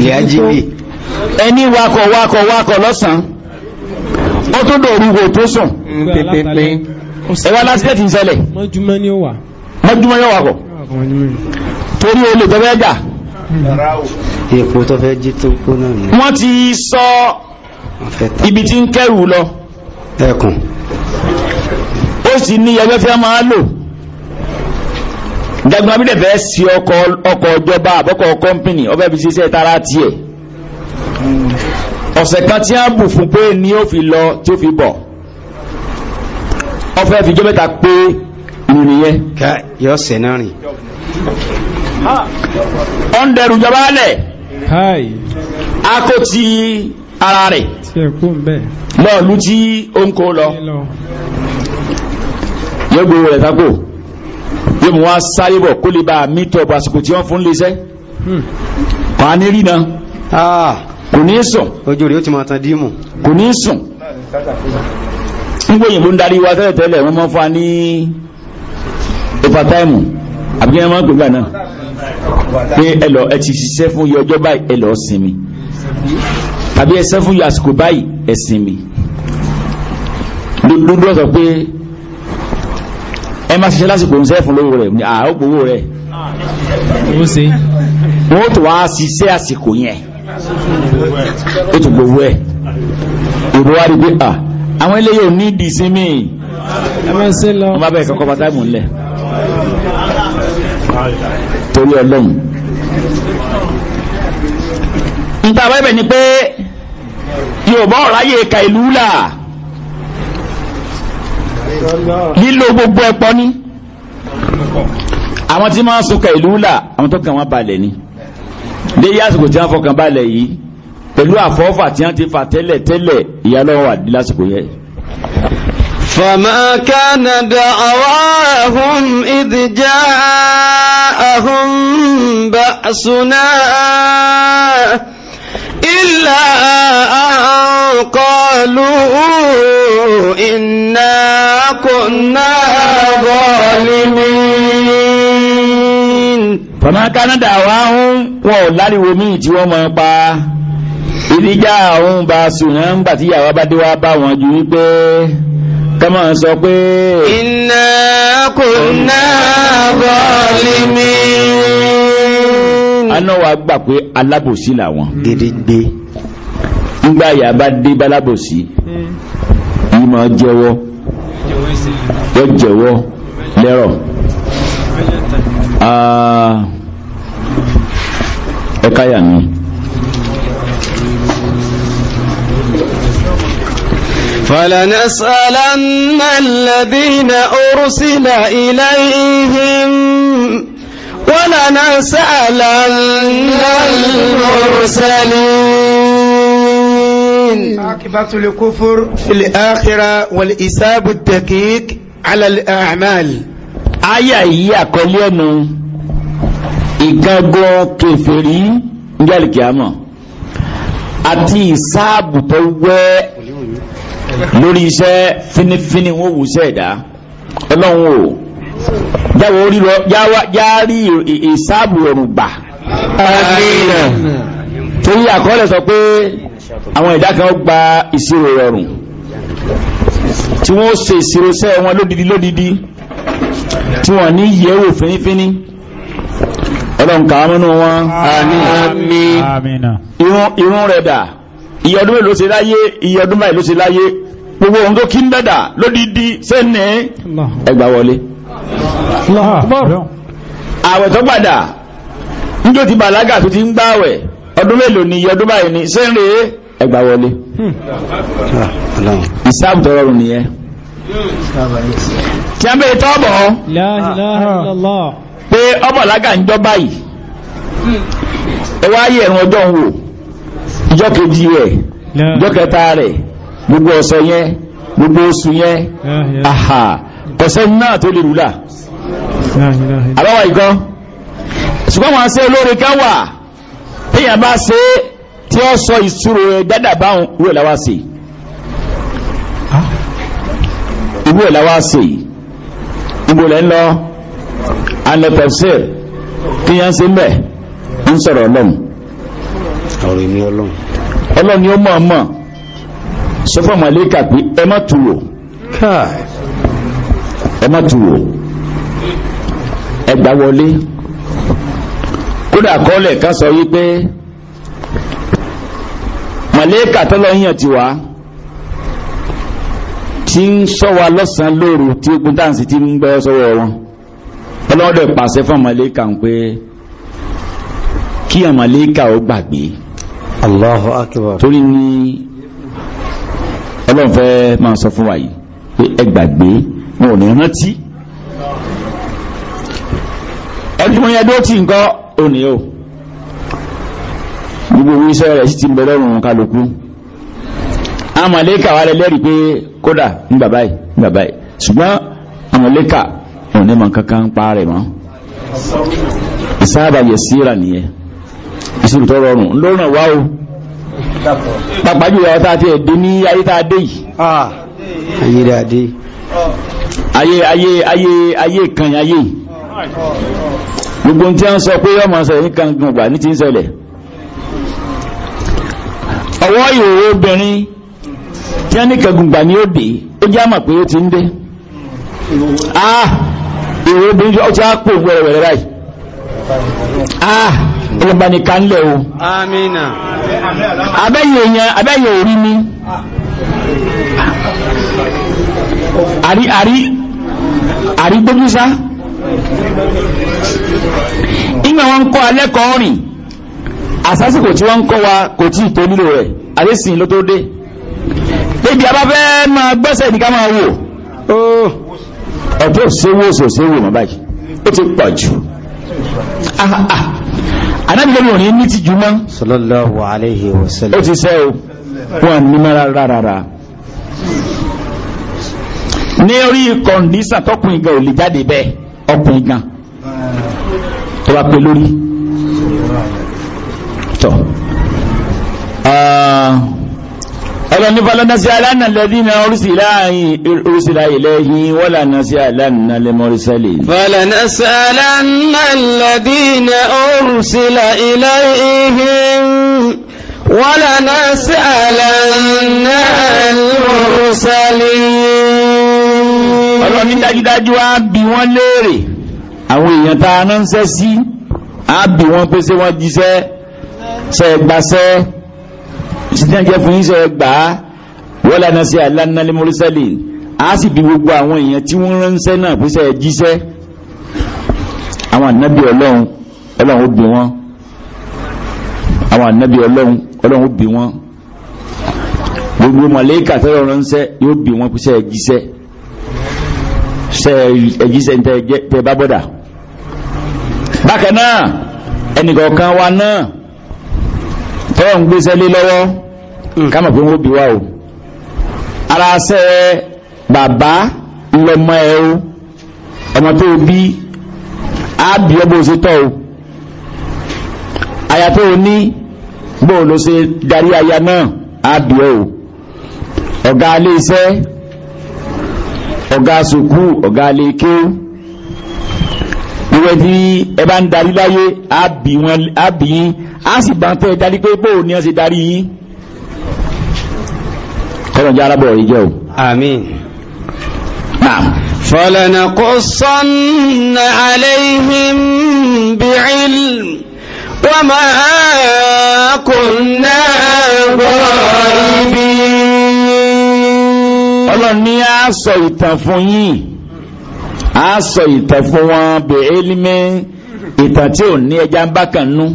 ìyájí bí ẹni wakọ̀ wakọ̀ wakọ̀ lọ́sàn-án ó tó dọ̀rú kò tó sùn ẹwà lásìlẹ̀ ti ń ṣẹlẹ̀ mọ́júmọ́ yóò wà kọ̀ torí olè tó fẹ́ gà èpò tó fẹ́ jí tó kó náà ní wọ́n ti sọ ibi tí ń kẹrù lọ ẹkùn ó sì ní ẹgbẹ́ fẹ́ máa lò gbàgbà bí sí ọkọ̀ ọjọba àbọ́kọ̀ kọ́mpìnì ọbẹ̀ bí ṣiṣẹ́ tara tiẹ̀ ọ̀sẹ̀ kan tí a bù fún pé ní ó fi lọ tí ó fi bọ̀ ọfẹ́ fi jọ́ mẹ́ta pé nìyẹn ká yọ sẹ̀ náà rìn ọ̀ndẹ̀rù jọba alẹ̀ akó ti ara rẹ̀ lọ́ọ̀lú tí ó ń lọ yóò gbé rẹ̀ tako yóò mú wá sáré bọ̀ kó lè bá mítọ̀ bàṣìkò tí wọ́n fún léṣẹ́ kàn hmm. á ní rí náà ah kò ní sùn ojú rẹ̀ ó ti máa tan dímù kò ní sùn nígbò òyìnbó ń darí wa tẹ́lẹ̀ tẹ́lẹ̀ wọ́n máa ń fa ní overtime àbí wọ́n máa ń pè gbà náà pé ẹ lọ ẹ ti ṣiṣẹ́ fún iye ọjọ́ báyìí ẹ lọ sinmi tàbí ẹ ṣiṣẹ́ fún iye àsìkò báyìí ẹ sinmi dúdú ọ̀sọ̀ pé ẹ máa ṣiṣẹ́ lásìkò ń sẹ́fún lówó rẹ̀ àá ó gbowó rẹ̀ wọ́n tó wá ṣiṣẹ́ àsìkò yẹn ó tún gbogbo ẹ̀ ìró wá rí pé à àwọn ilé yóò ní ìdí sí mi wọ́n bá bẹ̀rẹ̀ kọ́kọ́ bá táìmù ńlẹ̀ torí ọlọ́run níta bẹ́ẹ̀ ni pé yorùbá ọ̀ráyè ka ìlú là lílo gbogbo ẹ̀pọ̀ ni àwọn tí máa ń sọ ìlú là àwọn tó kàn wọ́n balẹ̀ ni dé yásìkò tí wọ́n fọkàn balẹ̀ yìí pẹ̀lú àfọ́fà tí wọ́n ti fà tẹ́lẹ̀ tẹ́lẹ̀ ìyálọ́wọ́ àdí lásìkò yẹn. فما كان دعواهم إذ جاءهم بأسنا إلا أن قالوا إنا كنا ظالمين fama kanada wàhún wọn ò láriwo míì tí wọ́n máa pa ìdíjà àwọn bá sùnà ń gbàtí yàrá bá dé wá bá wọn ju wípé kọ́mọ̀ sọ pé iná kò náà bọ́ lé mi anáwà gbà pé alábòsí làwọn gédégbé nígbà yà bá dé balábòsí ìmọ̀ jẹ́wọ́ jẹ́wọ́ lẹ́rọ̀ ẹ̀ka yà mí. فلنسألن الذين أرسل إليهم ولنسألن المرسلين عاقبة الكفر في الآخرة والإساب الدقيق على الأعمال àyà yìí àkọlé ẹnu ìgangan kèfèrí njálìkì àmọ́ àti ìsáàbù tó wẹ́ lórí iṣẹ́ finifini wọn wù iṣẹ́ ẹ̀dá ọlọ́run o jáwọ́ rírọ járí ìsáàbù ọ̀rùn gbà torí àkọọ́lẹ̀ sọ pé àwọn ẹ̀dá kan gba ìṣirò rọrùn tí wọ́n ṣe ìṣirò sẹ́ wọn lódidi lódidi tí wọ́n ní yẹ̀wò fínífíní ọlọ́run kà á mọ́nú wọn àmín irun rẹ̀ dà iye ọdún mẹ́lò ṣe láyé iye ọdún báyìí ló ṣe láyé gbogbo ohun tó kí ń dàdà lódìdí sẹ́ni ẹgbà wọlé àwẹ̀ tó gbàdà níjó ti bàlágà tó ti ń gbàwẹ̀ ọdún mẹ́lò ni iye báyìí ni sẹ́ni ẹgbà wọlé hmm. ìsáàbù tọrọrùn nìyẹn tí a ń bèèrè tọ́bọ̀ la ilaha illallah pé ọbọ̀ lága ń jọ báyìí ẹ wá yẹ ẹ̀rùn ọjọ́ ń wò ìjọ kejì rẹ̀ ìjọ kẹta rẹ̀ gbogbo ọ̀sẹ̀ yẹn gbogbo oṣù yẹn àhà ọ̀sẹ̀ náà tó lè rúlà àbáwá ìgán ṣùgbọ́n wọn ṣe olóore ká wà téèyàn bá ṣe tí ó sọ ìṣúrò ẹ̀ dáadáa báwọn wúrẹ̀ láwá sí gbogbo ẹ̀ láwá sí ìgbò lẹ́ ń lọ alẹ́ tafsir tí yẹn ń se mbẹ̀ ń sọ̀rọ̀ ọlọ́run ọ̀rọ̀ ìní ọlọ́run ọlọ́run ni ó mọ̀ ọmọ sọ fún màlàíkà pé ẹ má tu ẹ má tu ẹ gbà wọlé kódà kọ́lẹ̀ ká sọ wípé màlàíkà tọ́lọ́ yàn ti wá tí ń ṣọ́wa lọ́sàn lóru tí ogun táǹsì ti ń bẹ́ sọ́wọ́ wọn ọlọ́dọ̀ pàṣẹ fún àmàlẹ́kà ń pé kí àmàlẹ́kà ó gbàgbé akbar torí ní ọlọ́fẹ́ máa sọ fún wa yìí pé ẹ gbàgbé wọn ò ní rántí ẹni mọ́ yẹn dó tí nǹkan ò o gbogbo owó iṣẹ́ rẹ̀ sì ti ń bẹ lọ́rùn kálukú amọ̀lẹ́kà wà lẹ́lẹ́rìí pé kódà ní bàbá yìí ní bàbá yìí ṣùgbọ́n amọ̀lẹ́kà òun ní mọ̀ kankan ń pa rẹ̀ mọ́ ìsáàbà yẹ síra nìyẹn ìṣirò tó rọrùn lọ́rùn wá o pàpà jùlọ ọ̀tá àti ẹ̀dẹ́ ní ayé tá a dé yìí ayé ayé ayé ayé kan ayé gbogbo tí a ń sọ pé ọmọ sọ yìí kan gbọ̀ngbà ní ti ń ṣẹlẹ̀ ọwọ́ ìhòòhò obìnrin tí wọ́n ní kẹgùngbà ní ó dé ó jẹ́ àmà pé ó ti ń dé ah èrò obìnrin ó ti á pò wẹ̀rẹ̀wẹ̀rẹ̀ báyìí ah ẹlẹ́bàníkà ńlẹ̀ o amina abẹ́yẹ̀ èèyàn abẹ́yẹ̀ orí mi àrí àrí àrí gbójúsá ìgbà wọn kọ́ alẹ́kọ̀ọ́ rìn àsásìkò tí wọ́n kọ́ wa kò tí ì tó nílò rẹ̀ àrẹ́sìn ló tó dé débi abáfẹ́ máa gbẹ́sẹ̀ ní ká máa wò ó ọ̀pọ̀ òṣèwò òṣèwò mọ̀ báyìí ó ti pọ̀ jù anábìlẹ́bì ah, ah, ah. òní ní ti jùmọ́ sallallahu alayhi wa sallam ó ti sẹ́ o wọ́n ní mara rárára ní orí kọ̀ǹdísà tọkùnrin gan ò lè jáde bẹ́ẹ̀ ọkùnrin gan tó bá pé lórí ọlọ́ni falọ́nà sí aláàna lẹ́dínà orísìlá ilẹ̀yìn wọ́lànà sí aláàna lẹ́mọ̀rísẹ́lẹ̀ falọ́nà sí aláàna lẹ́dínà orísìlá ilẹ̀yìn wọ́lànà sí aláàna lẹ́mọ̀rísẹ́lẹ̀ ọlọ́ni dájúdájú á bí wọ́n léèrè àwọn èèyàn sídájẹ́ fún yín sẹ́ gbà á wọ́lá náà sí alánàlẹ́ mọ́rísẹ́lì á sì bí gbogbo àwọn èèyàn tí wọ́n ránṣẹ́ náà fún sẹ́ jíṣẹ́ àwọn ànábì ọlọ́run ọlọ́run ó bí wọn àwọn ànábì ọlọ́run ọlọ́run ó bí wọn gbogbo mọ̀lẹ́kà tẹ́lẹ̀ ránṣẹ́ yóò bí wọn fún sẹ́ jíṣẹ́ sẹ́ jíṣẹ́ tẹ́ bá bọ́dà bákan náà ẹnìkọ̀ọ̀kan wa náà tọ́wọ́n ń gbéṣẹ́ lé lọ́wọ́ Mm. ká mọ̀ pé wọ́n bí wa o ara sẹ́ bàbá lọmọ ẹ o ọmọ tó o bí á bí ọ bó o ṣe tọ́ o aya tó o ní bó o lọ ṣe darí aya náà á bí ọ o ọ̀gá ilé iṣẹ́ ọ̀gá sùkú ọ̀gá ilé kéwù ìwẹ̀ tí ẹ bá ń darí láyé á bí yín á sì bá ń tẹ́ darí pé bó o ní ọ ṣe darí yín kọ́lọ̀n jẹ́ arábọ̀ rí jẹ́ o àmín فلنقصن عليهم بعلم وما كنا غائبين ọlọ́run ní a sọ ìtàn fún yín a sọ ìtàn fún wọn bèèrè límẹ́ ìtàn tí ò ní ẹja ń bá kàn nú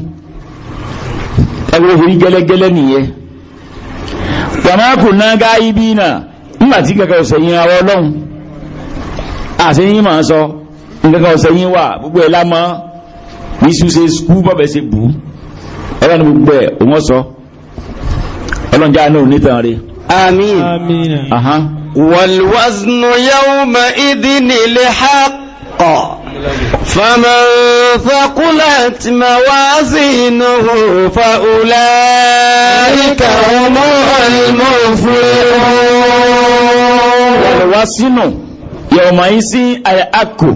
ẹgbẹ́ orí gẹ́lẹ́gẹ́lẹ́ nìyẹn wàmákù náà gá ibi na nígbàtí kẹkẹ ọ̀sẹ̀ yìí ara ọlọ́run àti yìí máa sọ kẹkẹ ọ̀sẹ̀ yìí wà gbogbo ẹ̀ lámọ́ ní ṣúṣe skú bọ́bẹ̀ ṣe bù ọlọ́run gbogbo ẹ̀ òun sọ ọlọ́run já náà nítàn rí. àmín. wal فمن ثقلت موازينه فأولئك هم المفلحون والوزن يومئذ أكو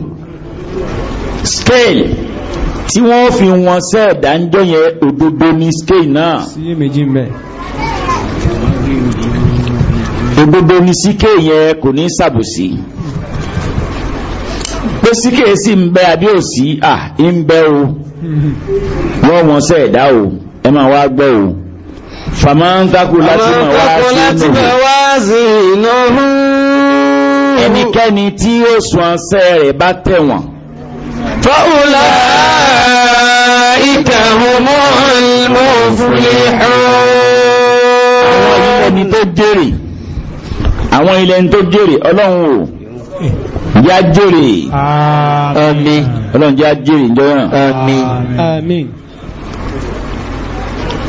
سكيل، tí wọ́n fi wọn sẹ́ ìdánjọ́ yẹn òdodo ní scale náà òdodo ní síkè yẹn kò ní ṣàbòsí pé sí kèésì ń bẹ àbí òsì à ń bẹ o wọ́n wọ́n sẹ́ ẹ̀dá o ẹ máa wá gbọ́ o fàmà ń takò láti máa wá sí inú ẹnikẹ́ni tí ó sùn àṣẹ rẹ̀ bá tẹ̀wọ̀n. fọ́ùlà ìkàhùnmọ́ ìlmọ̀fúnlẹ̀ àwọn ilẹ̀ ni tó jèrè àwọn ilẹ̀ ni tó jèrè ọlọ́run o já jèrè àmín ọlọ́run já jèrè ìjọyàn àmín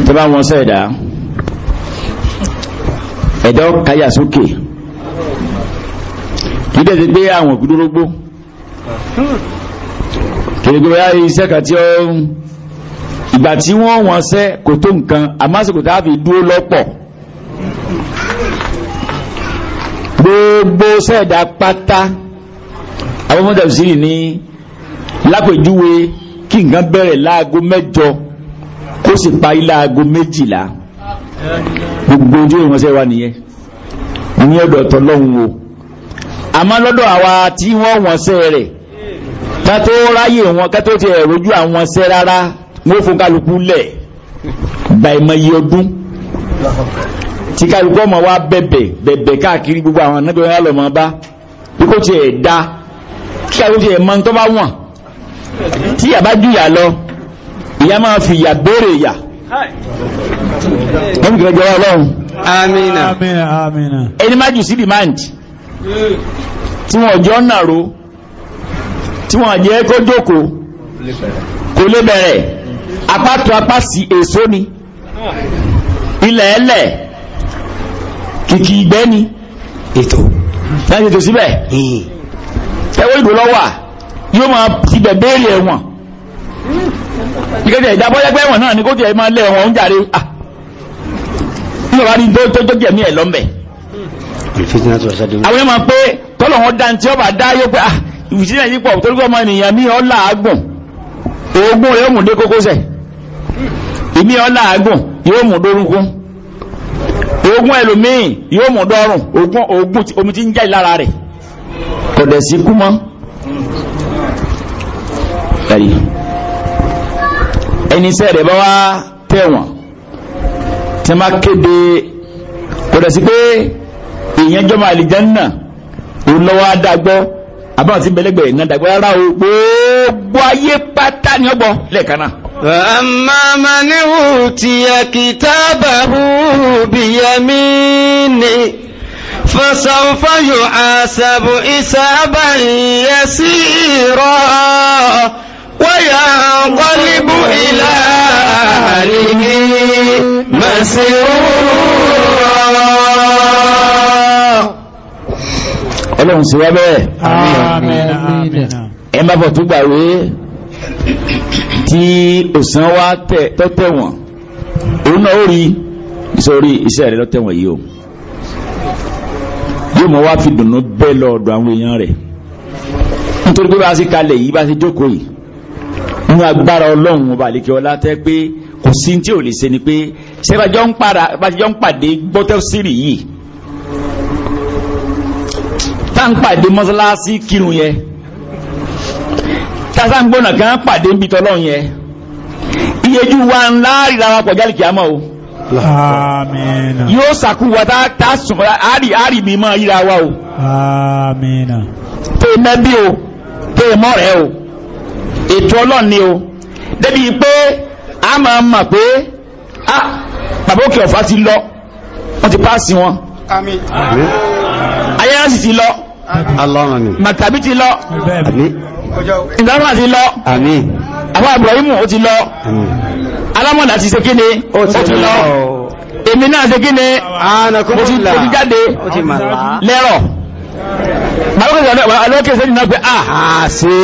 tó bá wọn sọ ẹ̀dá ẹ̀dá káyà sókè kìí dẹ̀ ti gbé àwọn òkúdórógbó kìí gbé bóyá iṣẹ́ kan tí ó ìgbà tí wọ́n wọ́n sẹ́ kò tó nǹkan àmásìkò tá a fi dúró lọ́pọ̀ gbogbo sẹ́ẹ̀dá pátá àwọn ọmọ tafsiri ní lápèjúwe kí nǹkan bẹ̀rẹ̀ láago mẹ́jọ kó sì parí láago méjìlá gbogbo ojú ìrìnsẹ̀ wa nìyẹn ní ọ̀dọ̀ tọlọ́hun o àmọ́ lọ́dọ̀ àwa tí wọ́n wọ́n sẹ́ rẹ̀ ká tó ráyè wọn ká tó ti ẹ̀rọjú àwọn sẹ́ rárá wọ́n fún kálukú lẹ̀ bàìmọye ọdún tí kálukú ọmọ wa bẹ̀bẹ̀ bẹ̀bẹ̀ káàkiri gbogbo àwọn anábẹ́wọ́n yálọ̀ mọ́ bá bí kò da kí àwọn ti ẹ̀mọ́ tó bá wọ̀n tí yà bá jùyà lọ ìyá máa fi yà béèrè yà wọ́n fi kẹjọ ọlọ́run amina amina ẹni má jù sí demand tí wọ́n jọ nàró tí wọ́n jẹ́ kó jókòó kò lè bẹ̀rẹ̀ apátó apá sí èso ni ilẹ̀ ẹlẹ̀ kìkì ìgbẹ́ ni ètò láti ètò síbẹ̀ ẹwọ́ ìgbò lọ́wà yóò máa ti bẹ̀ béèrè ẹ̀wọ̀n ìkẹ́jẹ̀ ìdábọ́jẹ́ ẹ̀wọ̀n náà ni kó tiẹ̀ máa lé ẹ̀wọ̀n ń jàre ah nígbà tó tó ẹ̀ pé tí ó bá dá yóò pé ah náà torí ọmọ ènìyàn mi ọ́ làágùn oògùn mú dé kókósẹ̀ ọ́ làágùn yóò mú oògùn yóò mú dọ́rùn oògùn kò dẹ̀ sí kú mọ́ ẹ̀rí ẹni sẹ́ rẹ̀ bá wá tẹ̀wọ̀n tí wọ́n bá kéde kò dẹ̀ sí pé èèyàn jọmọ àlìjánná òun lọ́wọ́ á àbáwọn tí bẹlẹ́gbẹ̀ẹ́ náà dàgbọ́ rárá o gbogbo ayé pátá ni ọgbọ́ lẹ́ẹ̀kan náà. فأما من أوتي كتابه بيمينه فسوف يحاسب حسابا يسيرا وينقلب إلى أهله مسرورا ọlọ́run sí wá bẹ́ẹ̀ ẹ má bọ̀ tó gbàwé tí òsàn wá tọ́tẹ̀wọ̀n òun náà ó rí ìsọ̀rí iṣẹ́ rẹ̀ lọ́tẹ̀wọ̀n yìí o yóò mọ̀ wá fi dùnú bẹ́ẹ̀ lọ́ọ̀dọ̀ àwọn èèyàn rẹ̀ nítorí pé bá a sì kalẹ̀ yìí bá a sì jókòó yìí nínú agbára ọlọ́run ọba àlekè ọlá tẹ́ pé kò sí tí ò lè ṣe ni pé ṣé bá ń pàdé gbọ́tẹ́ sírì yìí tá ń pàdé mọ́sálásí kírun yẹn tá ń gbóná kan pàdé ń bitọ́ lọ́run yẹn iyejú wa ńlá rírà pọ̀ jálìkì àmọ́ o àmín yóò sàkúwà tásùn àrí mi máa yíra wa o àmín tó mẹ́bí o tó mọ́ rẹ̀ o ètò ọlọ́run ni o débi pé a máa mọ̀ pé a bàbá òkè ọ̀fà ti lọ wọ́n ti páàsì wọn àmín sì ti lọ alọ́run ti lọ àmín ìdáhùn lọ àmín àbá ó ti lọ alámọ̀dá ti ṣe ni ó ti lọ èmi náà ṣe ni mo ti jáde lẹ́rọ̀ alókèsè nínú pé àhà ah, sí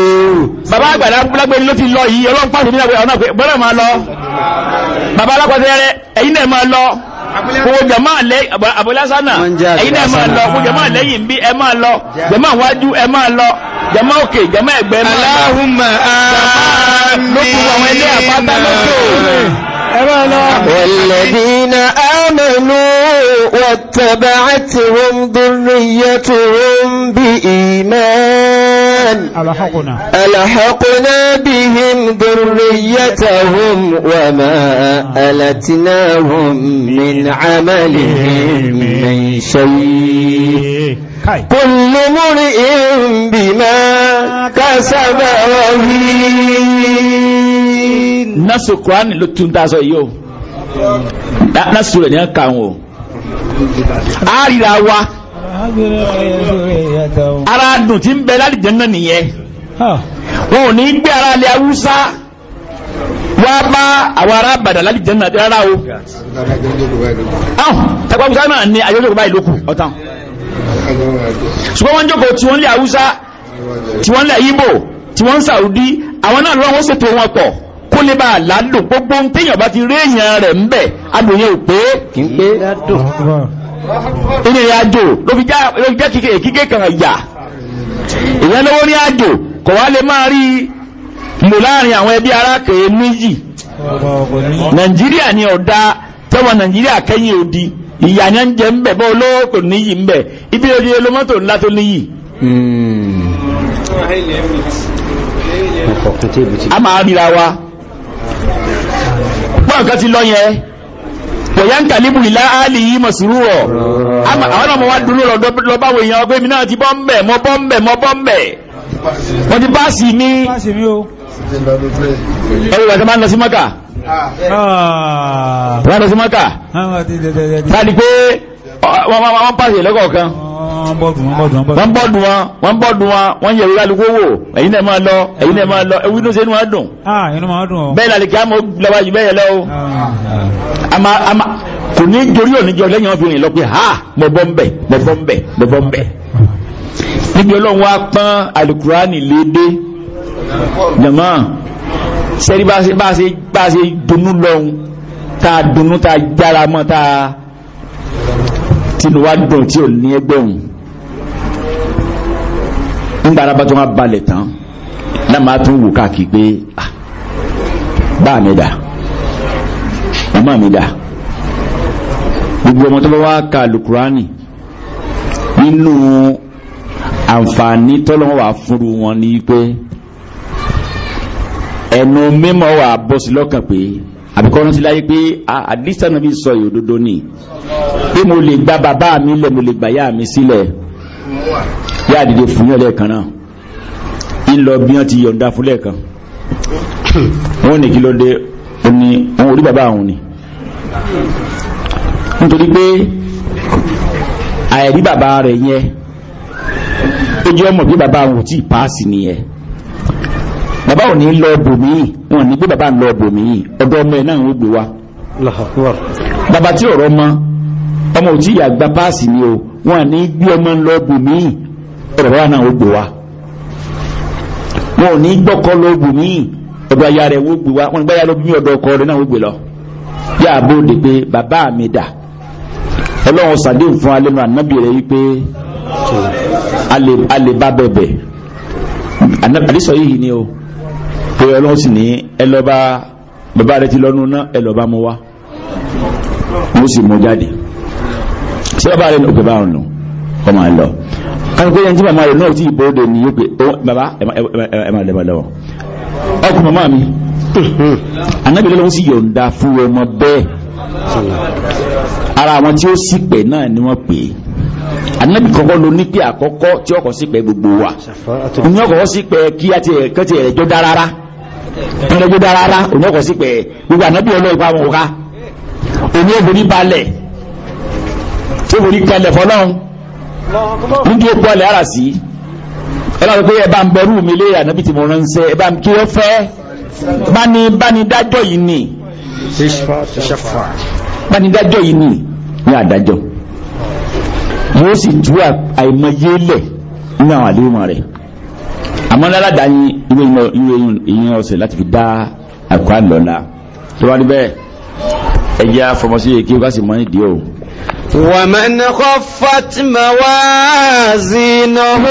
bàbá àgbàdá lágbé ló ti lọ yìí ọlọ́pàá sí nínú ọ̀nà pé bọ́lá máa lọ bàbá alákọ̀ọ́sẹ̀ rẹ ẹ̀yìn náà máa lọ kò jẹ̀má lẹ́ àbúlásánà ẹ̀yìn náà máa lọ kò jẹ̀má lẹ́yìn bí ẹ máa lọ jẹ̀má wájú ẹ máa lọ jẹ̀má òkè jẹ̀má ẹ̀gbẹ́ máa lọ. والذين آمنوا واتبعتهم ذريتهم بإيمان الرحمن ألحقنا ألحقنا بهم ذريتهم وما ألتناهم من عملهم من شيء كل مرئ بما كسب رهين ناس القرآن لو تنتظر يوم ناس سورة نيان كانوا آري ara dùn tí ń bẹ lálìjẹ́nà nìyẹn wọn ò ní gbé ara lẹ awúsá wá bá àwọn ará àbàdà lálìjẹ́nà rárá o tàbí awúsá náà ní ayọ́jọ́ báyìí lókù ọ̀tàn ṣùgbọ́n wọ́n jókòó tí wọ́n lé awúsá tí wọ́n lé tí wọ́n àwọn náà lọ́wọ́ ṣètò wọn pọ̀ kó lè bá àládùn gbogbo téèyàn bá ti rẹ̀ ń bẹ̀ adùn yẹn ò ìrìn àjò ló fi jẹ́ kíkẹ́ kan ìyà ìyẹn lówó ní àjò kò wá lè máa rí mò láàrin àwọn ẹbí arákèé méjì nàìjíríà ni ọ̀dá tẹ́wọ̀n nàìjíríà kẹ́yìn òdi ìyà ni ń jẹ ń bẹ̀ bọ́ olówó kò ń bẹ̀ hmm. a máa wa ti lọ yẹn wọ̀yán kàlíbù ìlà áàlì yìí mọ̀sùrù rọ̀ àwọn ọmọ wa dúró lọ báwo èèyàn ọgbẹ́ mi náà ti bọ́m̀bẹ̀ mọ́ bọ́m̀bẹ̀ mọ́ bọ́m̀bẹ̀ wọ́n ti báàsì ní ẹ̀rọ ìgbà tó máa ń lọ sí mọ́kà wọ́n ah. lọ sí mọ́kà sáà ni pé wọ́n pàṣẹ wọ́n bọ́dùn wọn wọ́n bọ́dùn wọn wọ́n yẹ̀rù lálùkó wò ẹ̀yin náà máa lọ ẹ̀yin náà máa lọ ewu inú sẹ́nu máa dùn ah, bẹ́ẹ̀ lálẹ́ kí á mọ̀ lọ́wọ́ ju bẹ́ẹ̀ lọ o ah. kò ní torí òníjọ lẹ́yìn ọ̀fìnrin lọ pé ha mo bọ́ ń bẹ̀ mo bọ́ ń bẹ̀ mo bọ́ ń bẹ̀ níbi ọlọ́run wá pọ́n alukurani léde jọ̀mọ́ sẹ́rí bá ṣe bá ṣe bá ṣe dunnú lọ́hùn tá a dunnú tá a jára mọ́ tá a tínú wa dùn tí ò ní ẹgbẹ̀rún nígbà araba tó wọn balẹ̀ tán náà máa tún wò káàkiri pé ah, bá mi dà màmá mi dà gbogbo ọmọ tó bá wá ka alukurani nínú àǹfààní tọ́lọ́wọ́ wà fúnru wọn ni pé ẹnu mímọ́ wà bọ́sí lọ́kàn pé àbíkọ́ rántí láyé pé àdìsá náà fi sọ ìdodo ni pé mo lè gba bàbá mi lẹ̀ mo lè gbà yá mi sílẹ̀ yá àdìde fún yàn lẹ́ẹ̀kan náà ńlọ bí wọ́n ti yọ̀ǹda fún lẹ́ẹ̀kan wọ́n ní kí ló dé òní òun orí bàbá àwọn ni nítorí pé àìrí bàbá rẹ̀ yẹn ó jẹ́ ọmọ bí bàbá àwọn ò tí ì paasi nìyẹn bàbá ò ní lọ bòmíì wọn ní pé bàbá ń lọ bòmíì ọ̀dọ̀ ọmọ ẹ̀ náà ń gbé wa. bàbá tí ọ̀rọ̀ mọ ọmọ òtí ìyá gba páàsì ni o wọn ní gbé ọmọ ń lọ bòmíì ọ̀dọ̀ bàbá náà ó gbé wa. wọn ò ní gbọ́kọ́ lọ bòmíì ọ̀dọ̀ aya rẹ̀ wó gbé wa wọn gbá ya lọ bòmíì ọ̀dọ̀ ọkọ rẹ̀ náà ó gbé lọ. yá àbó de pé bàbá mi dà ọlọ́run sàdéhùn fún alẹ́ nu ànábì rẹ̀ wípé ni o pé ọlọ́run sì ní ẹlọ́ba bàbá rẹ ti lọ́nu náà ẹlọ́ba mú wá mo sì mú jáde ṣé bàbá rẹ ló pè bá ọ̀nà ọmọ ẹ lọ kájú pé ẹni tí bàbá rẹ náà ti ìbòde ní yóò pé bàbá ẹ máa lẹ́mọ̀ lọ́wọ́ ọkùn màmá mi anábìlẹ̀ lọ́wọ́ sì yọ̀ǹda fún ọmọ bẹ́ẹ̀ ara àwọn tí ó sì pẹ̀ náà ni wọ́n pè é anabi kọ́kọ́ ló ní pé àkọ́kọ́ tí ọkọ̀ sí pé gbogbo wa ní ọkọ̀ sí pé kí á ti ẹ̀kọ́ ti ẹ̀rẹ́jọ́ dá rárá ẹ̀rẹ́jọ́ dá rárá òní ọkọ̀ sí pé gbogbo anabi ọlọ́ ìpa wọn ká òní òbòrí balẹ̀ tí òbòrí kalẹ̀ fọlọ́run níbi ó pọ̀ lẹ́yàrá sí ọlọ́run yóò sì tú àìmọye lẹ̀ nínú àwọn àdéhùn rẹ̀ àmọ́ lálàdá yín ìwé ìyẹn ọ̀sẹ̀ láti fi dá àkọ́ àlọ́lá tó wá níbẹ̀ ẹ̀jẹ̀ afọmọsí yìí kí ó bá sì mọ́ nídìí o. ومن خفت موازينه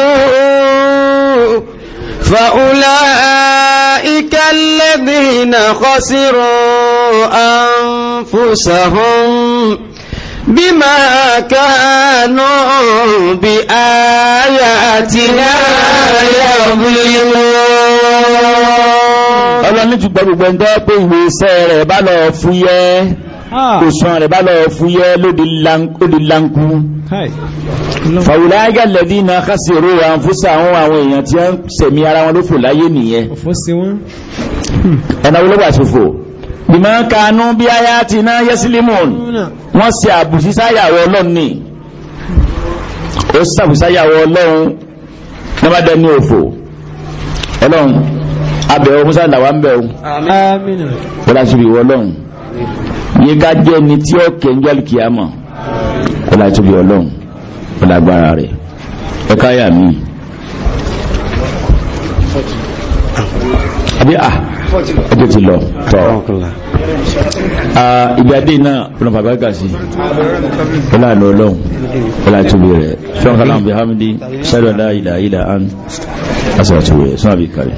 فأولئك الذين خسروا أنفسهم بما كانوا بآياتنا ayatina ọlọ́ni ti gbogbo ẹ̀ńdọ́ pé ìwé iṣẹ́ rẹ̀ bá lọ fúyẹ́ kò ah. rẹ̀ bá lọ fúyẹ́ lódi lanku fàwùláyà lẹ́dí na kásìrò àǹfúsà àwọn àwọn èèyàn tí wọ́n sẹ̀mí ara wọn ló fò láyé nìyẹn ọ̀nà olóbàṣòfò bímọ kanú bí aya ti ná yẹsílímùn wọ́n ṣe àbùsísáyàwó ọlọ́run ni ó ṣàbùsísáyàwó ọlọ́run níbàdàn ní òfò ọlọ́run abẹ̀wò musa làwọn bẹ̀wò kọlásùbì ọlọ́run yìí ká jẹ́ ni tí ó kẹ́ ń jọ́lù kìámọ̀ kọlásùbì ọlọ́run ọlágbára rẹ̀ ẹ̀ka yà mí àbí à ah, ọjọ́ ti lọ tọ́ ibi ah, adé náà ọ̀nà bàbá gàṣì ọlá àná ọlọ́run ọlá tóbi rẹ̀ ṣọ́nkálàmù bihamdi ṣẹ́dọ̀dá ìlà ìlà àn àṣà tóbi rẹ̀ sọ́nà bí kàrí